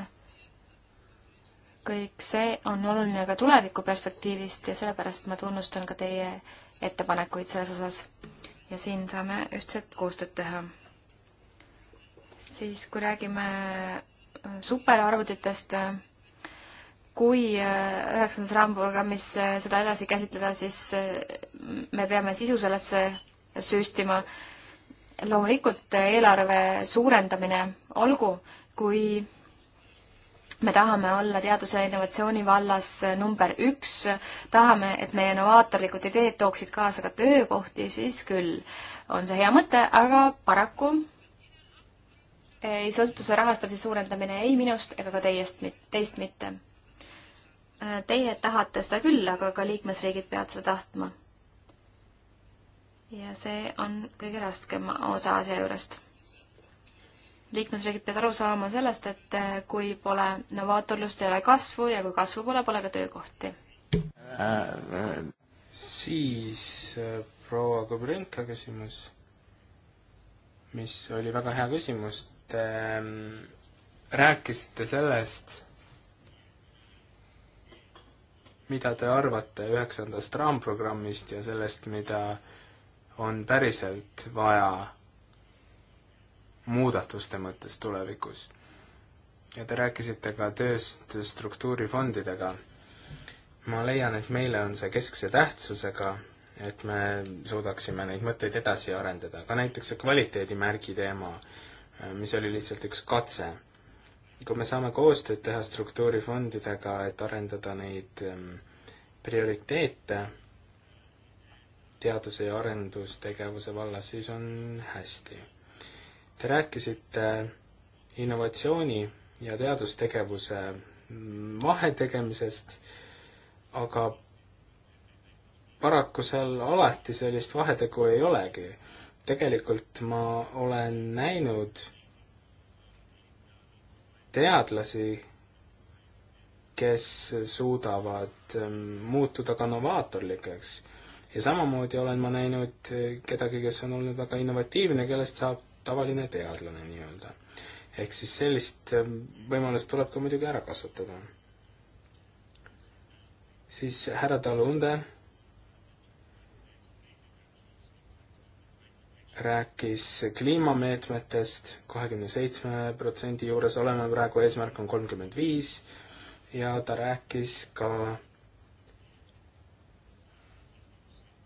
S2: kõik see on oluline ka tuleviku perspektiivist ja sellepärast ma tunnustan ka teie ettepanekuid selles osas. ja siin saame ühtselt koostööd teha siis kui räägime äh, superarvutitest, kui äh, üheksandas raamprogrammis äh, seda edasi käsitleda, siis me peame sisu sellesse süstima. loomulikult eelarve suurendamine, olgu, kui me tahame olla teaduse ja innovatsiooni vallas number üks, tahame, et meie innovaatorlikud ideed tooksid kaasa ka töökohti, siis küll on see hea mõte, aga paraku ei sõltu see rahastamise suurendamine ei minust ega ka teiest, teist mitte. Äh, teie tahate seda küll, aga ka liikmesriigid peavad seda tahtma. ja see on kõige raskem osa asja juurest. liikmesriigid peavad aru saama sellest, et äh, kui pole novaatorlust, ei ole kasvu ja kui kasvu pole, pole ka töökohti
S1: äh,. siis äh, proua Kobrenka küsimus mis oli väga hea küsimus et ähm, rääkisite sellest, mida te arvate üheksandast raamprogrammist ja sellest, mida on päriselt vaja muudatuste mõttes tulevikus. ja te rääkisite ka tööst struktuurifondidega. ma leian, et meile on see keskse tähtsusega, et me suudaksime neid mõtteid edasi arendada, ka näiteks see kvaliteedimärgi teema Äh, mis oli lihtsalt üks katse. kui me saame koostööd teha struktuurifondidega, et arendada neid ähm, prioriteete teaduse ja arendustegevuse vallas, siis on hästi. Te rääkisite innovatsiooni ja teadustegevuse mm, vahetegemisest, aga paraku seal alati sellist vahetegu ei olegi tegelikult ma olen näinud teadlasi, kes suudavad ähm, muutuda ka novaatorlikeks. ja samamoodi olen ma näinud äh, kedagi, kes on olnud väga innovatiivne, kellest saab tavaline teadlane nii-öelda. ehk siis sellist ähm, võimalust tuleb ka muidugi ära kasutada. siis härra Talunde rääkis kliimameetmetest kahekümne seitsme protsendi juures, oleme praegu, eesmärk on kolmkümmend viis ja ta rääkis ka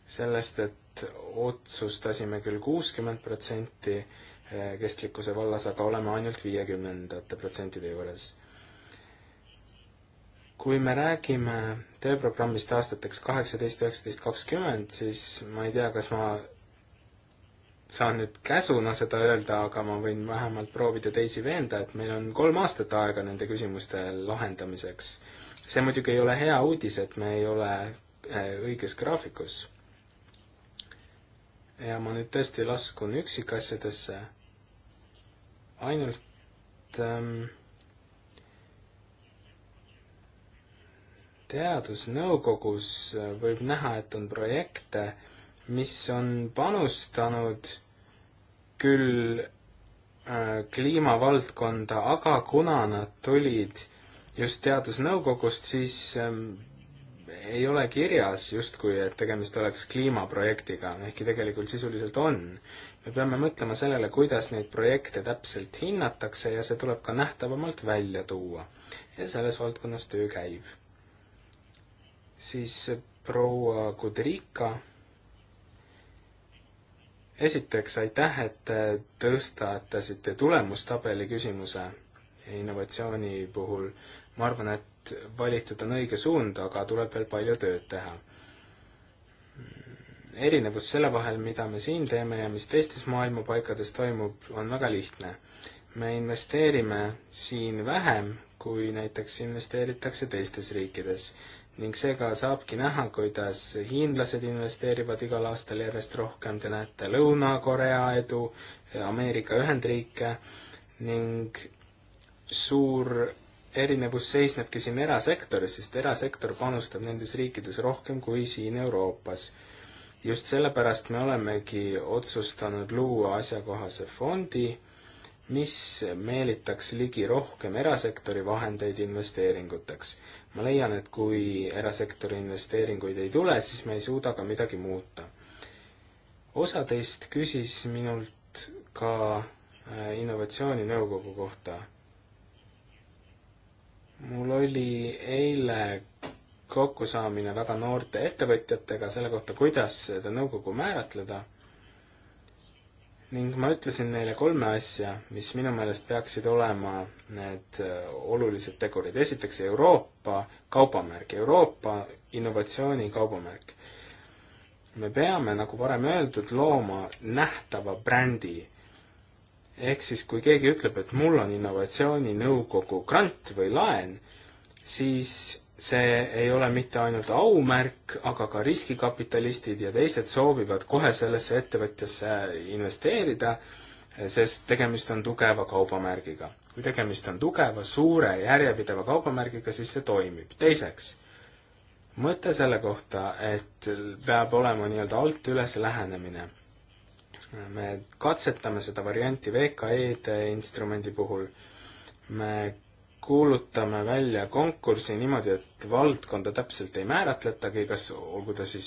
S1: sellest, et otsustasime küll kuuskümmend protsenti eh, kestlikkuse vallas, aga oleme ainult viiekümnendate protsentide juures. kui me räägime tööprogrammist aastateks kaheksateist, üheksateist, kakskümmend, siis ma ei tea, kas ma saan nüüd käsuna seda öelda, aga ma võin vähemalt proovida teisi veenda, et meil on kolm aastat aega nende küsimuste lahendamiseks. see muidugi ei ole hea uudis, et me ei ole eh, õiges graafikus. ja ma nüüd tõesti laskun üksikasjadesse. ainult ähm, teadusnõukogus võib näha, et on projekte, mis on panustanud küll äh, kliimavaldkonda, aga kuna nad tulid just teadusnõukogust, siis ähm, ei ole kirjas justkui, et tegemist oleks kliimaprojektiga, ehkki tegelikult sisuliselt on. me peame mõtlema sellele, kuidas neid projekte täpselt hinnatakse ja see tuleb ka nähtavamalt välja tuua. ja selles valdkonnas töö käib. siis proua Kudrika esiteks aitäh, et tõstatasite tulemustabeli küsimuse innovatsiooni puhul. ma arvan, et valitud on õige suund, aga tuleb veel palju tööd teha. erinevus selle vahel, mida me siin teeme ja mis teistes maailmapaikades toimub, on väga lihtne. me investeerime siin vähem, kui näiteks investeeritakse teistes riikides ning seega saabki näha, kuidas hiinlased investeerivad igal aastal järjest rohkem, te näete Lõuna-Korea edu, Ameerika Ühendriike ning suur erinevus seisnebki siin erasektoris, sest erasektor panustab nendes riikides rohkem kui siin Euroopas. just sellepärast me olemegi otsustanud luua asjakohase fondi, mis meelitaks ligi rohkem erasektori vahendeid investeeringuteks ma leian, et kui erasektori investeeringuid ei tule, siis me ei suuda ka midagi muuta. osa teist küsis minult ka äh, innovatsiooninõukogu kohta. mul oli eile kokkusaamine väga noorte ettevõtjatega selle kohta, kuidas seda nõukogu määratleda ning ma ütlesin neile kolme asja, mis minu meelest peaksid olema need äh, olulised tegurid. esiteks Euroopa kaubamärk, Euroopa innovatsiooni kaubamärk. me peame, nagu varem öeldud, looma nähtava brändi. ehk siis, kui keegi ütleb, et mul on innovatsiooninõukogu grant või laen, siis see ei ole mitte ainult aumärk, aga ka riskikapitalistid ja teised soovivad kohe sellesse ettevõtjasse investeerida, sest tegemist on tugeva kaubamärgiga. kui tegemist on tugeva, suure, järjepideva kaubamärgiga, siis see toimib. teiseks, mõte selle kohta, et peab olema nii-öelda alt üles lähenemine. me katsetame seda varianti VKE-de instrumendi puhul, me kuulutame välja konkursi niimoodi, et valdkonda täpselt ei määratletagi, kas olgu ta siis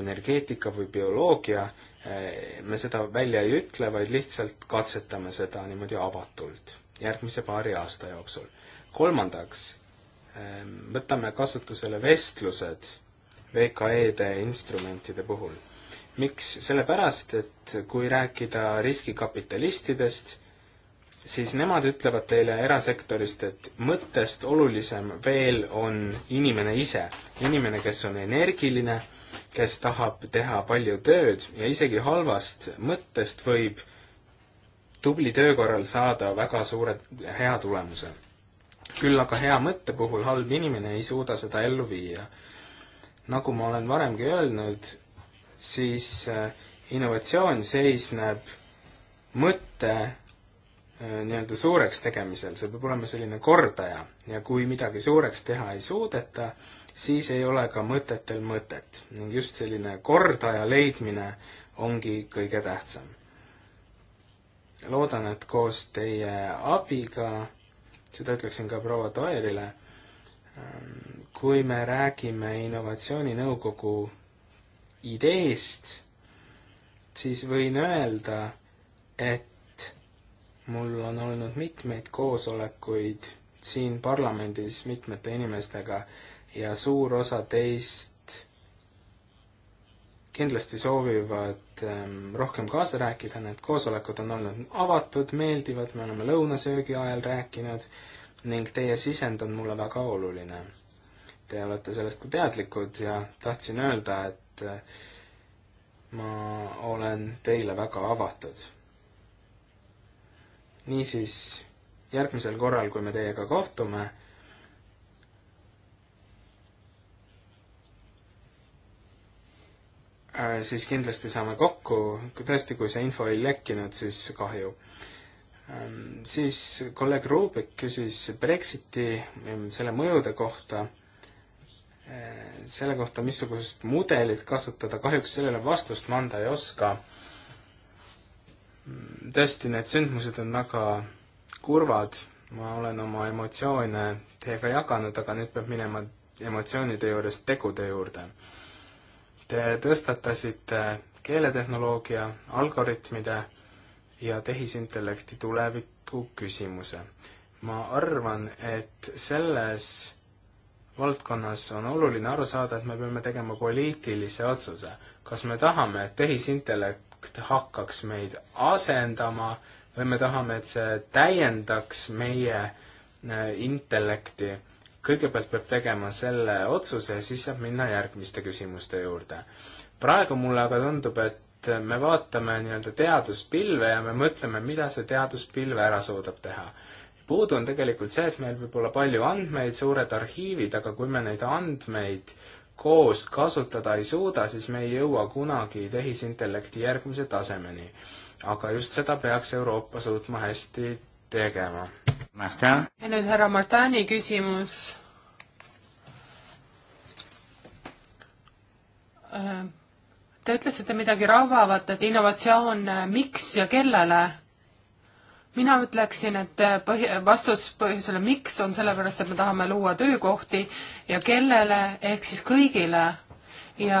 S1: energeetika või bioloogia, eh, me seda välja ei ütle, vaid lihtsalt katsetame seda niimoodi avatult järgmise paari aasta jooksul. kolmandaks, eh, võtame kasutusele vestlused VKE-de instrumentide puhul. miks? sellepärast, et kui rääkida riskikapitalistidest, siis nemad ütlevad teile erasektorist, et mõttest olulisem veel on inimene ise. inimene, kes on energiline, kes tahab teha palju tööd ja isegi halvast mõttest võib tubli töö korral saada väga suure, hea tulemuse. küll aga hea mõtte puhul halb inimene ei suuda seda ellu viia. nagu ma olen varemgi öelnud, siis äh, innovatsioon seisneb mõtte Äh, nii-öelda suureks tegemisel, see peab olema selline kordaja ja kui midagi suureks teha ei suudeta, siis ei ole ka mõtetel mõtet ning just selline kordaja leidmine ongi kõige tähtsam. loodan, et koos teie abiga, seda ütleksin ka proua Toerile, ähm, kui me räägime innovatsiooninõukogu ideest, siis võin öelda, et mul on olnud mitmeid koosolekuid siin parlamendis mitmete inimestega ja suur osa teist kindlasti soovivad ähm, rohkem kaasa rääkida, need koosolekud on olnud avatud, meeldivad, me oleme lõunasöögi ajal rääkinud ning teie sisend on mulle väga oluline. Te olete sellest ka teadlikud ja tahtsin öelda, et eh, ma olen teile väga avatud niisiis, järgmisel korral, kui me teiega kohtume, äh, siis kindlasti saame kokku, tõesti, kui see info ei lekkinud, siis kahju. Ähm, siis kolleeg Rubik küsis Brexiti, ähm, selle mõjude kohta, äh, selle kohta, missugust mudelit kasutada, kahjuks sellele vastust ma anda ei oska tõesti, need sündmused on väga kurvad, ma olen oma emotsioone teiega jaganud, aga nüüd peab minema emotsioonide juurest tegude juurde. Te tõstatasite keeletehnoloogia, algoritmide ja tehisintellekti tuleviku küsimuse. ma arvan, et selles valdkonnas on oluline aru saada, et me peame tegema poliitilise otsuse. kas me tahame, et tehisintellekt akt hakkaks meid asendama või me tahame, et see täiendaks meie äh, intellekti. kõigepealt peab tegema selle otsuse ja siis saab minna järgmiste küsimuste juurde. praegu mulle aga tundub, et me vaatame nii-öelda teaduspilve ja me mõtleme, mida see teaduspilve ära suudab teha. puudu on tegelikult see, et meil võib olla palju andmeid, suured arhiivid, aga kui me neid andmeid koos kasutada ei suuda, siis me ei jõua kunagi tehisintellekti järgmise tasemeni. aga just seda peaks Euroopa suutma hästi tegema.
S3: ja nüüd härra Martani küsimus äh, Te ütlesite midagi rabavat, et innovatsioon, äh, miks ja kellele? mina ütleksin, et äh, põhi, vastus põhjusele, miks, on sellepärast, et me tahame luua töökohti ja kellele, ehk siis kõigile. ja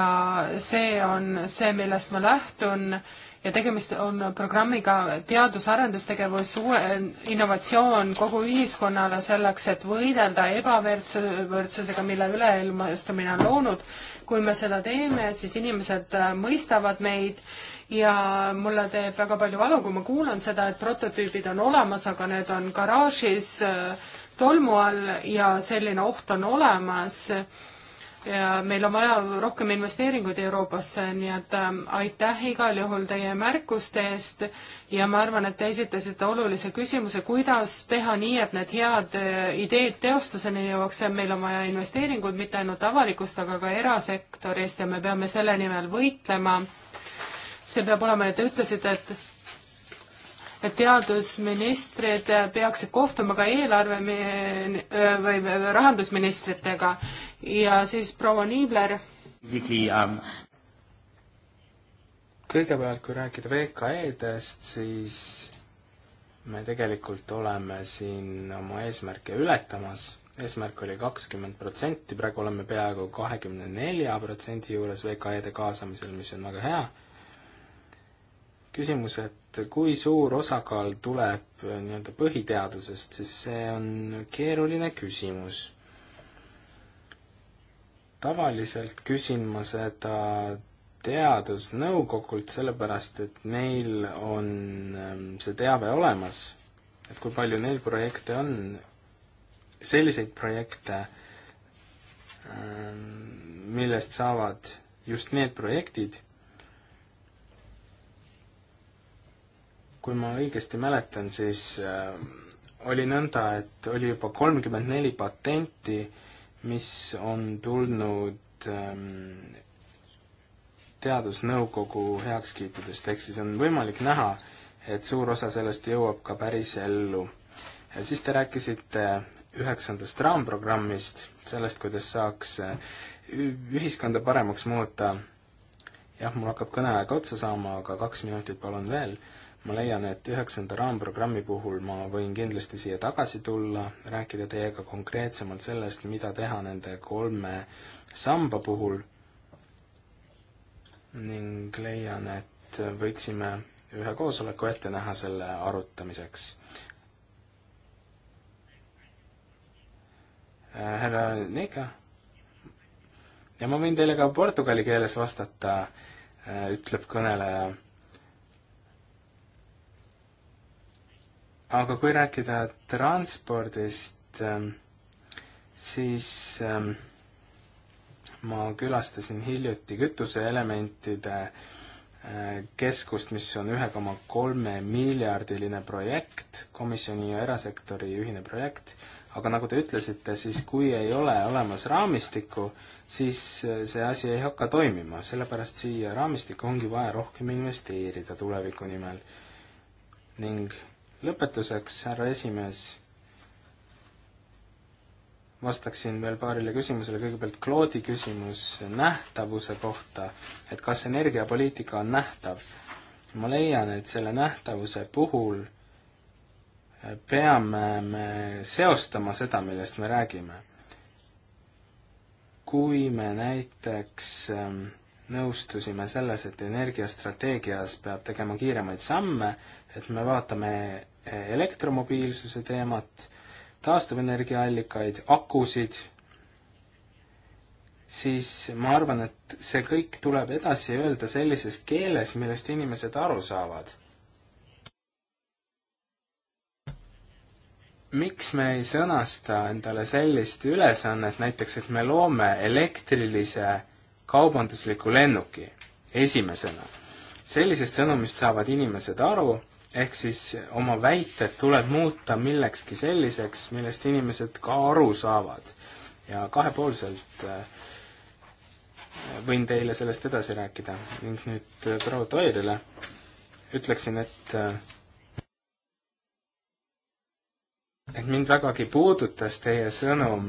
S3: see on see, millest ma lähtun ja tegemist on programmiga Teadus-arendustegevus, uue äh, innovatsioon kogu ühiskonnale selleks, et võidelda ebavõrdsusega, mille üleilmastumine on loonud. kui me seda teeme, siis inimesed äh, mõistavad meid ja mulle teeb väga palju valu, kui ma kuulan seda, et prototüübid on olemas, aga need on garaažis äh, tolmu all ja selline oht on olemas. ja meil on vaja rohkem investeeringuid Euroopasse, nii et ähm, aitäh igal juhul teie märkuste eest ja ma arvan, et te esitasite olulise küsimuse, kuidas teha nii, et need head äh, ideed teostuseni jõuaks, meil on vaja investeeringuid mitte ainult avalikust, aga ka erasektorist ja me peame selle nimel võitlema see peab olema ja te ütlesite, et et teadusministrid peaksid kohtuma ka eelarve või rahandusministritega ja siis proua Niibler.
S1: Um, kõigepealt, kui rääkida VKE-dest, siis me tegelikult oleme siin oma eesmärke ületamas, eesmärk oli kakskümmend protsenti, praegu oleme peaaegu kahekümne nelja protsendi juures VKE-de kaasamisel, mis on väga hea küsimus, et kui suur osakaal tuleb eh, nii-öelda põhiteadusest, siis see on keeruline küsimus. tavaliselt küsin ma seda teadusnõukogult, sellepärast et neil on eh, see teave olemas, et kui palju neil projekte on, selliseid projekte, eh, millest saavad just need projektid kui ma õigesti mäletan, siis äh, oli nõnda, et oli juba kolmkümmend neli patenti, mis on tulnud ähm, teadusnõukogu heakskiitudest, ehk siis on võimalik näha, et suur osa sellest jõuab ka päris ellu. ja siis te rääkisite üheksandast raamprogrammist, sellest, kuidas saaks äh, ühiskonda paremaks muuta. jah, mul hakkab kõneaeg otsa saama, aga kaks minutit palun veel ma leian, et üheksanda raamprogrammi puhul ma võin kindlasti siia tagasi tulla, rääkida teiega konkreetsemalt sellest, mida teha nende kolme samba puhul ning leian, et võiksime ühe koosoleku ette näha selle arutamiseks. Äh, härra Nika? ja ma võin teile ka portugali keeles vastata, äh, ütleb kõneleja aga kui rääkida transpordist, ähm, siis ähm, ma külastasin hiljuti kütuseelementide äh, keskust, mis on ühe koma kolme miljardiline projekt, komisjoni ja erasektori ühine projekt, aga nagu te ütlesite, siis kui ei ole olemas raamistikku, siis äh, see asi ei hakka toimima, sellepärast siia raamistikku ongi vaja rohkem investeerida tuleviku nimel. ning lõpetuseks, härra esimees, vastaksin veel paarile küsimusele, kõigepealt Claude'i küsimus nähtavuse kohta, et kas energiapoliitika on nähtav. ma leian, et selle nähtavuse puhul peame me seostama seda, millest me räägime. kui me näiteks ähm, nõustusime selles, et energiastrateegias peab tegema kiiremaid samme, et me vaatame elektromobiilsuse teemat, taastuvenergiaallikaid, akusid, siis ma arvan, et see kõik tuleb edasi öelda sellises keeles, millest inimesed aru saavad. miks me ei sõnasta endale sellist ülesannet, näiteks et me loome elektrilise kaubandusliku lennuki esimesena? sellisest sõnumist saavad inimesed aru ehk siis oma väited tuleb muuta millekski selliseks, millest inimesed ka aru saavad. ja kahepoolselt äh, võin teile sellest edasi rääkida ning nüüd äh, proua Toirile ütleksin, et äh, et mind vägagi puudutas teie sõnum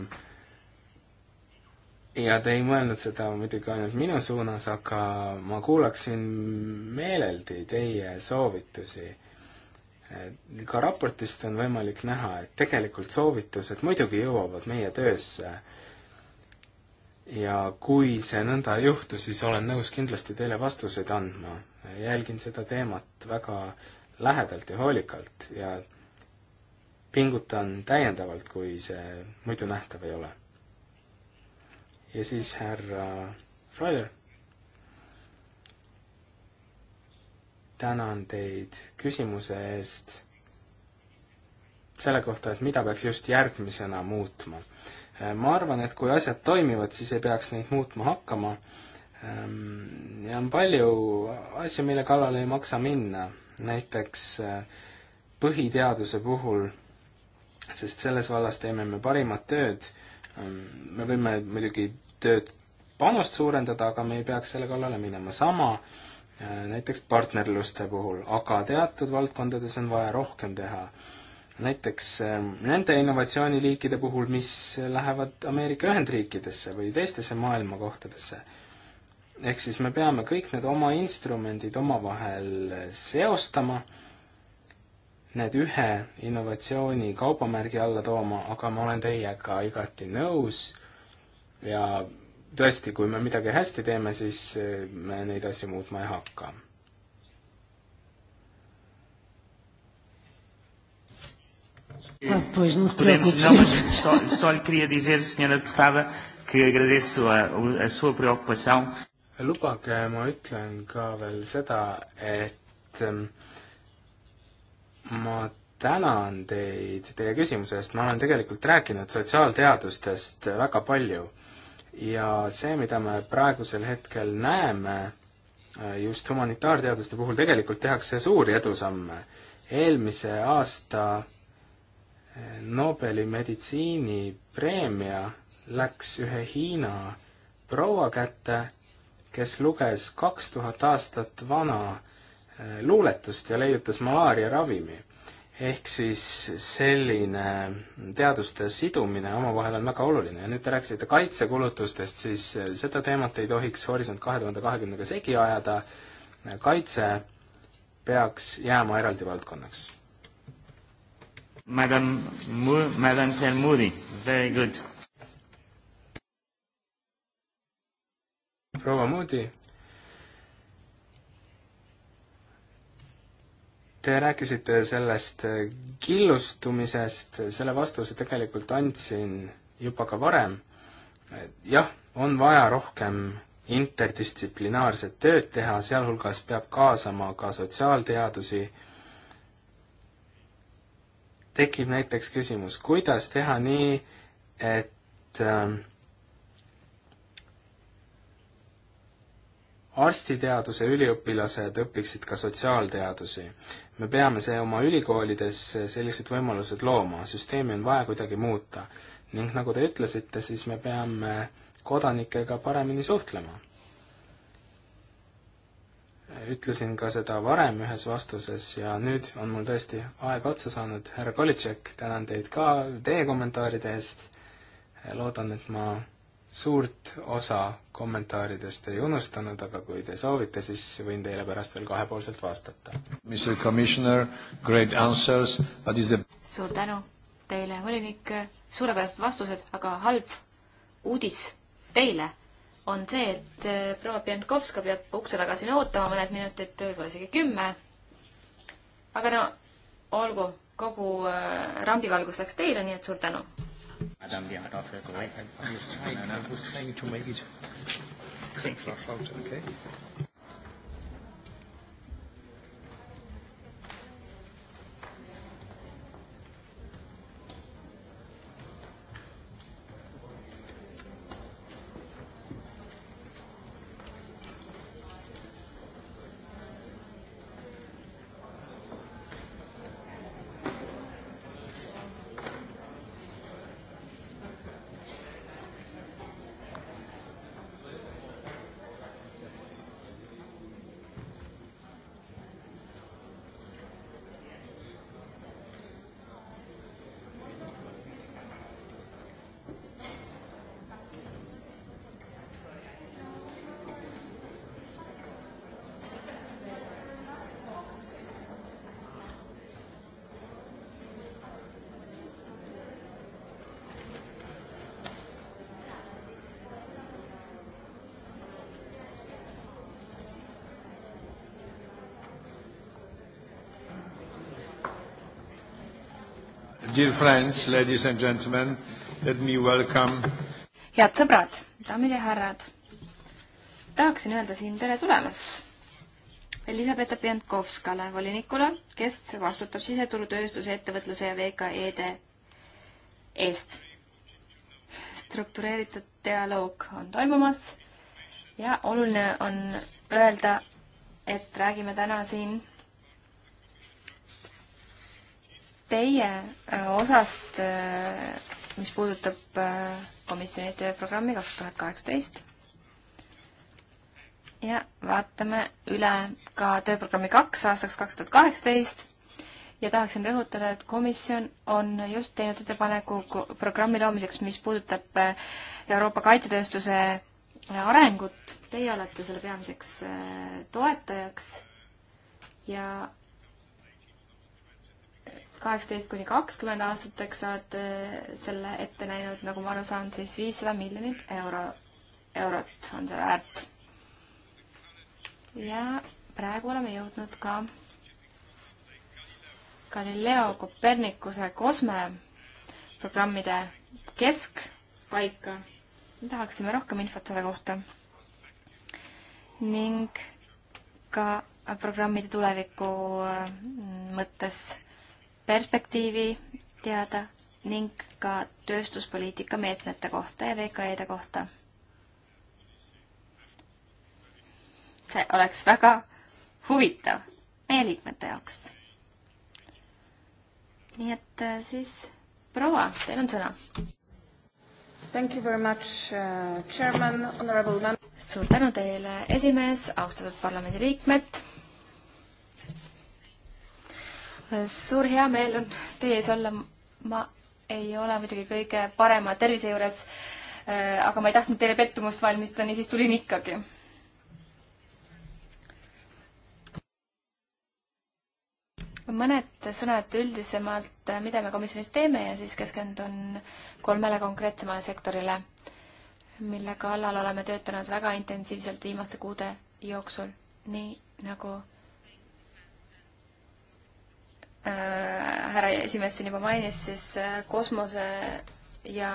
S1: ja te ei mõelnud seda muidugi ainult minu suunas, aga ma kuulaksin meeleldi teie soovitusi Äh, ka raportist on võimalik näha, et tegelikult soovitused muidugi jõuavad meie töösse. ja kui see nõnda ei juhtu, siis olen nõus kindlasti teile vastuseid andma. jälgin seda teemat väga lähedalt ja hoolikalt ja pingutan täiendavalt, kui see muidu nähtav ei ole. ja siis härra Freuler tänan teid küsimuse eest selle kohta, et mida peaks just järgmisena muutma. ma arvan, et kui asjad toimivad, siis ei peaks neid muutma hakkama. Ehm, ja on palju asju, mille kallale ei maksa minna, näiteks eh, põhiteaduse puhul, sest selles vallas teeme me parimat tööd. Ehm, me võime muidugi tööd panust suurendada, aga me ei peaks selle kallale minema. sama äh, Äh, näiteks partnerluste puhul, aga teatud valdkondades on vaja rohkem teha. näiteks ähm, nende innovatsiooniliikide puhul, mis lähevad Ameerika Ühendriikidesse või teistesse maailma kohtadesse. ehk siis me peame kõik need oma instrumendid omavahel seostama, need ühe innovatsiooni kaubamärgi alla tooma, aga ma olen teiega igati nõus ja tõesti, kui me midagi hästi teeme, siis eh, me neid asju muutma ei hakka.
S3: Pois, não se preocupe. Não, mas
S1: só, só lhe queria dizer, senhora deputada, que agradeço a, a sua preocupação. Lubage, ma ütlen ka veel seda, et ehm, ma tänan teid teie küsimuse eest, ma olen tegelikult rääkinud sotsiaalteadustest väga palju ja see, mida me praegusel hetkel näeme, äh, just humanitaarteaduste puhul tegelikult tehakse suuri edusamme. eelmise aasta äh, Nobeli meditsiinipreemia läks ühe Hiina proua kätte, kes luges kaks tuhat aastat vana äh, luuletust ja leiutas malaaria ravimi ehk siis selline teaduste sidumine omavahel on väga oluline ja nüüd te rääkisite kaitsekulutustest, siis eh, seda teemat ei tohiks Horisont kahe tuhande kahekümnega segi ajada, kaitse peaks jääma eraldi valdkonnaks. Madam Mu-, Madam Selmudi, very good. proua Moody Te rääkisite sellest killustumisest, selle vastuse tegelikult andsin juba ka varem. jah, on vaja rohkem interdistsiplinaarset tööd teha, sealhulgas peab kaasama ka sotsiaalteadusi. tekib näiteks küsimus, kuidas teha nii, et äh, arstiteaduse üliõpilased õpiksid ka sotsiaalteadusi. me peame see oma ülikoolides sellised võimalused looma, süsteemi on vaja kuidagi muuta. ning nagu te ütlesite, siis me peame kodanikega paremini suhtlema. ütlesin ka seda varem ühes vastuses ja nüüd on mul tõesti aeg otsa saanud, härra Kolitšek, tänan teid ka teie kommentaaride eest, loodan, et ma suurt osa kommentaaridest ei unustanud, aga kui te soovite, siis võin teile pärast veel kahepoolselt vastata. The...
S2: suur tänu teile, volinik, suurepärased vastused, aga halb uudis teile on see, et eh, proua Pjankovska peab ukse taga siin ootama mõned minutid, võib-olla isegi kümme. aga no olgu, kogu eh, rambivalgus läks teile, nii et suur tänu!
S1: Madame the head of the I, I, I was trying to make it. Okay. Dear friends, ladies and gentlemen, let me welcome.
S2: head sõbrad, daamid ja härrad. tahaksin öelda siin tere tulemast Elisabetta Pienkovskale, volinikule, kes vastutab siseturutööstuse, ettevõtluse ja VKE-de eest. struktureeritud dialoog on toimumas ja oluline on öelda, et räägime täna siin teie äh, osast, äh, mis puudutab äh, komisjoni tööprogrammi kaks tuhat kaheksateist. ja vaatame üle ka tööprogrammi kaks aastaks kaks tuhat kaheksateist ja tahaksin rõhutada, et komisjon on just teinud ettepaneku programmi loomiseks, mis puudutab Euroopa kaitsetööstuse arengut. Teie olete selle peamiseks toetajaks ja kaheksateist kuni kakskümmend aastateks olete selle ette näinud, nagu ma aru saan, siis viissada miljonit euro, eurot on see väärt. ja praegu oleme jõudnud ka Galileo Copernicuse kosmeprogrammide keskpaika. tahaksime rohkem infot selle kohta. ning ka programmide tuleviku äh, mõttes perspektiivi teada ning ka tööstuspoliitika meetmete kohta ja VKE-de kohta. see oleks väga huvitav meie liikmete jaoks. nii et äh, siis proua, teil on sõna. Thank you very much uh,, chairman, honorable member. suur tänu teile, esimees, austatud parlamendiliikmed suur heameel on teie ees olla. ma ei ole muidugi kõige parema tervise juures, äh, aga ma ei tahtnud teile pettumust valmistada, niisiis tulin ikkagi mõned sõnad üldisemalt, äh, mida me komisjonis teeme ja siis keskendun kolmele konkreetsemale sektorile, mille kallal oleme töötanud väga intensiivselt viimaste kuude jooksul, nii nagu Äh, härra esimees siin juba mainis, siis äh, kosmose ja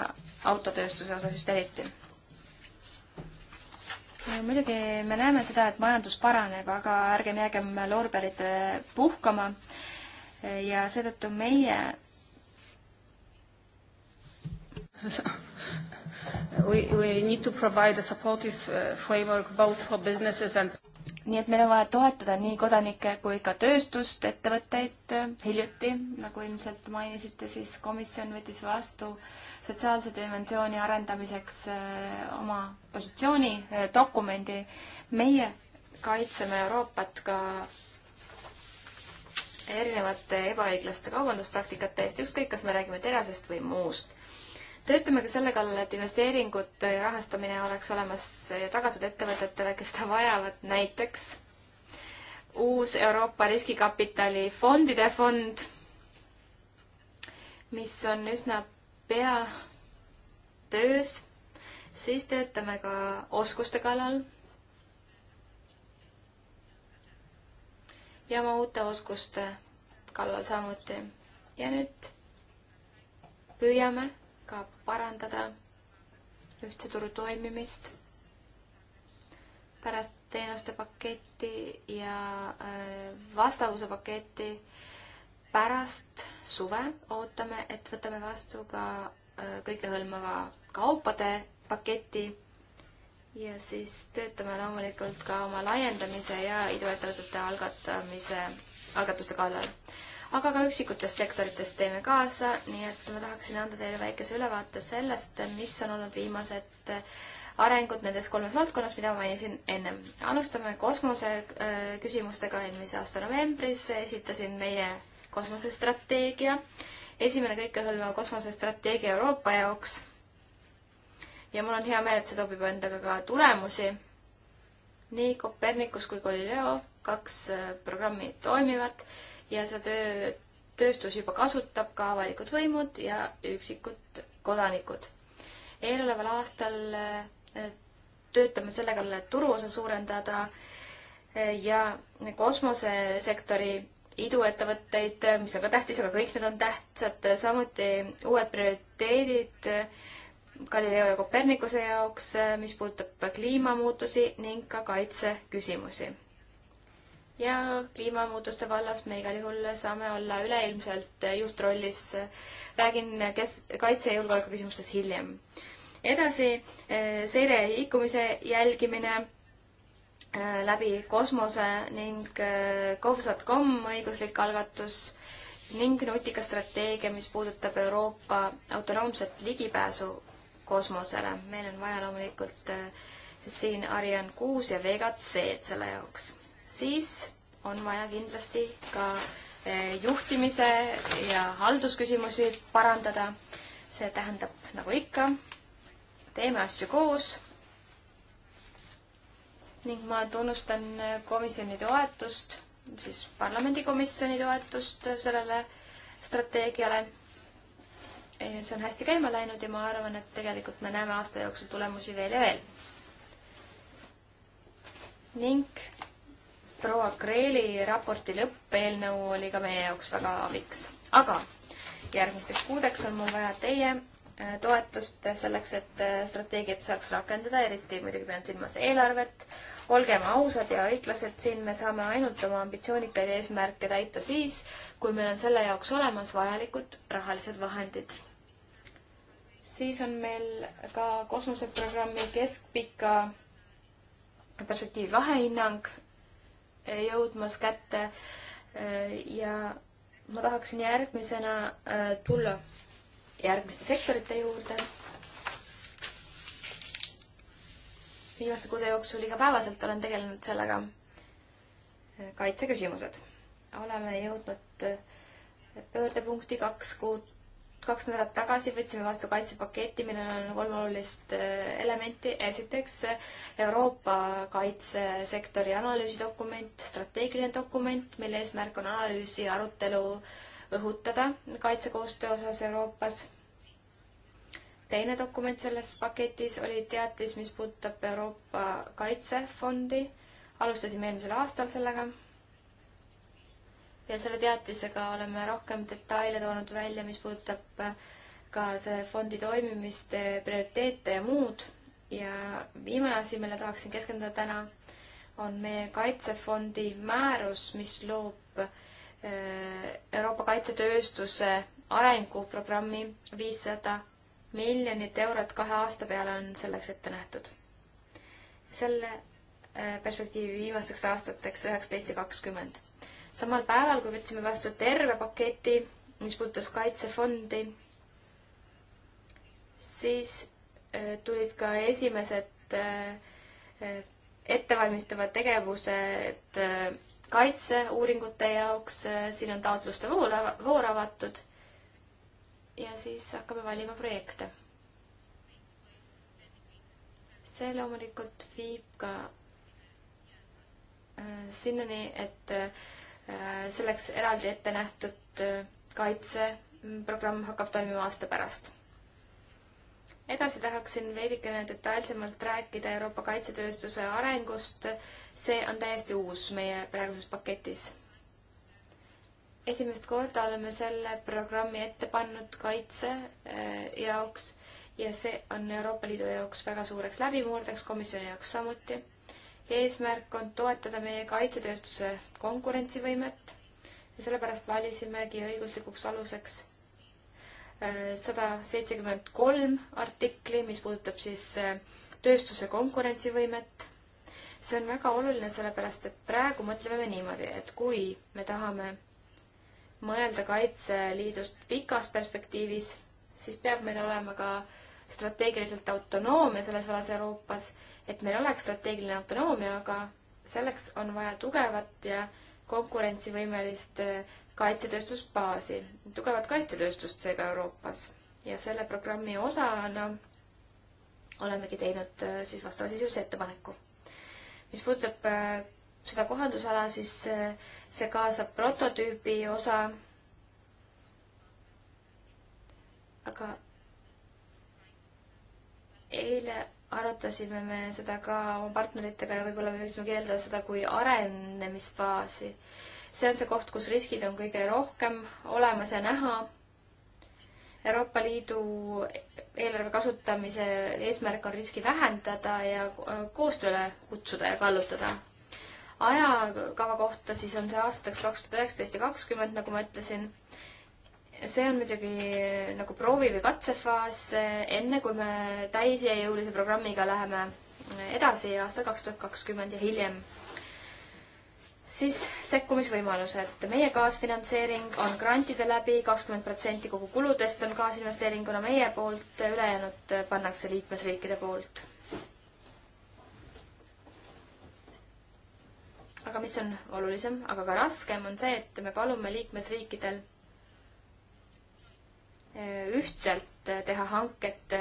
S2: autotööstuse osas just eriti. muidugi me näeme seda, et majandus paraneb, aga ärgem jäägem loorberite puhkama ja seetõttu meie We, we need to provide a supportive uh, framework both for businesses and nii et meil on vaja toetada nii kodanikke kui ka tööstust, ettevõtteid. hiljuti, nagu ilmselt mainisite, siis komisjon võttis vastu sotsiaalse dimensiooni arendamiseks eh, oma positsiooni, eh, dokumendi. meie kaitseme Euroopat ka erinevate ebaõiglaste kaubanduspraktikate eest, ükskõik, kas me räägime terasest või muust töötame ka selle kallal, et investeeringute rahastamine oleks olemas ja tagatud ettevõtetele, kes seda vajavad, näiteks uus Euroopa riskikapitali fondide fond, mis on üsna pea töös, siis töötame ka oskuste kallal ja oma uute oskuste kallal samuti. ja nüüd püüame ka parandada ühtse turu toimimist pärast teenuste paketti ja äh, vastavuse paketti pärast suve ootame, et võtame vastu ka äh, kõikehõlmava kaupade paketi ja siis töötame loomulikult ka oma laiendamise ja iduettevõtete algatamise, algatuste kallal aga ka üksikutest sektoritest teeme kaasa, nii et ma tahaksin anda teile väikese ülevaate sellest, mis on olnud viimased äh, arengud nendes kolmes valdkonnas, mida ma mainisin ennem. alustame kosmose äh, küsimustega. eelmise aasta novembris esitasin meie kosmosestrateegia, esimene kõikehõlmav kosmosestrateegia Euroopa jaoks. ja mul on hea meel, et see toob juba endaga ka tulemusi. nii Copernicus kui Galileo, kaks äh, programmi toimivad ja seda töö, tööstus juba kasutab ka avalikud võimud ja üksikud kodanikud. eeloleval aastal eh, töötame selle kallal, et turuosa suurendada eh, ja kosmosesektori iduettevõtteid, mis on ka tähtis, aga kõik need on tähtsad, samuti uued prioriteedid eh, Galileo ja Kopernikuse jaoks, mis puudutab kliimamuutusi ning ka kaitseküsimusi ja kliimamuutuste vallas me igal juhul saame olla üleilmselt juhtrollis. räägin kes-, kaitse- ja julgeoleku küsimustest hiljem. edasi, eh, seire ja liikumise jälgimine eh, läbi kosmose ning KOVSAT.com eh, õiguslik algatus ning nutika strateegia, mis puudutab Euroopa autonoomset ligipääsu kosmosele. meil on vaja loomulikult siin Ariane kuus ja Vega C-d selle jaoks siis on vaja kindlasti ka eh, juhtimise ja haldusküsimusi parandada. see tähendab, nagu ikka, teeme asju koos. ning ma tunnustan eh, komisjoni toetust, siis parlamendikomisjoni toetust sellele strateegiale. Eh, see on hästi käima läinud ja ma arvan, et tegelikult me näeme aasta jooksul tulemusi veel ja veel. ning proua Kreeli raporti lõppeelnõu oli ka meie jaoks väga abiks. aga järgmisteks kuudeks on mul vaja teie äh, toetust selleks, et äh, strateegiat saaks rakendada, eriti muidugi pean silmas eelarvet. olgem ausad ja õiglased, siin me saame ainult oma ambitsioonikaid eesmärke täita siis, kui meil on selle jaoks olemas vajalikud rahalised vahendid siis on meil ka kosmoseprogrammi keskpika perspektiivi vahehinnang jõudmas kätte äh, ja ma tahaksin järgmisena äh, tulla järgmiste sektorite juurde. viimaste kuude jooksul igapäevaselt olen tegelenud sellega. Äh, kaitseküsimused. oleme jõudnud pöördepunkti kaks kuud kaks nädalat tagasi võtsime vastu kaitsepaketi, millel on kolm olulist äh, elementi. esiteks Euroopa kaitsesektori analüüsidokument, strateegiline dokument, mille eesmärk on analüüsi ja arutelu õhutada kaitsekoostöö osas Euroopas. teine dokument selles paketis oli teatis, mis puudutab Euroopa Kaitsefondi. alustasime eelmisel aastal sellega ja selle teatisega oleme rohkem detaile toonud välja, mis puudutab äh, ka see fondi toimimist, äh, prioriteete ja muud. ja viimane asi, millele tahaksin keskenduda täna, on meie kaitsefondi määrus, mis loob äh, Euroopa kaitsetööstuse arenguprogrammi viissada miljonit eurot kahe aasta peale on selleks ette nähtud. selle perspektiivi viimasteks aastateks üheksateist ja kakskümmend samal päeval, kui võtsime vastu terve paketi, mis puudutas kaitsefondi, siis äh, tulid ka esimesed äh, äh, ettevalmistavad tegevused kaitseuuringute jaoks, siin on taotluste vool, voor avatud ja siis hakkame valima projekte. see loomulikult viib ka sinnani, et Äh, selleks eraldi ette nähtud äh, kaitseprogramm hakkab toimima aasta pärast. edasi tahaksin veidikene detailsemalt rääkida Euroopa kaitsetööstuse arengust. see on täiesti uus meie praeguses paketis. esimest korda oleme selle programmi ette pannud kaitse äh, jaoks ja see on Euroopa Liidu jaoks väga suureks läbimurdeks, komisjoni jaoks samuti eesmärk on toetada meie kaitsetööstuse konkurentsivõimet ja sellepärast valisimegi õiguslikuks aluseks äh, sada seitsekümmend kolm artikli, mis puudutab siis äh, tööstuse konkurentsivõimet. see on väga oluline, sellepärast et praegu mõtleme me niimoodi, et kui me tahame mõelda Kaitseliidust pikas perspektiivis, siis peab meil olema ka strateegiliselt autonoomia selles vallas Euroopas et meil oleks strateegiline autonoomia, aga selleks on vaja tugevat ja konkurentsivõimelist äh, kaitsetööstusbaasi, tugevat kaitsetööstust seega Euroopas. ja selle programmi osana olemegi teinud äh, siis vastava sisulise ettepaneku. mis puudutab äh, seda kohandusala, siis see kaasab prototüübi osa. aga eile arutasime me seda ka oma partneritega ja võib-olla me võiksime kirjeldada seda kui arenemisfaasi. see on see koht, kus riskid on kõige rohkem olemas ja näha. Euroopa Liidu eelarve kasutamise eesmärk on riski vähendada ja koostööle kutsuda ja kallutada. ajakava kohta siis on see aastateks kaks tuhat üheksateist ja kakskümmend, nagu ma ütlesin see on muidugi nagu proovi- või katsefaas, enne kui me täisjõulise programmiga läheme edasi aasta kaks tuhat kakskümmend ja hiljem. siis sekkumisvõimalused. meie kaasfinantseering on grantide läbi, kakskümmend protsenti kogu kuludest on kaasinvesteeringuna meie poolt, ülejäänud pannakse liikmesriikide poolt. aga mis on olulisem, aga ka raskem, on see, et me palume liikmesriikidel Eh, ühtselt teha hanket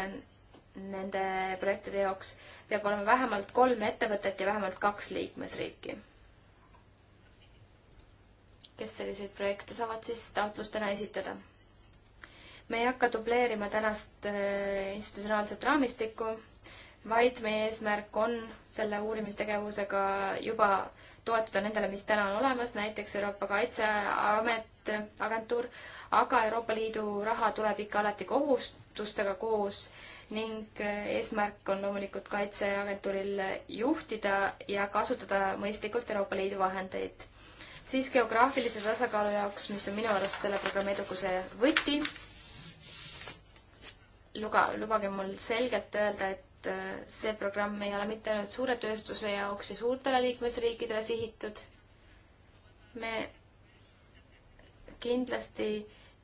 S2: nende projektide jaoks, peab olema vähemalt kolm ettevõtet ja vähemalt kaks liikmesriiki, kes selliseid projekte saavad siis taotlustena esitada. me ei hakka dubleerima tänast eh, institutsionaalset raamistikku, vaid meie eesmärk on selle uurimistegevusega juba toetuda nendele, mis täna on olemas, näiteks Euroopa Kaitseamet, agentuur, aga Euroopa Liidu raha tuleb ikka alati kohustustega koos ning eh, eesmärk on loomulikult Kaitseagentuuril juhtida ja kasutada mõistlikult Euroopa Liidu vahendeid. siis geograafilise tasakaalu jaoks, mis on minu arust selle programmi edukuse võti, luga, lubage mul selgelt öelda, et Äh, see programm ei ole mitte ainult suure tööstuse jaoks ja suurtele liikmesriikidele sihitud. me kindlasti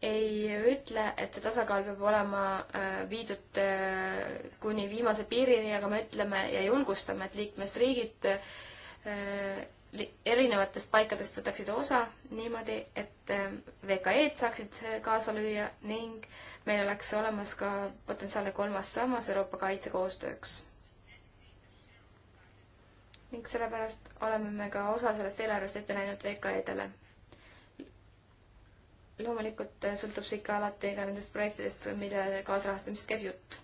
S2: ei ütle, et see tasakaal peab olema äh, viidud äh, kuni viimase piirini, aga me ütleme ja julgustame, et liikmesriigid erinevatest paikadest võtaksid osa niimoodi, et äh, VKE-d saaksid äh, kaasa lüüa ning meil oleks olemas ka potentsiaalne kolmas sammas Euroopa kaitsekoostööks. ning sellepärast oleme me ka osa sellest eelarvest ette näinud VKE-dele. loomulikult äh, sõltub see ikka alati ka nendest projektidest, mille kaasrahastamist käib jutt.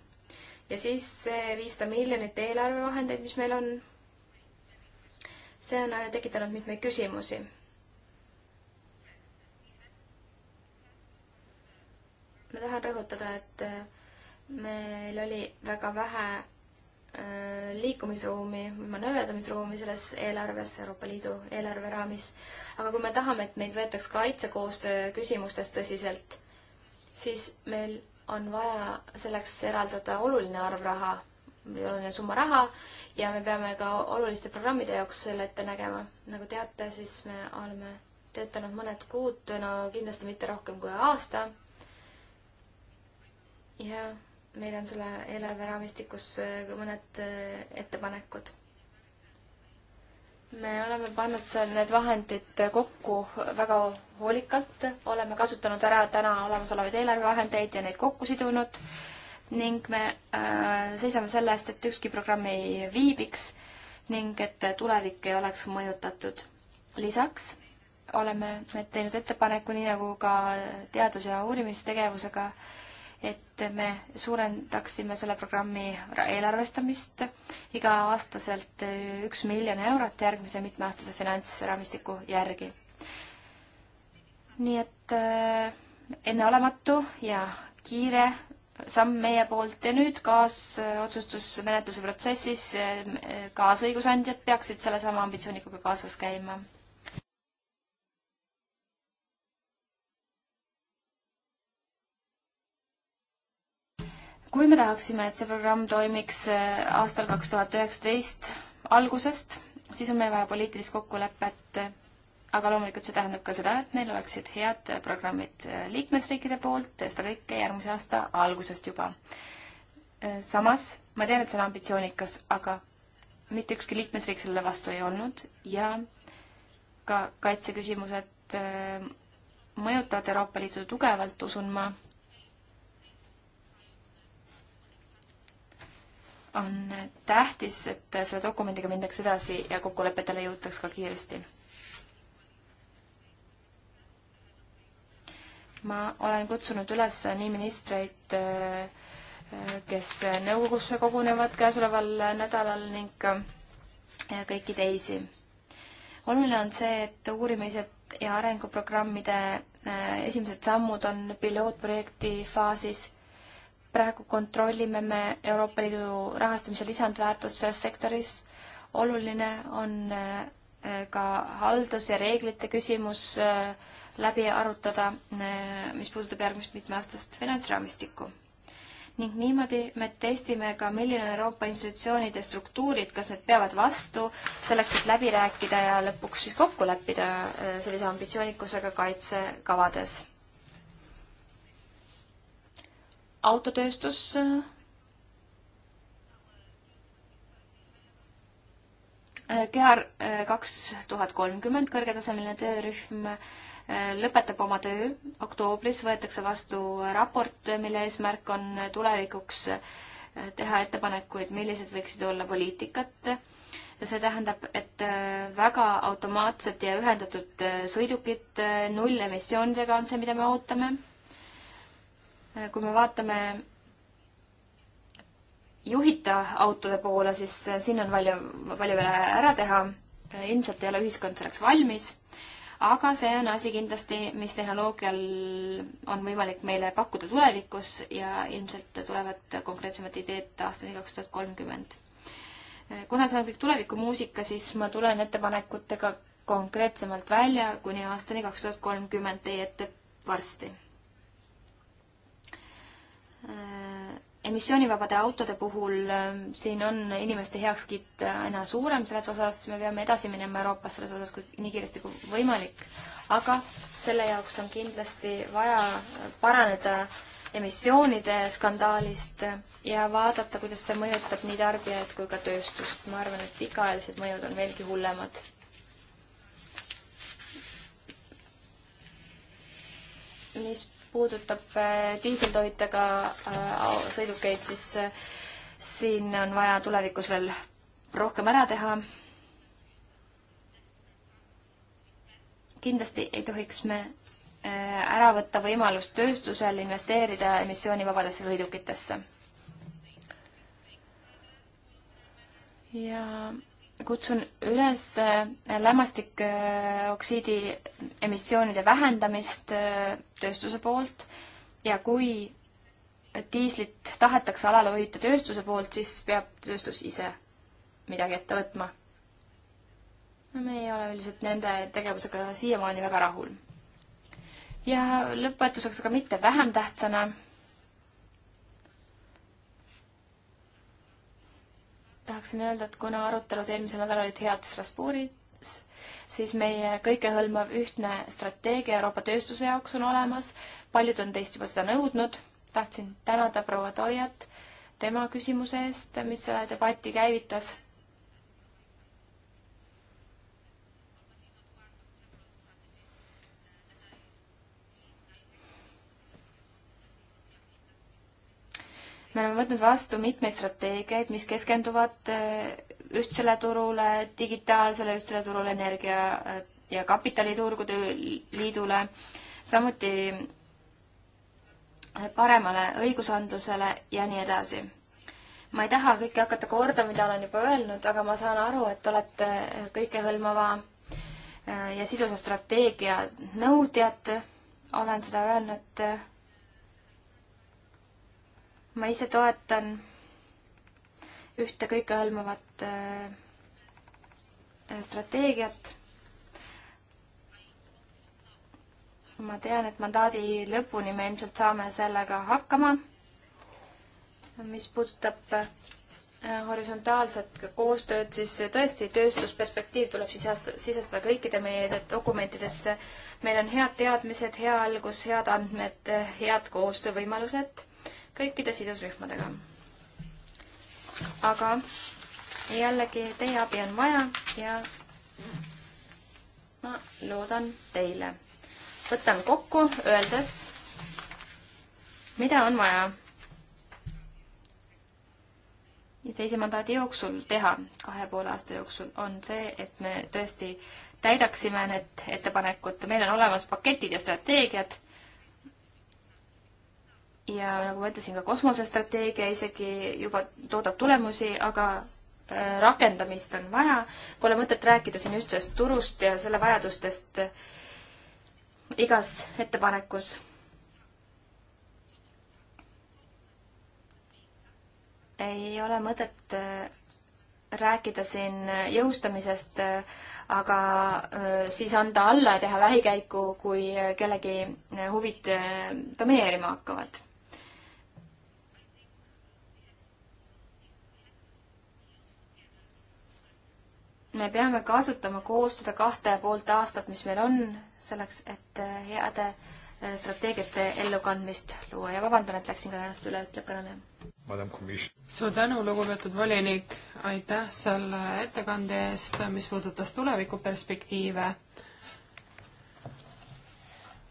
S2: ja siis see viissada miljonit eelarvevahendeid, mis meil on see on äh, tekitanud mitmeid küsimusi. ma tahan rõhutada, et äh, meil oli väga vähe äh, liikumisruumi või manööverdamisruumi selles eelarves, Euroopa Liidu eelarve raamis. aga kui me tahame, et meid võetaks kaitsekoostöö küsimustes tõsiselt, siis meil on vaja selleks eraldada oluline arv raha oluline summa raha ja me peame ka oluliste programmide jaoks selle ette nägema. nagu teate, siis me oleme töötanud mõned kuud, no kindlasti mitte rohkem kui aasta. ja meil on selle eelarve raamistikus äh, mõned äh, ettepanekud me oleme pannud seal need vahendid kokku väga hoolikalt, oleme kasutanud ära täna olemasolevaid eelarvevahendeid ja neid kokku sidunud ning me äh, seisame selle eest, et ükski programm ei viibiks ning et tulevik ei oleks mõjutatud. lisaks oleme me teinud ettepaneku, nii nagu ka teadus- ja uurimistegevusega, et me suurendaksime selle programmi eelarvestamist iga-aastaselt üks miljon eurot järgmise mitmeaastase finantsraamistiku järgi. nii et äh, enneolematu ja kiire samm meie poolt ja nüüd kaasotsustusmenetluse protsessis eh, kaasõigusandjad peaksid sellesama ambitsioonikuga kaasas käima. kui me tahaksime, et see programm toimiks eh, aastal kaks tuhat üheksateist algusest, siis on meil vaja poliitilist kokkulepet aga loomulikult see tähendab ka seda, et neil oleksid head programmid äh, liikmesriikide poolt, seda kõike järgmise aasta algusest juba. Äh, samas ma tean, et see on ambitsioonikas, aga mitte ükski liikmesriik sellele vastu ei olnud ja ka kaitseküsimused äh, mõjutavad Euroopa Liitu tugevalt, usun ma. on tähtis, et selle dokumendiga mindaks edasi ja kokkulepetele jõutaks ka kiiresti ma olen kutsunud üles nii ministreid, äh, kes nõukogusse kogunevad käesoleval nädalal ning ka äh, kõiki teisi. oluline on see, et uurimised ja arenguprogrammide äh, esimesed sammud on pilootprojekti faasis. praegu kontrollime me Euroopa Liidu rahastamise lisandväärtust selles sektoris. oluline on ka haldus ja reeglite küsimus äh, läbi arutada, äh, mis puudutab järgmist mitmeaastast finantsraamistikku. ning niimoodi me testime ka, milline on Euroopa institutsioonide struktuurid, kas need peavad vastu, selleks et läbi rääkida ja lõpuks siis kokku leppida äh, sellise ambitsioonikusega kaitsekavades. autotööstus äh, Kear kaks tuhat kolmkümmend kõrgetasemeline töörühm lõpetab oma töö, oktoobris võetakse vastu raport, mille eesmärk on tulevikuks teha ettepanekuid, millised võiksid olla poliitikad. see tähendab, et äh, väga automaatset ja ühendatud äh, sõidukit äh, nullemissioonidega on see, mida me ootame. kui me vaatame juhita autode poole, siis siin on palju, palju veel ära teha. ilmselt ei ole ühiskond selleks valmis aga see on asi kindlasti, mis tehnoloogial on võimalik meile pakkuda tulevikus ja ilmselt tulevad konkreetsemad ideed aastani kaks tuhat kolmkümmend. kuna see on kõik tulevikumuusika, siis ma tulen ettepanekutega konkreetsemalt välja kuni aastani kaks tuhat kolmkümmend teie ette varsti emissioonivabade autode puhul ähm, siin on inimeste heakskiit äh, aina suurem selles osas, me peame edasi minema Euroopas selles osas kui, nii kiiresti kui võimalik. aga selle jaoks on kindlasti vaja äh, paraneda emissioonide skandaalist ja vaadata, kuidas see mõjutab nii tarbijaid kui ka tööstust. ma arvan, et pikaajalised mõjud on veelgi hullemad. mis puudutab äh, diiseltoitega äh, sõidukeid, siis äh, siin on vaja tulevikus veel rohkem ära teha. kindlasti ei tohiks me ära võtta võimalust tööstusel investeerida emissioonivabadesse sõidukitesse. ja kutsun üles äh, lämmastikoksiidi emissioonide vähendamist äh, tööstuse poolt ja kui diislit tahetakse alal hoida tööstuse poolt, siis peab tööstus ise midagi ette võtma. me ei ole üldiselt nende tegevusega siiamaani väga rahul. ja lõpetuseks, aga mitte vähem tähtsana tahaksin öelda, et kuna arutelud eelmisel nädalal olid head Strasbourgis, siis meie kõikehõlmav ühtne strateegia Euroopa tööstuse jaoks on olemas. paljud on teist juba seda nõudnud. tahtsin tänada proua Toiat tema küsimuse eest, mis selle debatti käivitas me oleme võtnud vastu mitmeid strateegiaid, mis keskenduvad äh, ühtsele turule, digitaalsele ühtsele turule, energia äh, ja kapitaliturgude liidule, samuti äh, paremale õigusandlusele ja nii edasi. ma ei taha kõike hakata kordama, mida olen juba öelnud, aga ma saan aru, et olete kõikehõlmava ja sidusa strateegia nõudjad, olen seda öelnud ma ise toetan ühte kõikehõlmavat äh, strateegiat. ma tean, et mandaadi lõpuni me ilmselt saame sellega hakkama. mis puudutab äh, horisontaalset koostööd, siis tõesti, tööstusperspektiiv tuleb sisestada kõikide meie dokumentidesse. meil on head teadmised, hea algus, head andmed, äh, head koostöövõimalused kõikide sidusrühmadega. aga jällegi teie abi on vaja ja ma loodan teile. võtan kokku, öeldes, mida on vaja teise mandaadi jooksul teha, kahe poole aasta jooksul, on see, et me tõesti täidaksime need ettepanekud, meil on olemas paketid ja strateegiad ja nagu ma ütlesin, ka kosmosestrateegia isegi juba toodab tulemusi, aga äh, rakendamist on vaja. Pole mõtet rääkida siin ühtsest turust ja selle vajadustest äh, igas ettepanekus. ei ole mõtet äh, rääkida siin jõustamisest, aga siis anda alla ja teha vähikäiku, kui kellegi huvid domineerima hakkavad me peame kasutama koos seda kahte ja poolt aastat, mis meil on, selleks, et eh, heade eh, strateegiate ellukandmist luua ja vabandan, et läksin ka ennast üle, ütleb
S3: kõneleja. suur tänu, lugupeetud volinik, aitäh selle ettekande eest, mis puudutas tulevikuperspektiive.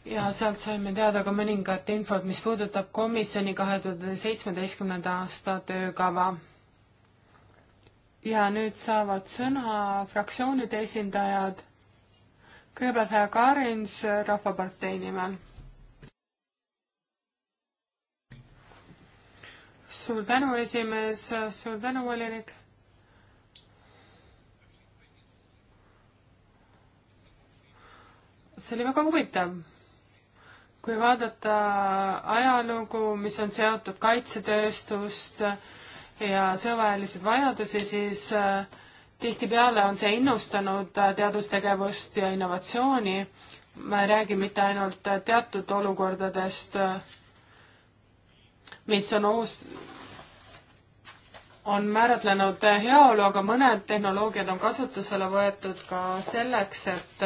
S3: ja sealt saime teada ka mõningat infot, mis puudutab komisjoni kahe tuhande seitsmeteistkümnenda aasta töökava ja nüüd saavad sõna fraktsioonide esindajad. kõigepealt härra Karins äh, Rahvapartei nimel. suur tänu, esimees, suur tänu, volinik. see oli väga huvitav kui vaadata ajalugu, mis on seotud kaitsetööstust, ja sõjaväelisi vajadusi, siis äh, tihtipeale on see innustanud äh, teadustegevust ja innovatsiooni. ma ei räägi mitte ainult äh, teatud olukordadest, mis on ohus, on määratlenud heaolu, aga mõned tehnoloogiad on kasutusele võetud ka selleks, et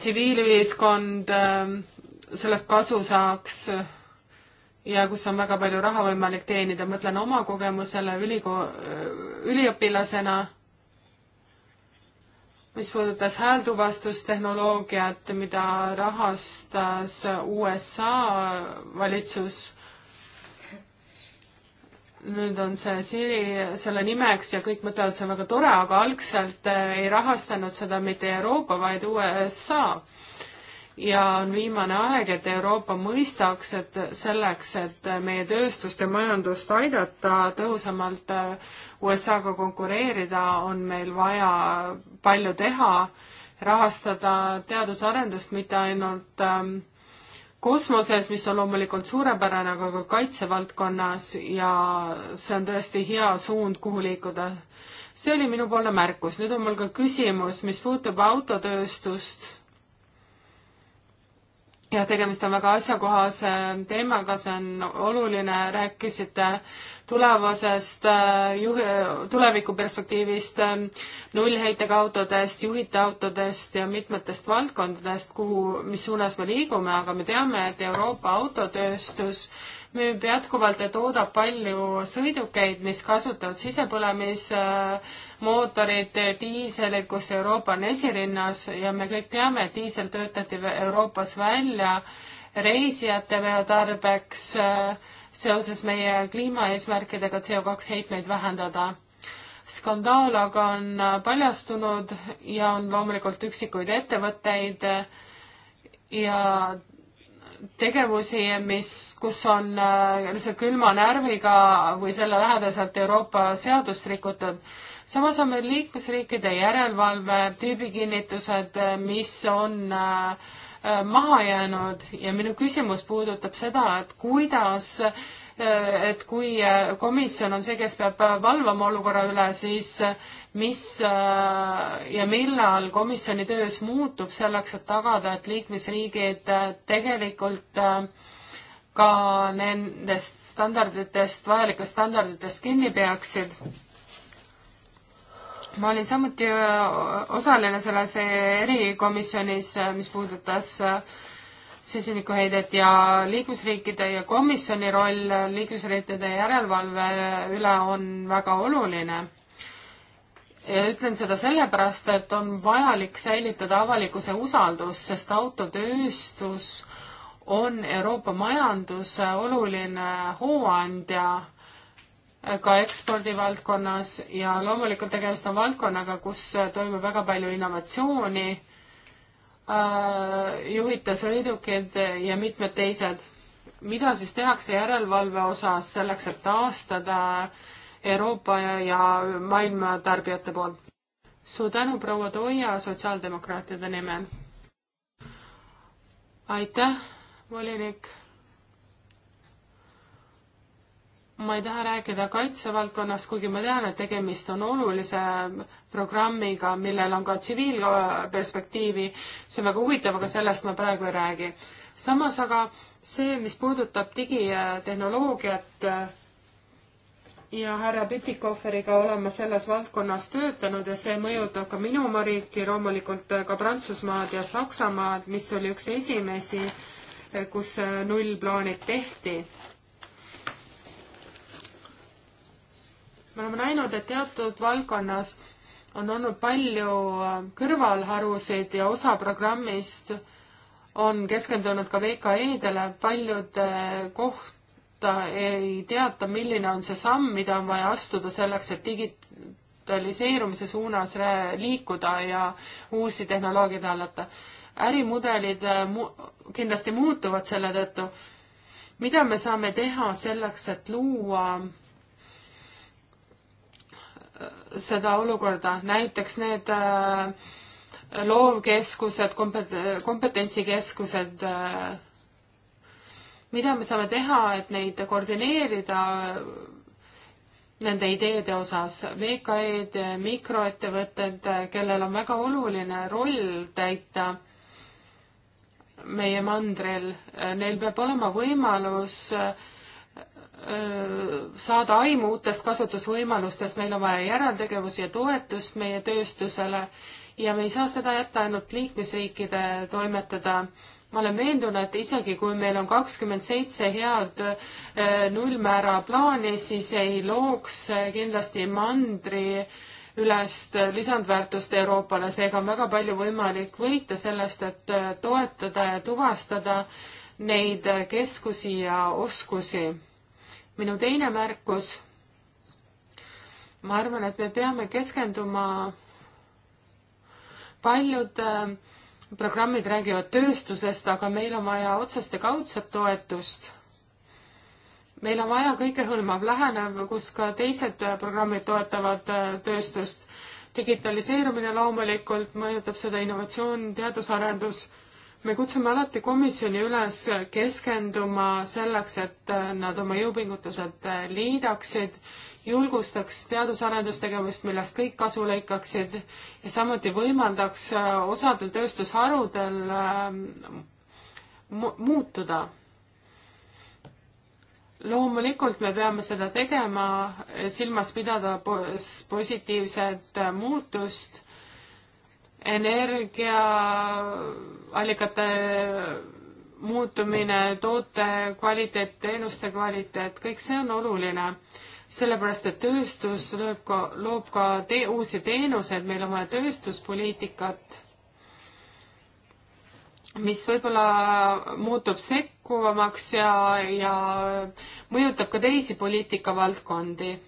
S3: tsiviilühiskond äh, sellest kasu saaks äh, ja kus on väga palju raha võimalik teenida, mõtlen oma kogemusele ülikool, üliõpilasena, mis puudutas häältuvastustehnoloogiat, mida rahastas USA valitsus. nüüd on see Siri selle nimeks ja kõik mõtlevad, see on väga tore, aga algselt eh, ei rahastanud seda mitte Euroopa, vaid USA ja on viimane aeg, et Euroopa mõistaks, et selleks, et meie tööstust ja majandust aidata tõhusamalt äh, USA-ga konkureerida, on meil vaja palju teha, rahastada teadusarendust mitte ainult ähm, kosmoses, mis on loomulikult suurepärane, aga ka kaitsevaldkonnas ja see on tõesti hea suund, kuhu liikuda. see oli minupoolne märkus, nüüd on mul ka küsimus, mis puutub autotööstust jah, tegemist on väga asjakohase teemaga, see on oluline, rääkisite tulevasest äh, juhi, tulevikuperspektiivist, ähm, nullheitega autodest, juhita autodest ja mitmetest valdkondadest, kuhu, mis suunas me liigume, aga me teame, et Euroopa autotööstus müüb jätkuvalt ja toodab palju sõidukeid, mis kasutavad sisepõlemis äh, mootorid, diiselid, kus Euroopa on esirinnas ja me kõik teame, et diisel töötati Euroopas välja reisijate veo tarbeks äh, seoses meie kliimaeesmärkidega CO2 heitmeid vähendada skandaal aga on äh, paljastunud ja on loomulikult üksikuid ettevõtteid äh, ja tegevusi, mis, kus on lihtsalt külma närviga või selle lähedaselt Euroopa seadust rikutud samas on meil liikmesriikide järelevalve tüübikinnitused, äh, mis on äh, äh, maha jäänud ja minu küsimus puudutab seda, et kuidas et kui komisjon on see, kes peab valvama olukorra üle, siis mis ja millal komisjoni töös muutub selleks, et tagada, et liikmesriigid tegelikult ka nendest standarditest, vajalikest standarditest kinni peaksid? ma olin samuti osaline selles erikomisjonis, mis puudutas süsinikuheidet ja liikmesriikide ja komisjoni roll liikmesriikide järelevalve üle on väga oluline. ja ütlen seda sellepärast, et on vajalik säilitada avalikkuse usaldus, sest autotööstus on Euroopa majanduse oluline hooandja ka ekspordivaldkonnas ja loomulikult tegemist on valdkonnaga, kus toimub väga palju innovatsiooni, äh, juhita sõidukid ja mitmed teised. mida siis tehakse järelevalve osas selleks, et taastada Euroopa ja maailma tarbijate poolt? suur tänu, proua Toia, sotsiaaldemokraatide nimel. aitäh, volinik ma ei taha rääkida kaitsevaldkonnast, kuigi ma tean, et tegemist on olulise programmiga, millel on ka tsiviilperspektiivi, see on väga huvitav, aga sellest ma praegu ei räägi. samas aga see, mis puudutab digitehnoloogiat ja härra Pipikoferiga olema selles valdkonnas töötanud ja see mõjutab ka minu oma riiki, loomulikult ka Prantsusmaad ja Saksamaad, mis oli üks esimesi, kus nullplaanid tehti me oleme näinud, et teatud valdkonnas on olnud palju äh, kõrvalharusid ja osa programmist on keskendunud ka VKE-dele, paljude äh, kohta ei teata, milline on see samm, mida on vaja astuda selleks, et digitaliseerumise suunas liikuda ja uusi tehnoloogiaid hallata. ärimudelid äh, mu-, kindlasti muutuvad selle tõttu. mida me saame teha selleks, et luua seda olukorda, näiteks need äh, loovkeskused, kompet-, kompetentsikeskused, äh, mida me saame teha, et neid koordineerida äh, nende ideede osas, VKE-d, mikroettevõtted, kellel on väga oluline roll täita meie mandril, neil peab olema võimalus äh, saada aimu uutest kasutusvõimalustest, meil on vaja järeltegevusi ja toetust meie tööstusele ja me ei saa seda jätta ainult liikmesriikide toimetada. ma olen veendunud, et isegi kui meil on kakskümmend seitse head nullmäära plaani, siis ei looks kindlasti mandri ülest lisandväärtust Euroopale, seega on väga palju võimalik võita sellest, et toetada ja tuvastada neid keskusi ja oskusi minu teine märkus, ma arvan, et me peame keskenduma, paljud äh, programmid räägivad tööstusest, aga meil on vaja otsest ja kaudset toetust meil on vaja kõikehõlmav lähenev, kus ka teised äh, programmid toetavad äh, tööstust. digitaliseerumine loomulikult mõjutab seda innovatsioon, teadusarendus me kutsume alati komisjoni üles keskenduma selleks, et äh, nad oma jõupingutused äh, liidaksid, julgustaks teadus-arendustegevust, millest kõik kasu lõikaksid ja samuti võimaldaks äh, osadel tööstusharudel mu muutuda loomulikult me peame seda tegema, silmas pidada positiivset muutust, energia allikate muutumine, toote kvaliteet, teenuste kvaliteet, kõik see on oluline. sellepärast, et tööstus lööb ka, loob ka te uusi teenuseid, meil on vaja tööstuspoliitikat, mis võib-olla muutub sekkuvamaks ja, ja mõjutab ka teisi poliitikavaldkondi.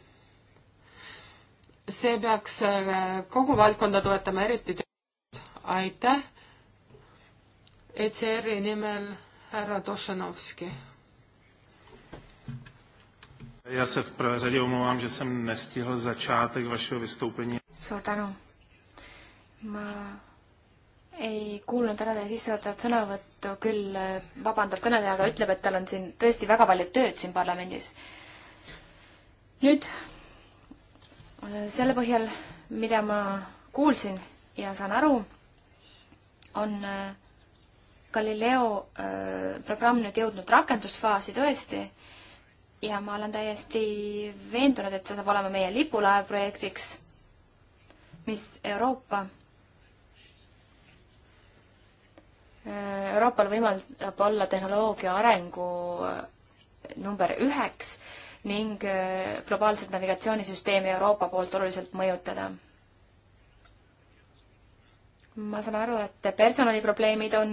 S3: see peaks äh, kogu valdkonda toetama, eriti aitäh! ECR-i nimel härra Tošenovski.
S1: Já se v prvé řadě omlouvám, že jsem nestihl začátek vašeho
S2: vystoupení. Suur tänu. Ma ei kuulnud ära teie sissejuhatavat sõnavõttu, küll vabandab kõneleja, aga ütleb, et tal on siin tõesti väga palju tööd siin parlamendis. nüüd selle põhjal, mida ma kuulsin ja saan aru, on äh, Galileo äh, programm nüüd jõudnud rakendusfaasi tõesti ja ma olen täiesti veendunud, et see saab olema meie lipulaev projektiks, mis Euroopa, äh, Euroopal võimaldab olla tehnoloogia arengu äh, number üheks ning globaalset navigatsioonisüsteemi Euroopa poolt oluliselt mõjutada ma saan aru, et personaliprobleemid on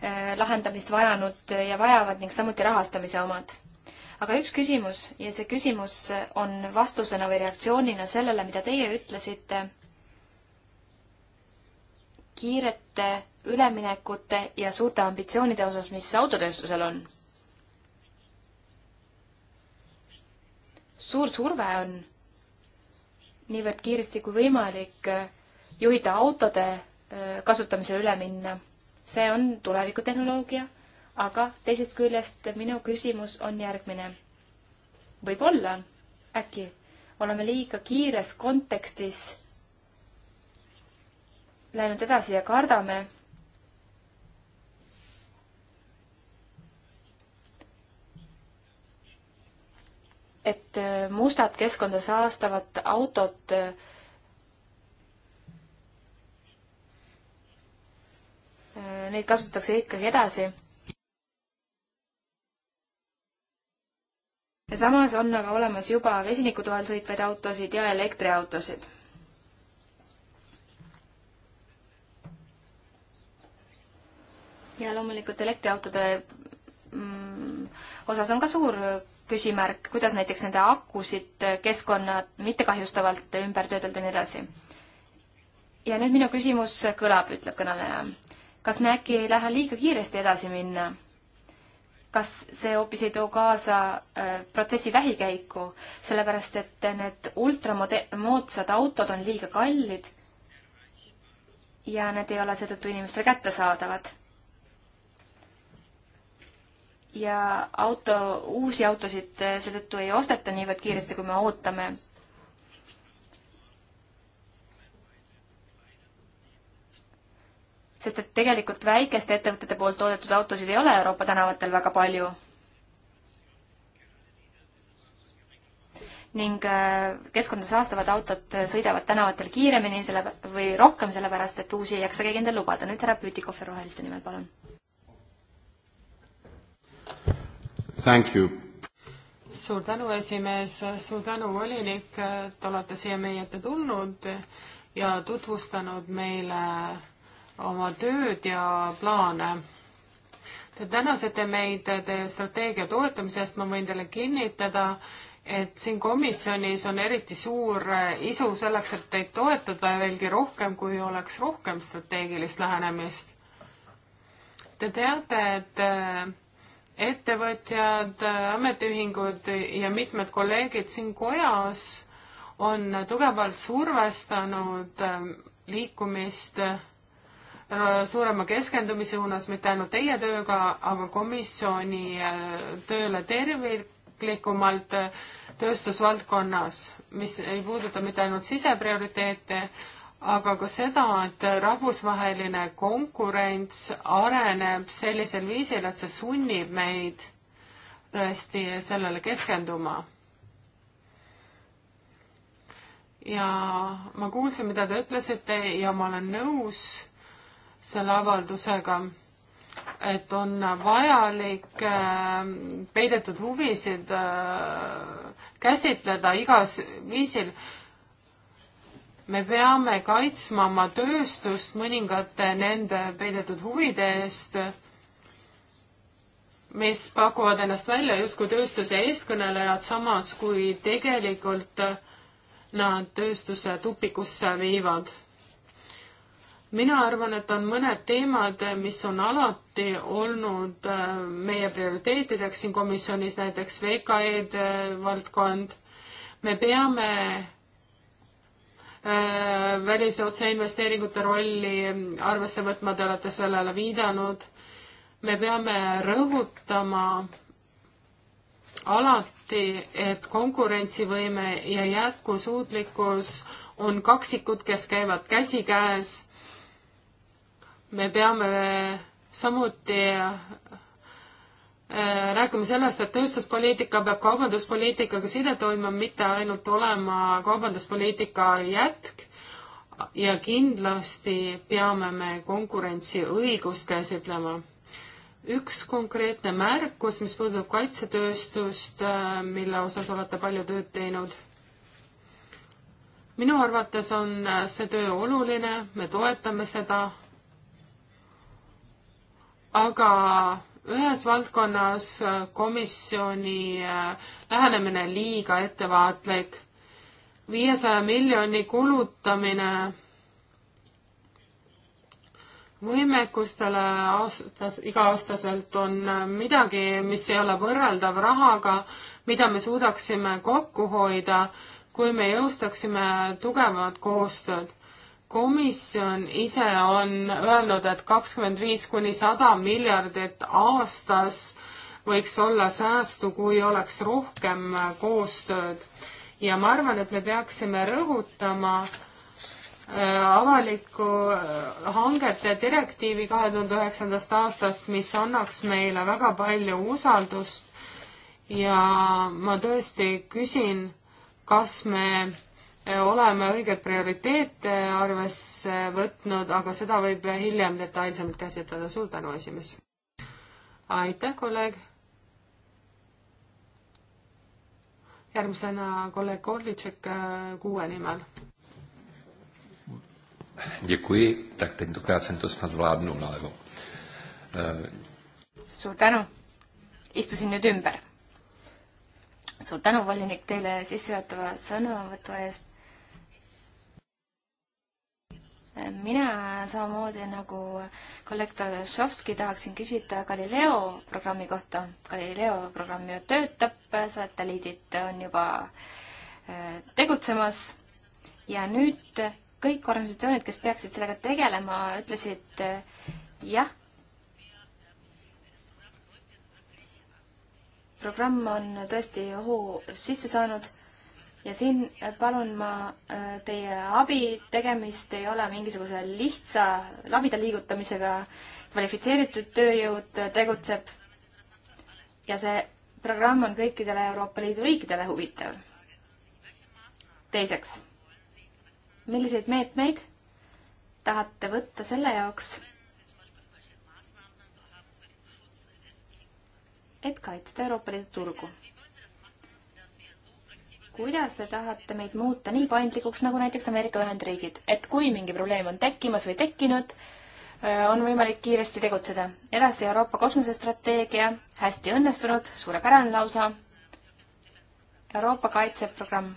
S2: äh, lahendamist vajanud ja vajavad ning samuti rahastamise omad. aga üks küsimus ja see küsimus on vastusena või reaktsioonina sellele, mida teie ütlesite kiirete üleminekute ja suurte ambitsioonide osas, mis autotööstusel on suur surve on niivõrd kiiresti kui võimalik juhida autode kasutamisele üle minna. see on tulevikutehnoloogia, aga teisest küljest minu küsimus on järgmine. võib-olla äkki oleme liiga kiires kontekstis läinud edasi ja kardame, et mustad keskkonda saastavad autod äh, Äh, neid kasutatakse ikkagi edasi. ja samas on aga olemas juba vesiniku toel sõitvaid autosid ja elektriautosid. ja loomulikult elektriautode mm, osas on ka suur küsimärk, kuidas näiteks nende akusid keskkonna mittekahjustavalt ümber töödelda ja nii edasi. ja nüüd minu küsimus kõlab, ütleb kõneleja kas me äkki ei lähe liiga kiiresti edasi minna? kas see hoopis ei too kaasa äh, protsessi vähikäiku, sellepärast et need ultramoodsad autod on liiga kallid ja need ei ole seetõttu inimestele kättesaadavad. ja auto, uusi autosid äh, seetõttu ei osteta niivõrd kiiresti, kui me ootame sest et tegelikult väikeste ettevõtete poolt toodetud autosid ei ole Euroopa tänavatel väga palju. ning äh, keskkonda saastavad autod sõidavad tänavatel kiiremini selle või rohkem, sellepärast et uusi ei jaksa keegi endale lubada. nüüd härra Püütikohver Roheliste nimel, palun.
S3: Thank you suur tänu, esimees, suur tänu, volinik, et olete siia meie ette tulnud ja tutvustanud meile oma tööd ja plaane. Te tänasite meid teie strateegia toetamisest, ma võin teile kinnitada, et siin komisjonis on eriti suur äh, isu selleks, et teid toetada veelgi rohkem, kui oleks rohkem strateegilist lähenemist. Te teate, et äh, ettevõtjad, äh, ametiühingud ja mitmed kolleegid siin kojas on tugevalt survestanud liikumist Äh, suurema keskendumise suunas, mitte ainult teie tööga, aga komisjoni äh, tööle terviklikumalt äh, tööstusvaldkonnas, mis ei puuduta mitte ainult siseprioriteete, aga ka seda, et rahvusvaheline konkurents areneb sellisel viisil, et see sunnib meid tõesti sellele keskenduma ja ma kuulsin, mida te ütlesite ja ma olen nõus selle avaldusega, et on vajalik äh, peidetud huvisid äh, käsitleda igas viisil. me peame kaitsma oma tööstust mõningate nende peidetud huvide eest, mis pakuvad ennast välja justkui tööstuse eestkõnelejad, samas kui tegelikult nad tööstuse tupikusse viivad mina arvan, et on mõned teemad, mis on alati olnud äh, meie prioriteetideks siin komisjonis, näiteks VKE-d äh, valdkond. me peame äh, välise otseinvesteeringute rolli arvesse võtma, te olete sellele viidanud. me peame rõhutama alati, et konkurentsivõime ja jätkusuutlikkus on kaksikud, kes käivad käsikäes me peame samuti äh, räägime sellest, et tööstuspoliitika peab kaubanduspoliitikaga sidet hoidma, mitte ainult olema kaubanduspoliitika jätk ja kindlasti peame me konkurentsiõigust käsitlema. üks konkreetne märkus, mis puudutab kaitsetööstust, äh, mille osas olete palju tööd teinud. minu arvates on see töö oluline, me toetame seda aga ühes valdkonnas äh, komisjoni äh, lähenemine liiga ettevaatlik. viiesaja miljoni kulutamine võimekustele aastas, iga-aastaselt on äh, midagi, mis ei ole võrreldav rahaga, mida me suudaksime kokku hoida, kui me jõustaksime tugevamat koostööd komisjon ise on öelnud, et kakskümmend viis kuni sada miljardit aastas võiks olla säästu, kui oleks rohkem koostööd. ja ma arvan, et me peaksime rõhutama äh, avaliku äh, hangete direktiivi kahe tuhande üheksandast aastast, mis annaks meile väga palju usaldust ja ma tõesti küsin, kas me oleme õigeid prioriteete arvesse võtnud, aga seda võib hiljem detailsemalt käsitleda. suur tänu, esimees! aitäh, kolleeg! järgmisena kolleeg Korlitšek äh, kuue nimel. Děkuji, tak tentokrát jsem to snad zvládnul nalevo. Ehm.
S2: Suur tänu! Istusin nüüd ümber. Suur tänu, volinik, teile sissejuhatava sõnavõtu eest mina samamoodi nagu kolleeg Tašovski tahaksin küsida Galileo programmi kohta. Galileo programm ju töötab, satelliidid on juba äh, tegutsemas ja nüüd kõik organisatsioonid, kes peaksid sellega tegelema, ütlesid äh, jah. programm on tõesti ohu sisse saanud ja siin äh, palun ma äh, teie abi, tegemist ei ole mingisuguse lihtsa labida liigutamisega, kvalifitseeritud tööjõud äh, tegutseb ja see programm on kõikidele Euroopa Liidu riikidele huvitav. teiseks, milliseid meetmeid tahate võtta selle jaoks, et kaitsta Euroopa Liidu turgu? kuidas te tahate meid muuta nii paindlikuks nagu näiteks Ameerika Ühendriigid, et kui mingi probleem on tekkimas või tekkinud, äh, on võimalik kiiresti tegutseda. edasi Euroopa kosmosestrateegia, hästi õnnestunud, suurepärane lausa. Euroopa kaitseprogramm.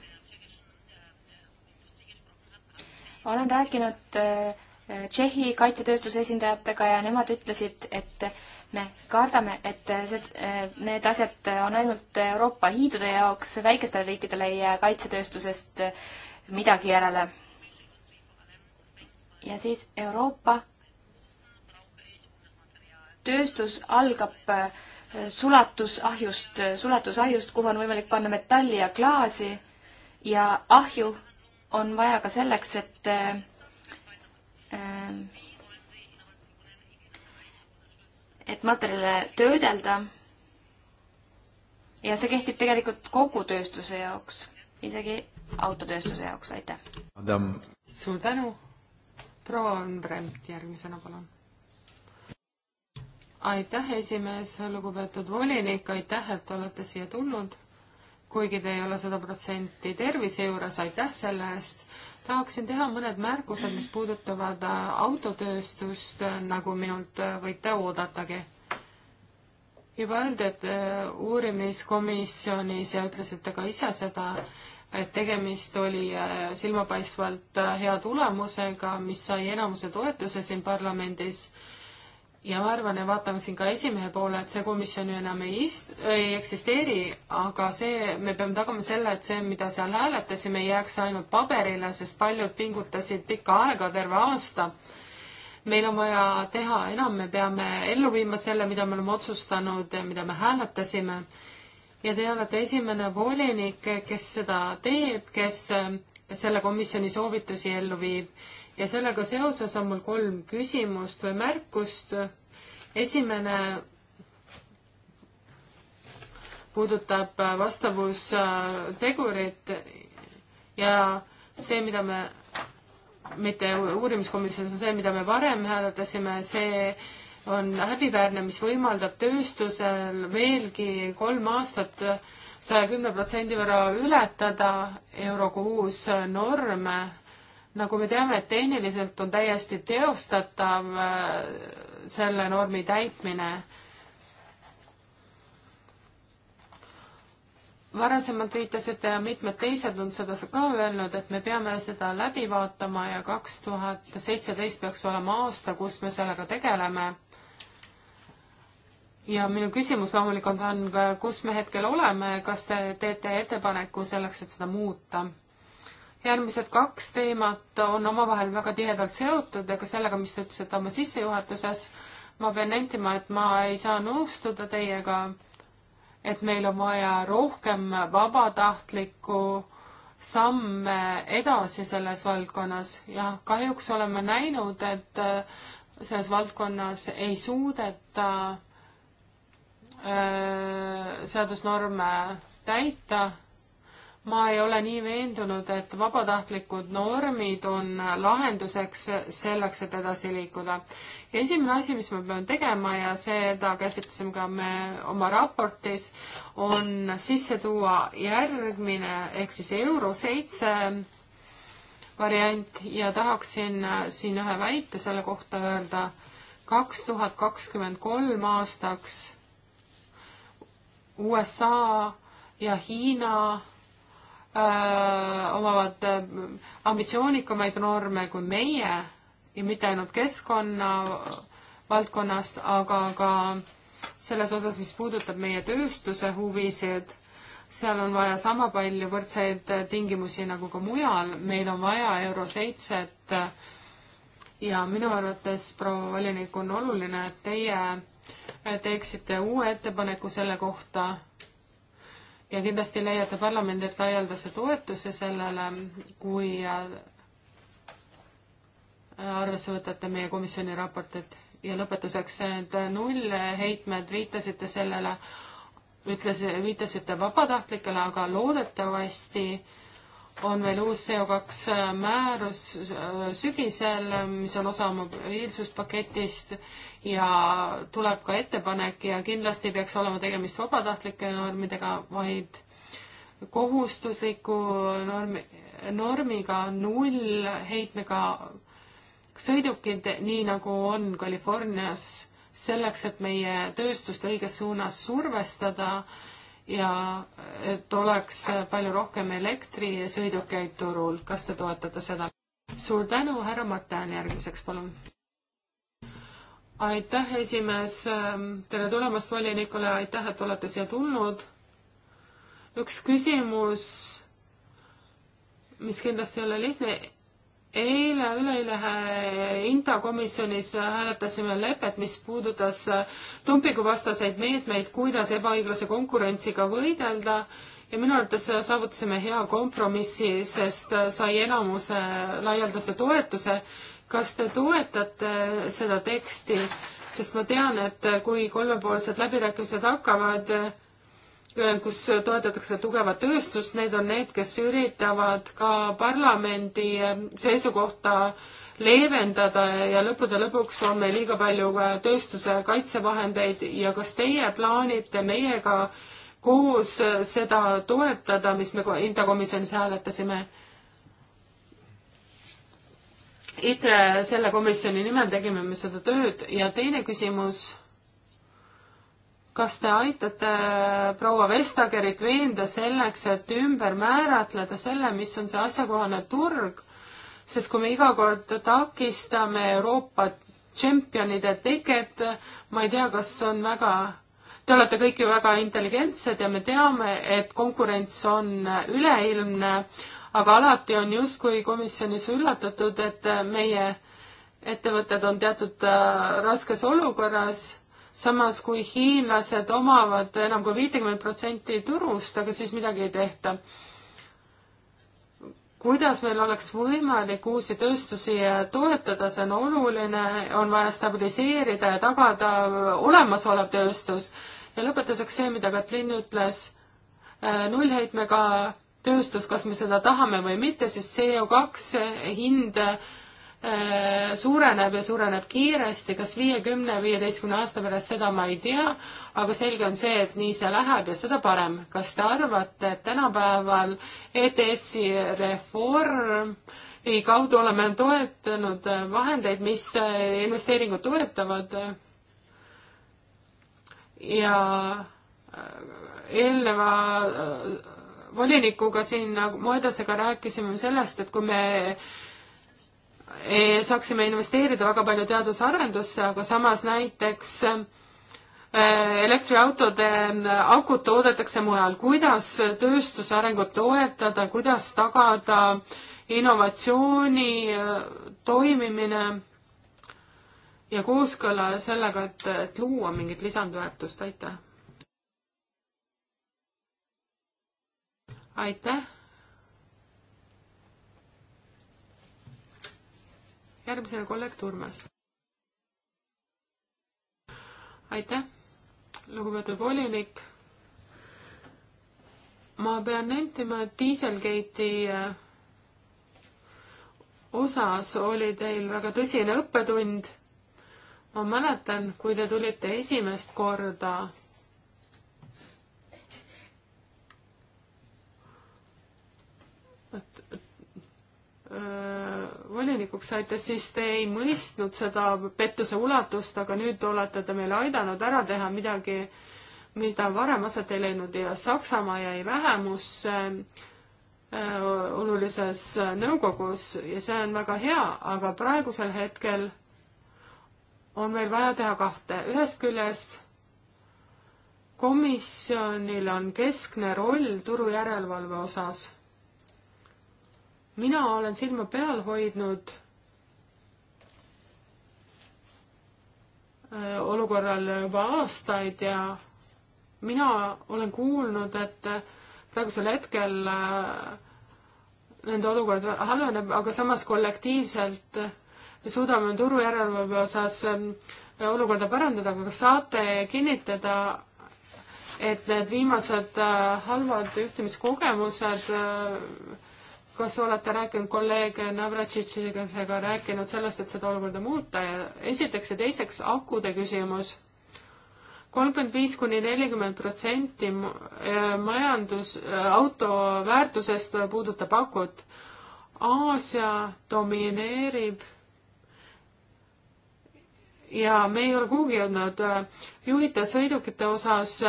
S2: olen rääkinud äh, Tšehhi kaitsetööstuse esindajatega ja nemad ütlesid, et me kardame, et see, eh, need asjad on ainult Euroopa Liidude jaoks, väikestele riikidele ei jää kaitsetööstusest eh, midagi järele. ja siis Euroopa tööstus algab eh, sulatusahjust, sulatusahjust, kuhu on võimalik panna metalli ja klaasi ja ahju on vaja ka selleks, et äh, et materjale töödelda. ja see kehtib tegelikult kogu tööstuse jaoks, isegi autotööstuse jaoks, aitäh.
S3: suur tänu. proua Anbremt järgmisena, palun. aitäh, esimees, lugupeetud volinik, aitäh, et olete siia tulnud. kuigi te ei ole sada protsenti tervise juures, aitäh selle eest tahaksin teha mõned märkused, mis puudutavad äh, autotööstust, äh, nagu minult äh, võite oodatagi. juba öeldi, et uurimiskomisjonis ja ütlesite ka ise seda, et tegemist oli silmapaistvalt hea tulemusega, mis sai enamuse toetuse siin parlamendis ja ma arvan ja vaatan siin ka esimehe poole, et see komisjon ju enam ei ist-, ei eksisteeri, aga see, me peame tagama selle, et see, mida seal hääletasime, ei jääks ainult paberile, sest paljud pingutasid pikka aega, terve aasta. meil on vaja teha enam, me peame ellu viima selle, mida me oleme otsustanud ja mida me hääletasime. ja te olete esimene volinik, kes seda teeb, kes äh, selle komisjoni soovitusi ellu viib ja sellega seoses on mul kolm küsimust või märkust. esimene puudutab äh, vastavustegurit ja see, mida me, mitte uurimiskomisjonis, on see, mida me varem hääletasime, see on häbiväärne, mis võimaldab tööstusel veelgi kolm aastat saja kümne protsendi võrra ületada euro kuus norme nagu me teame, tehniliselt on täiesti teostatav äh, selle normi täitmine. varasemalt viitasite ja mitmed teised on seda ka öelnud, et me peame seda läbi vaatama ja kaks tuhat seitseteist peaks olema aasta, kus me sellega tegeleme. ja minu küsimus loomulikult on, kus me hetkel oleme, kas te teete ettepaneku selleks, et seda muuta? järgmised kaks teemat on omavahel väga tihedalt seotud ja ka sellega, mis te ütlesite oma sissejuhatuses, ma pean nentima, et ma ei saa nõustuda teiega, et meil on vaja rohkem vabatahtlikku samme edasi selles valdkonnas. jah, kahjuks oleme näinud, et äh, selles valdkonnas ei suudeta öö, äh, seadusnorme täita ma ei ole nii veendunud, et vabatahtlikud normid on lahenduseks selleks, et edasi liikuda. ja esimene asi, mis me peame tegema ja seda käsitlesime ka me oma raportis, on sisse tuua järgmine ehk siis euro seitse variant ja tahaksin siin ühe väite selle kohta öelda. kaks tuhat kakskümmend kolm aastaks USA ja Hiina Äh, omavad äh, ambitsioonikamaid norme kui meie ja mitte ainult keskkonna valdkonnast, aga ka selles osas, mis puudutab meie tööstuse huvisid, seal on vaja sama palju võrdseid äh, tingimusi nagu ka mujal, meil on vaja Euro seitset ja minu arvates, proua volinik, on oluline, et teie teeksite uue ettepaneku selle kohta ja kindlasti leiate parlamendilt laialdase toetuse sellele, kui arvesse võtate meie komisjoni raportit. ja lõpetuseks need nullheitmed, viitasite sellele, ütles, viitasite vabatahtlikele, aga loodetavasti äh, on meil uus CO2 äh, määrus äh, sügisel, äh, mis on osa mobiilsuspaketist ja tuleb ka ettepanek ja kindlasti peaks olema tegemist vabatahtlike normidega, vaid kohustusliku normi, normiga null heitmega sõidukid, nii nagu on Californias, selleks, et meie tööstust õiges suunas survestada ja et oleks palju rohkem elektrisõidukeid turul. kas te toetate seda? suur tänu, härra Mattan, järgmiseks palun. aitäh, esimees. tere tulemast volinikule, aitäh, et olete siia tulnud. üks küsimus, mis kindlasti ei ole lihtne eile, üleeile äh, Inta komisjonis hääletasime lepet, mis puudutas äh, dumpinguvastaseid meetmeid, kuidas ebaõiglase konkurentsiga võidelda ja minu arvates äh, saavutasime hea kompromissi, sest sai enamuse laialdase toetuse. kas te toetate seda teksti, sest ma tean, et kui kolmepoolsed läbirääkimised hakkavad, kus toetatakse tugevat tööstust, need on need, kes üritavad ka parlamendi seisukohta leevendada ja lõppude lõpuks on meil liiga palju tööstuse kaitsevahendeid ja kas teie plaanite meiega koos seda toetada, mis me hindakomisjonis hääletasime? ITRE selle komisjoni nimel tegime me seda tööd ja teine küsimus kas te aitate äh, proua Vestagerit veenda selleks, et ümber määratleda selle, mis on see asjakohane turg, sest kui me iga kord takistame Euroopa tšempionide teket, ma ei tea, kas on väga, te olete kõik ju väga intelligentsed ja me teame, et konkurents on äh, üleilmne, aga alati on justkui komisjonis üllatatud, et äh, meie ettevõtted on teatud raskes olukorras samas kui hiinlased omavad enam kui viitekümmet protsenti turust, aga siis midagi ei tehta. kuidas meil oleks võimalik uusi tööstusi toetada, see on oluline, on vaja stabiliseerida ja tagada olemasolev tööstus. ja lõpetuseks see, mida Katlin ütles, äh, nullheitmega tööstus, kas me seda tahame või mitte, siis CO2 hind Äh, suureneb ja suureneb kiiresti, kas viiekümne, viieteistkümne aasta pärast, seda ma ei tea, aga selge on see, et nii see läheb ja seda parem. kas te arvate, et tänapäeval ETS-i reformi kaudu oleme toetanud vahendeid, mis investeeringut toetavad ja äh, eelneva äh, volinikuga siin nagu Moedasega rääkisime sellest, et kui me Eh, saaksime investeerida väga palju teadusarendusse, aga samas näiteks eh, elektriautode eh, akud toodetakse mujal, kuidas tööstuse arengut toetada, kuidas tagada innovatsiooni toimimine ja kooskõla sellega, et, et luua mingit lisandväärtust, aitäh! aitäh! järgmisele kolleeg Turmes. aitäh, lugupeetud volinik. ma pean nentima, et Dieselgate'i eh, osas oli teil väga tõsine õppetund. ma mäletan, kui te tulite esimest korda volinikuks saite, siis te ei mõistnud seda pettuse ulatust, aga nüüd olete te meile aidanud ära teha midagi, mida varem aset ei leidnud ja Saksamaa jäi vähemusse äh, olulises nõukogus ja see on väga hea, aga praegusel hetkel on meil vaja teha kahte. ühest küljest komisjonil on keskne roll turujärelevalve osas mina olen silma peal hoidnud äh, olukorral juba aastaid ja mina olen kuulnud, et äh, praegusel hetkel äh, nende olukord halveneb, aga samas kollektiivselt me suudame turu järelevalve osas ähm, olukorda parandada, aga kas saate kinnitada, et need viimased halvad juhtimiskogemused kas olete rääkinud kolleeg Navratšitšiga, rääkinud sellest, et seda olukorda muuta ja esiteks ja teiseks akude küsimus. kolmkümmend viis kuni nelikümmend protsenti äh, majandus, äh, auto väärtusest puudutab akut. Aasia domineerib ja me ei ole kuhugi jõudnud äh, juhita sõidukite osas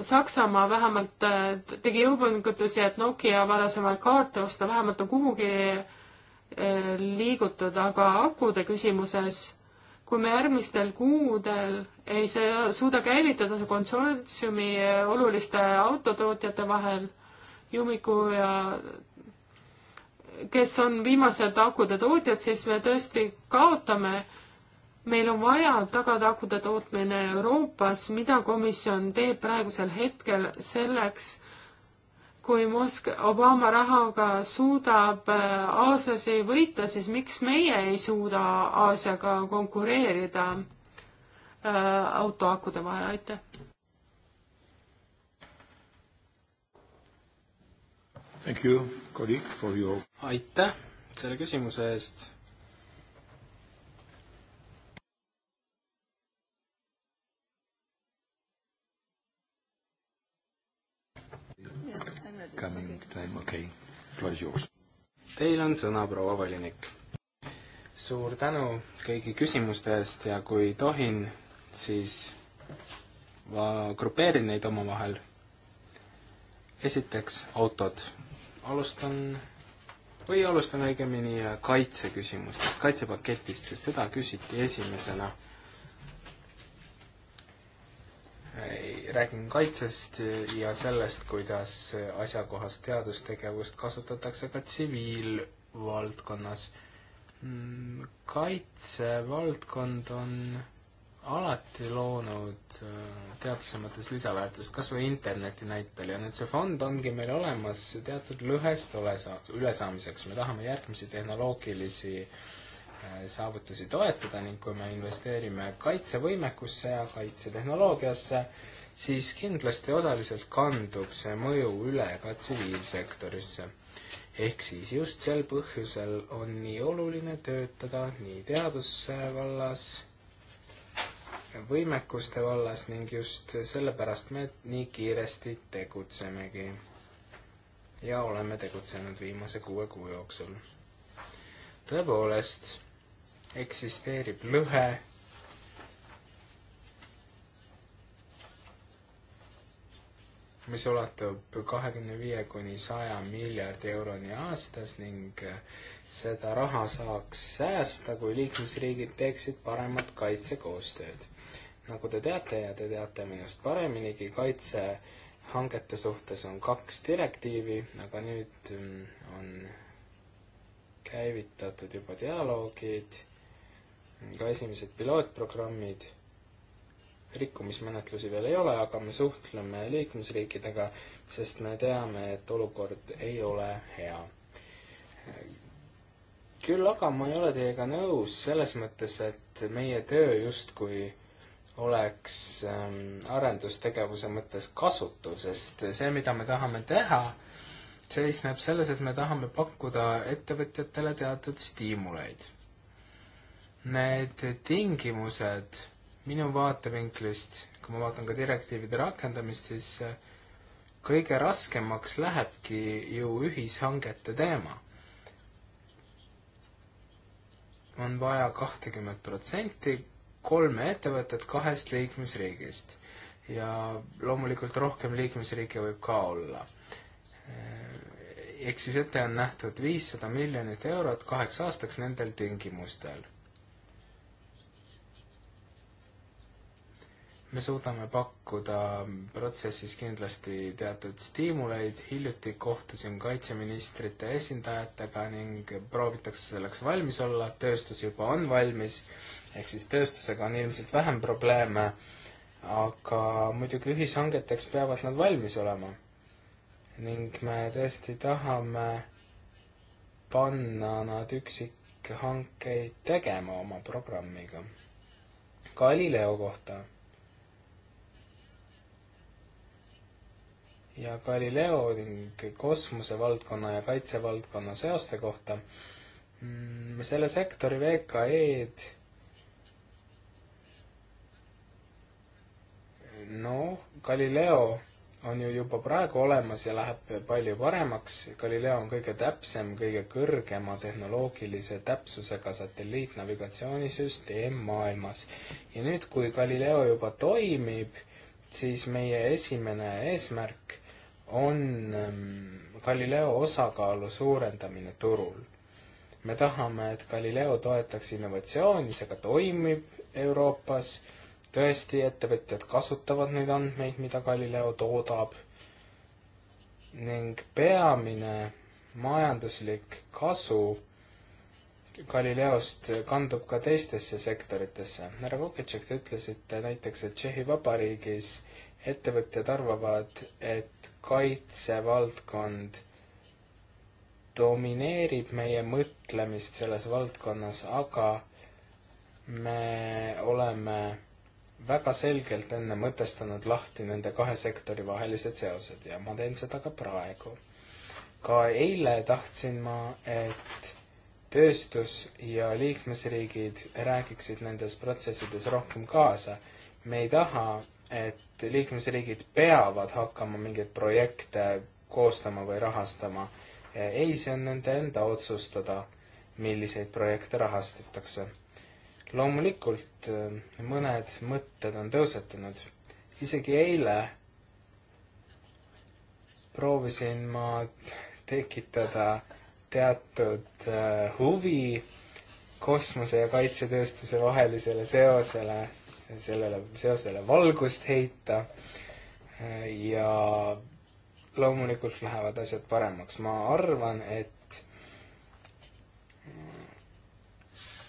S3: Saksamaa vähemalt äh, tegi jõupingutusi, et Nokia varasemaid kaarte osta, vähemalt on kuhugi äh, liigutud, aga akude küsimuses, kui me järgmistel kuudel ei suuda käivitada konsortsiumi äh, oluliste autotootjate vahel, Jumiku ja kes on viimased akude tootjad, siis me tõesti kaotame meil on vaja tagatakude tootmine Euroopas, mida komisjon teeb praegusel hetkel selleks, kui Mosk-, Obama rahaga suudab äh, Aasiasi võita, siis miks meie ei suuda Aasiaga konkureerida äh, autoakude vahel, aitäh! Thank you, kolleeg, for your
S1: aitäh selle küsimuse eest coming time, okei okay., floor is yours. Teil on sõna, proua volinik. suur tänu kõigi küsimuste eest ja kui tohin, siis ma grupeerin neid omavahel. esiteks autod. alustan või alustan õigemini kaitseküsimustest, kaitsepaketist, sest seda küsiti esimesena räägin kaitsest ja sellest, kuidas asjakohast teadustegevust kasutatakse ka tsiviilvaldkonnas. Mm, kaitsevaldkond on alati loonud äh, teaduse mõttes lisaväärtust, kas või interneti näitel ja nüüd see fond ongi meil olemas teatud lõhest olesa-, ülesaamiseks, me tahame järgmisi tehnoloogilisi äh, saavutusi toetada ning kui me investeerime kaitsevõimekusse ja kaitsetehnoloogiasse, siis kindlasti osaliselt kandub see mõju üle ka tsiviilsektorisse. ehk siis just sel põhjusel on nii oluline töötada nii teaduse vallas, võimekuste vallas ning just sellepärast me nii kiiresti tegutsemegi. ja oleme tegutsenud viimase kuue kuu jooksul. tõepoolest eksisteerib lõhe mis ulatub kahekümne viie kuni saja miljardi euroni aastas ning seda raha saaks säästa, kui liikmesriigid teeksid paremat kaitsekoostööd. nagu te teate ja te teate minust pareminigi, kaitsehangete suhtes on kaks direktiivi, aga nüüd mm, on käivitatud juba dialoogid ka esimesed pilootprogrammid, rikkumismenetlusi veel ei ole, aga me suhtleme liikmesriikidega, sest me teame, et olukord ei ole hea. küll aga ma ei ole teiega nõus selles mõttes, et meie töö justkui oleks ähm, arendustegevuse mõttes kasutu, sest see, mida me tahame teha, seisneb selles, et me tahame pakkuda ettevõtjatele teatud stiimuleid Need tingimused minu vaatevinklist, kui ma vaatan ka direktiivide rakendamist, siis äh, kõige raskemaks lähebki ju ühishangete teema. on vaja kahtekümmet protsenti kolme ettevõtet kahest liikmesriigist ja loomulikult rohkem liikmesriike võib ka olla. Äh, ehk siis ette on nähtud viissada miljonit eurot kaheks aastaks nendel tingimustel. me suudame pakkuda protsessis kindlasti teatud stiimuleid, hiljuti kohtusin kaitseministrite esindajatega ning proovitakse selleks valmis olla, tööstus juba on valmis, ehk siis tööstusega on ilmselt vähem probleeme, aga muidugi ühishangeteks peavad nad valmis olema. ning me tõesti tahame panna nad üksikhankeid tegema oma programmiga. Galileo kohta ja Galileo ning kosmosevaldkonna ja kaitsevaldkonna seoste kohta. Mm, selle sektori VKE-d noh, Galileo on ju juba praegu olemas ja läheb palju paremaks. Galileo on kõige täpsem, kõige kõrgema tehnoloogilise täpsusega satelliitnavigatsioonisüsteem maailmas. ja nüüd, kui Galileo juba toimib, siis meie esimene eesmärk on ähm, Galileo osakaalu suurendamine turul. me tahame, et Galileo toetaks innovatsiooni, see ka toimib Euroopas, tõesti, ettevõtjad kasutavad neid andmeid, mida Galileo toodab ning peamine majanduslik kasu Galileost kandub ka teistesse sektoritesse. härra Kokitšek, te ütlesite näiteks, et Tšehhi Vabariigis äh, ettevõtjad arvavad, et kaitsevaldkond domineerib meie mõtlemist selles valdkonnas, aga me oleme väga selgelt enne mõtestanud lahti nende kahe sektori vahelised seosed ja ma teen seda ka praegu. ka eile tahtsin ma, et tööstus ja liikmesriigid räägiksid nendes protsessides rohkem kaasa. me ei taha et liikmesriigid peavad hakkama mingeid projekte koostama või rahastama. ei, see on nende enda otsustada, milliseid projekte rahastatakse. loomulikult äh, mõned mõtted on tõusetunud. isegi eile proovisin ma tekitada teatud äh, huvi kosmose ja kaitsetööstuse vahelisele seosele sellele seosele valgust heita ja loomulikult lähevad asjad paremaks. ma arvan, et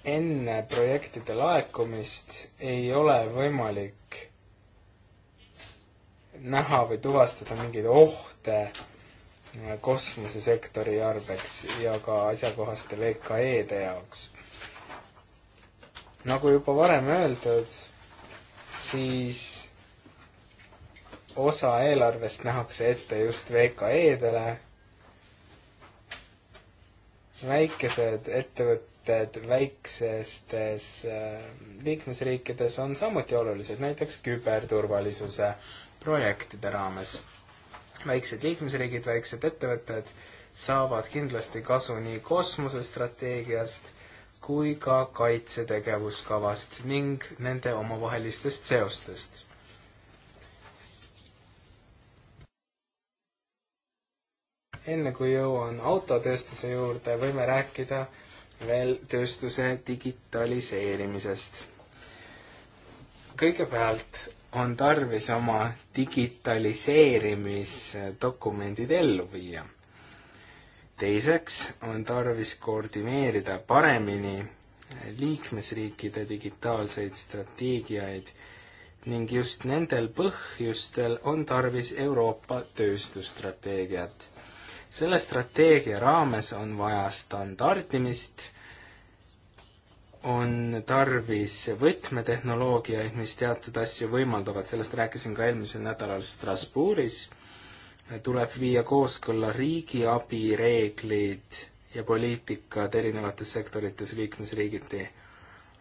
S1: enne projektide laekumist ei ole võimalik näha või tuvastada mingeid ohte äh, kosmosesektori tarbeks ja ka asjakohaste VKE-de jaoks. nagu juba varem öeldud, siis osa eelarvest nähakse ette just VKE-dele. väikesed ettevõtted väiksestes äh, liikmesriikides on samuti olulised, näiteks küberturvalisuse projektide raames. väiksed liikmesriigid, väiksed ettevõtted saavad kindlasti kasu nii kosmosestrateegiast kui ka kaitsetegevuskavast ning nende omavahelistest seostest. enne kui jõuan autotööstuse juurde, võime rääkida veel tööstuse digitaliseerimisest. kõigepealt on tarvis oma digitaliseerimisdokumendid ellu viia teiseks on tarvis koordineerida paremini liikmesriikide digitaalseid strateegiaid ning just nendel põhjustel on tarvis Euroopa tööstusstrateegiat. selle strateegia raames on vaja standardimist, on tarvis võtmetehnoloogiaid, mis teatud asju võimaldavad, sellest rääkisin ka eelmisel nädalal Strasbourgis tuleb viia kooskõlla riigiabi reeglid ja poliitikad erinevates sektorites liikmesriigiti.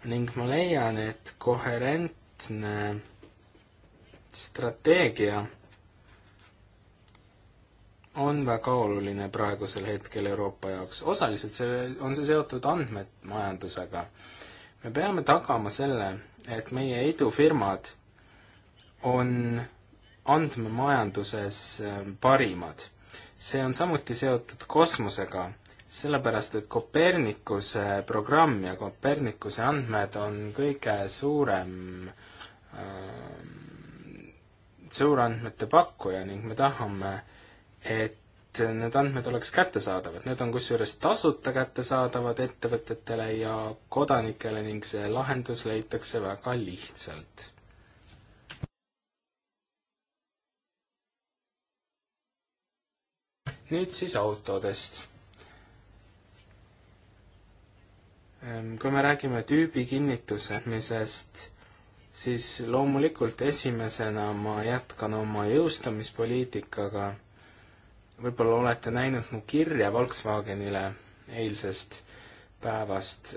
S1: ning ma leian, et koherentne strateegia on väga oluline praegusel hetkel Euroopa jaoks. osaliselt see, on see seotud andmemajandusega. me peame tagama selle, et meie idufirmad on andmemajanduses ähm, parimad. see on samuti seotud kosmosega, sellepärast et Kopernikuse programm ja Kopernikuse andmed on kõige suurem äh, suurandmete pakkuja ning me tahame, et need andmed oleks kättesaadavad, need on kusjuures tasuta kättesaadavad ettevõtetele ja kodanikele ning see lahendus leitakse väga lihtsalt nüüd siis autodest. Ehm, kui me räägime tüübi kinnitustamisest, siis loomulikult esimesena ma jätkan oma jõustamispoliitikaga. võib-olla olete näinud mu kirja Volkswagenile eilsest päevast.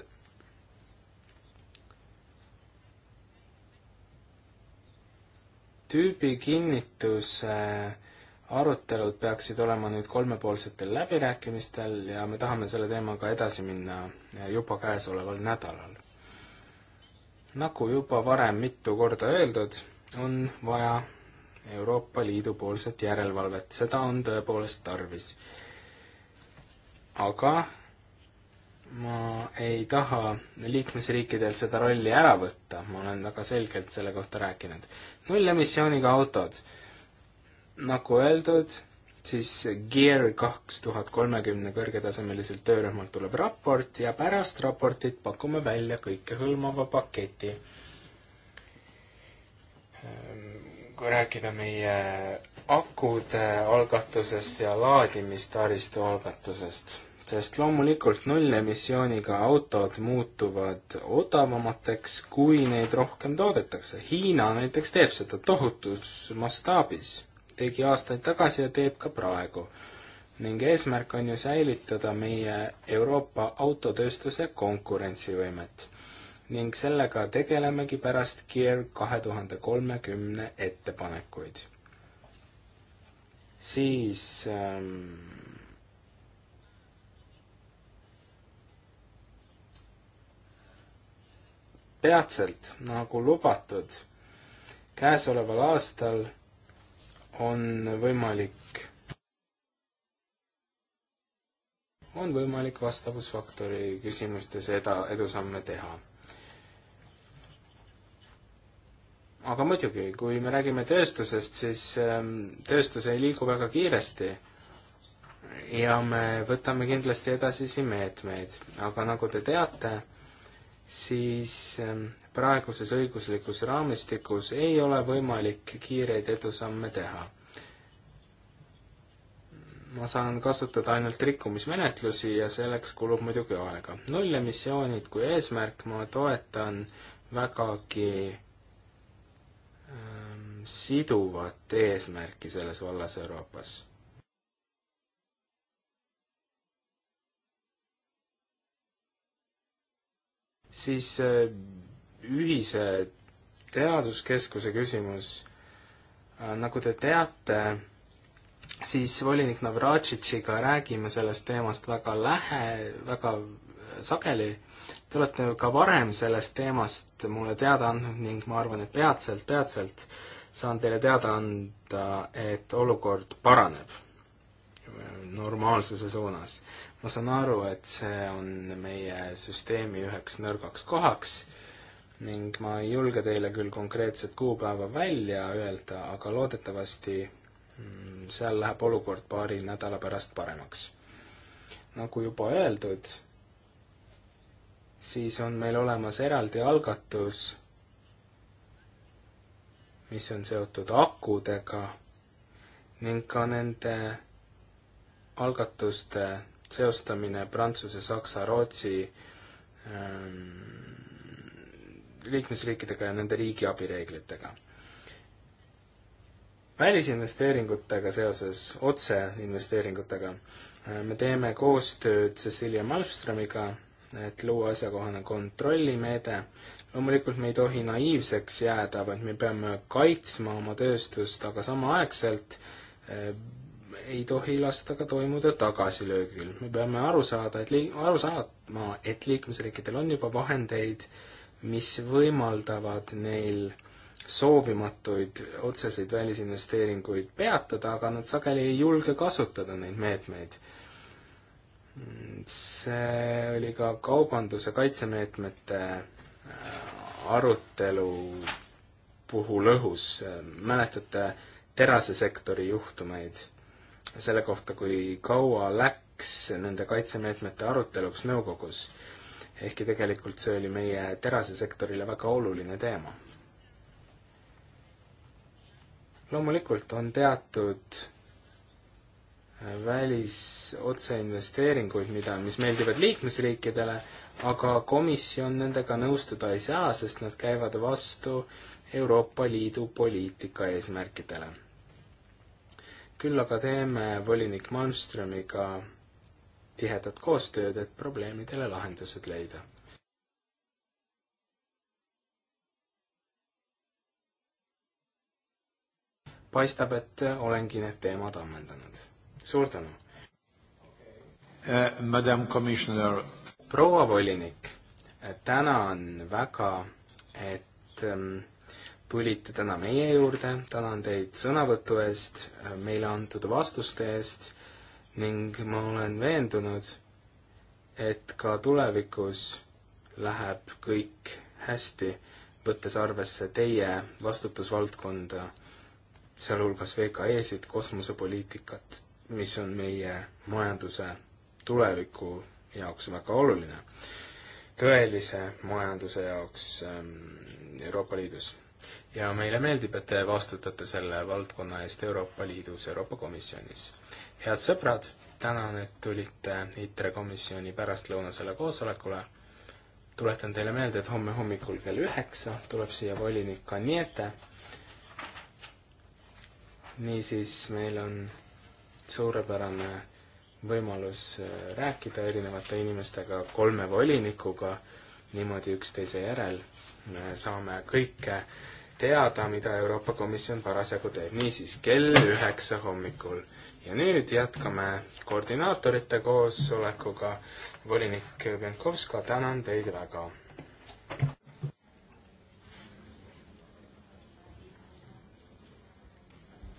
S1: tüübi kinnituse äh, arutelud peaksid olema nüüd kolmepoolsetel läbirääkimistel ja me tahame selle teemaga edasi minna juba käesoleval nädalal. nagu juba varem mitu korda öeldud, on vaja Euroopa Liidu poolset järelevalvet, seda on tõepoolest tarvis. aga ma ei taha liikmesriikidelt seda rolli ära võtta, ma olen väga selgelt selle kohta rääkinud. nullemissiooniga autod nagu öeldud, siis Gear kaks tuhat kolmekümne kõrgetasemeliselt töörühmalt tuleb raport ja pärast raportit pakume välja kõikehõlmava paketi. Ehm, kui rääkida meie akude algatusest ja laadimistaristu algatusest, sest loomulikult nullemissiooniga autod muutuvad odavamateks, kui neid rohkem toodetakse. Hiina näiteks teeb seda tohutus mastaabis tegi aastaid tagasi ja teeb ka praegu. ning eesmärk on ju säilitada meie Euroopa autotööstuse konkurentsivõimet. ning sellega tegelemegi pärast Gear kahe tuhande kolmekümne ettepanekuid. siis ähm, peatselt, nagu lubatud, käesoleval aastal on võimalik, on võimalik vastavusfaktori küsimustes eda, edusamme teha. aga muidugi, kui me räägime tööstusest, siis ähm, tööstus ei liigu väga kiiresti ja me võtame kindlasti edasisi meetmeid, aga nagu te teate, siis ähm, praeguses õiguslikus raamistikus ei ole võimalik kiireid edusamme teha. ma saan kasutada ainult rikkumismenetlusi ja selleks kulub muidugi aega. nullemissioonid kui eesmärk ma toetan vägagi ähm, siduvat eesmärki selles vallas Euroopas siis äh, ühise teaduskeskuse küsimus, äh, nagu te teate, siis volinik Navratšitšiga räägime sellest teemast väga lähe, väga äh, sageli. Te olete ka varem sellest teemast mulle teada andnud ning ma arvan, et peatselt, peatselt saan teile teada anda, et olukord paraneb normaalsuse suunas ma saan aru, et see on meie süsteemi üheks nõrgaks kohaks ning ma ei julge teile küll konkreetset kuupäeva välja öelda, aga loodetavasti mm, seal läheb olukord paari nädala pärast paremaks. nagu juba öeldud, siis on meil olemas eraldi algatus, mis on seotud akudega ning ka nende algatuste seostamine Prantsuse, Saksa, Rootsi ähm, liikmesriikidega ja nende riigiabi reeglitega. välisinvesteeringutega seoses, otseinvesteeringutega, äh, me teeme koostööd Cecilia Malmströmiga, et luua asjakohane kontrollimeede. loomulikult me ei tohi naiivseks jääda, vaid me peame kaitsma oma tööstust, aga samaaegselt äh, ei tohi lasta ka toimuda tagasilöögil. me peame aru saada, et liik-, aru saama, et liikmesriikidel on juba vahendeid, mis võimaldavad neil soovimatuid otseseid välisinvesteeringuid peatada, aga nad sageli ei julge kasutada neid meetmeid. see oli ka kaubanduse kaitsemeetmete äh, arutelu puhul õhus, mäletate terasesektori juhtumeid? selle kohta, kui kaua läks nende kaitsemeetmete aruteluks nõukogus. ehkki tegelikult see oli meie terasesektorile väga oluline teema. loomulikult on teatud välisotseinvesteeringuid, mida, mis meeldivad liikmesriikidele, aga komisjon nendega nõustuda ei saa, sest nad käivad vastu Euroopa Liidu poliitika eesmärkidele küll aga teeme volinik Malmströmiga tihedat koostööd, et probleemidele lahendused leida. paistab, et olengi need teemad ammendanud. suur tänu uh,! Madam Commissioner. proua volinik, tänan väga, et ähm, um, tulite täna meie juurde, tänan teid sõnavõtu eest, äh, meile antud vastuste eest ning ma olen veendunud, et ka tulevikus läheb kõik hästi, võttes arvesse teie vastutusvaldkonda, sealhulgas VKE-sid, kosmosepoliitikat, mis on meie majanduse tuleviku jaoks väga oluline, tõelise majanduse jaoks ähm, Euroopa Liidus ja meile meeldib, et te vastutate selle valdkonna eest Euroopa Liidus, Euroopa Komisjonis. head sõbrad, tänan, et tulite ITRE komisjoni pärastlõunasele koosolekule. tuletan teile meelde, et homme hommikul kell üheksa tuleb siia volinik Kaniete. niisiis, meil on suurepärane võimalus äh, rääkida erinevate inimestega, kolme volinikuga, niimoodi üksteise järel me saame kõike teada, mida Euroopa Komisjon parasjagu teeb. niisiis, kell üheksa hommikul. ja nüüd jätkame koordinaatorite koosolekuga. volinik Benkovska, tänan teid väga!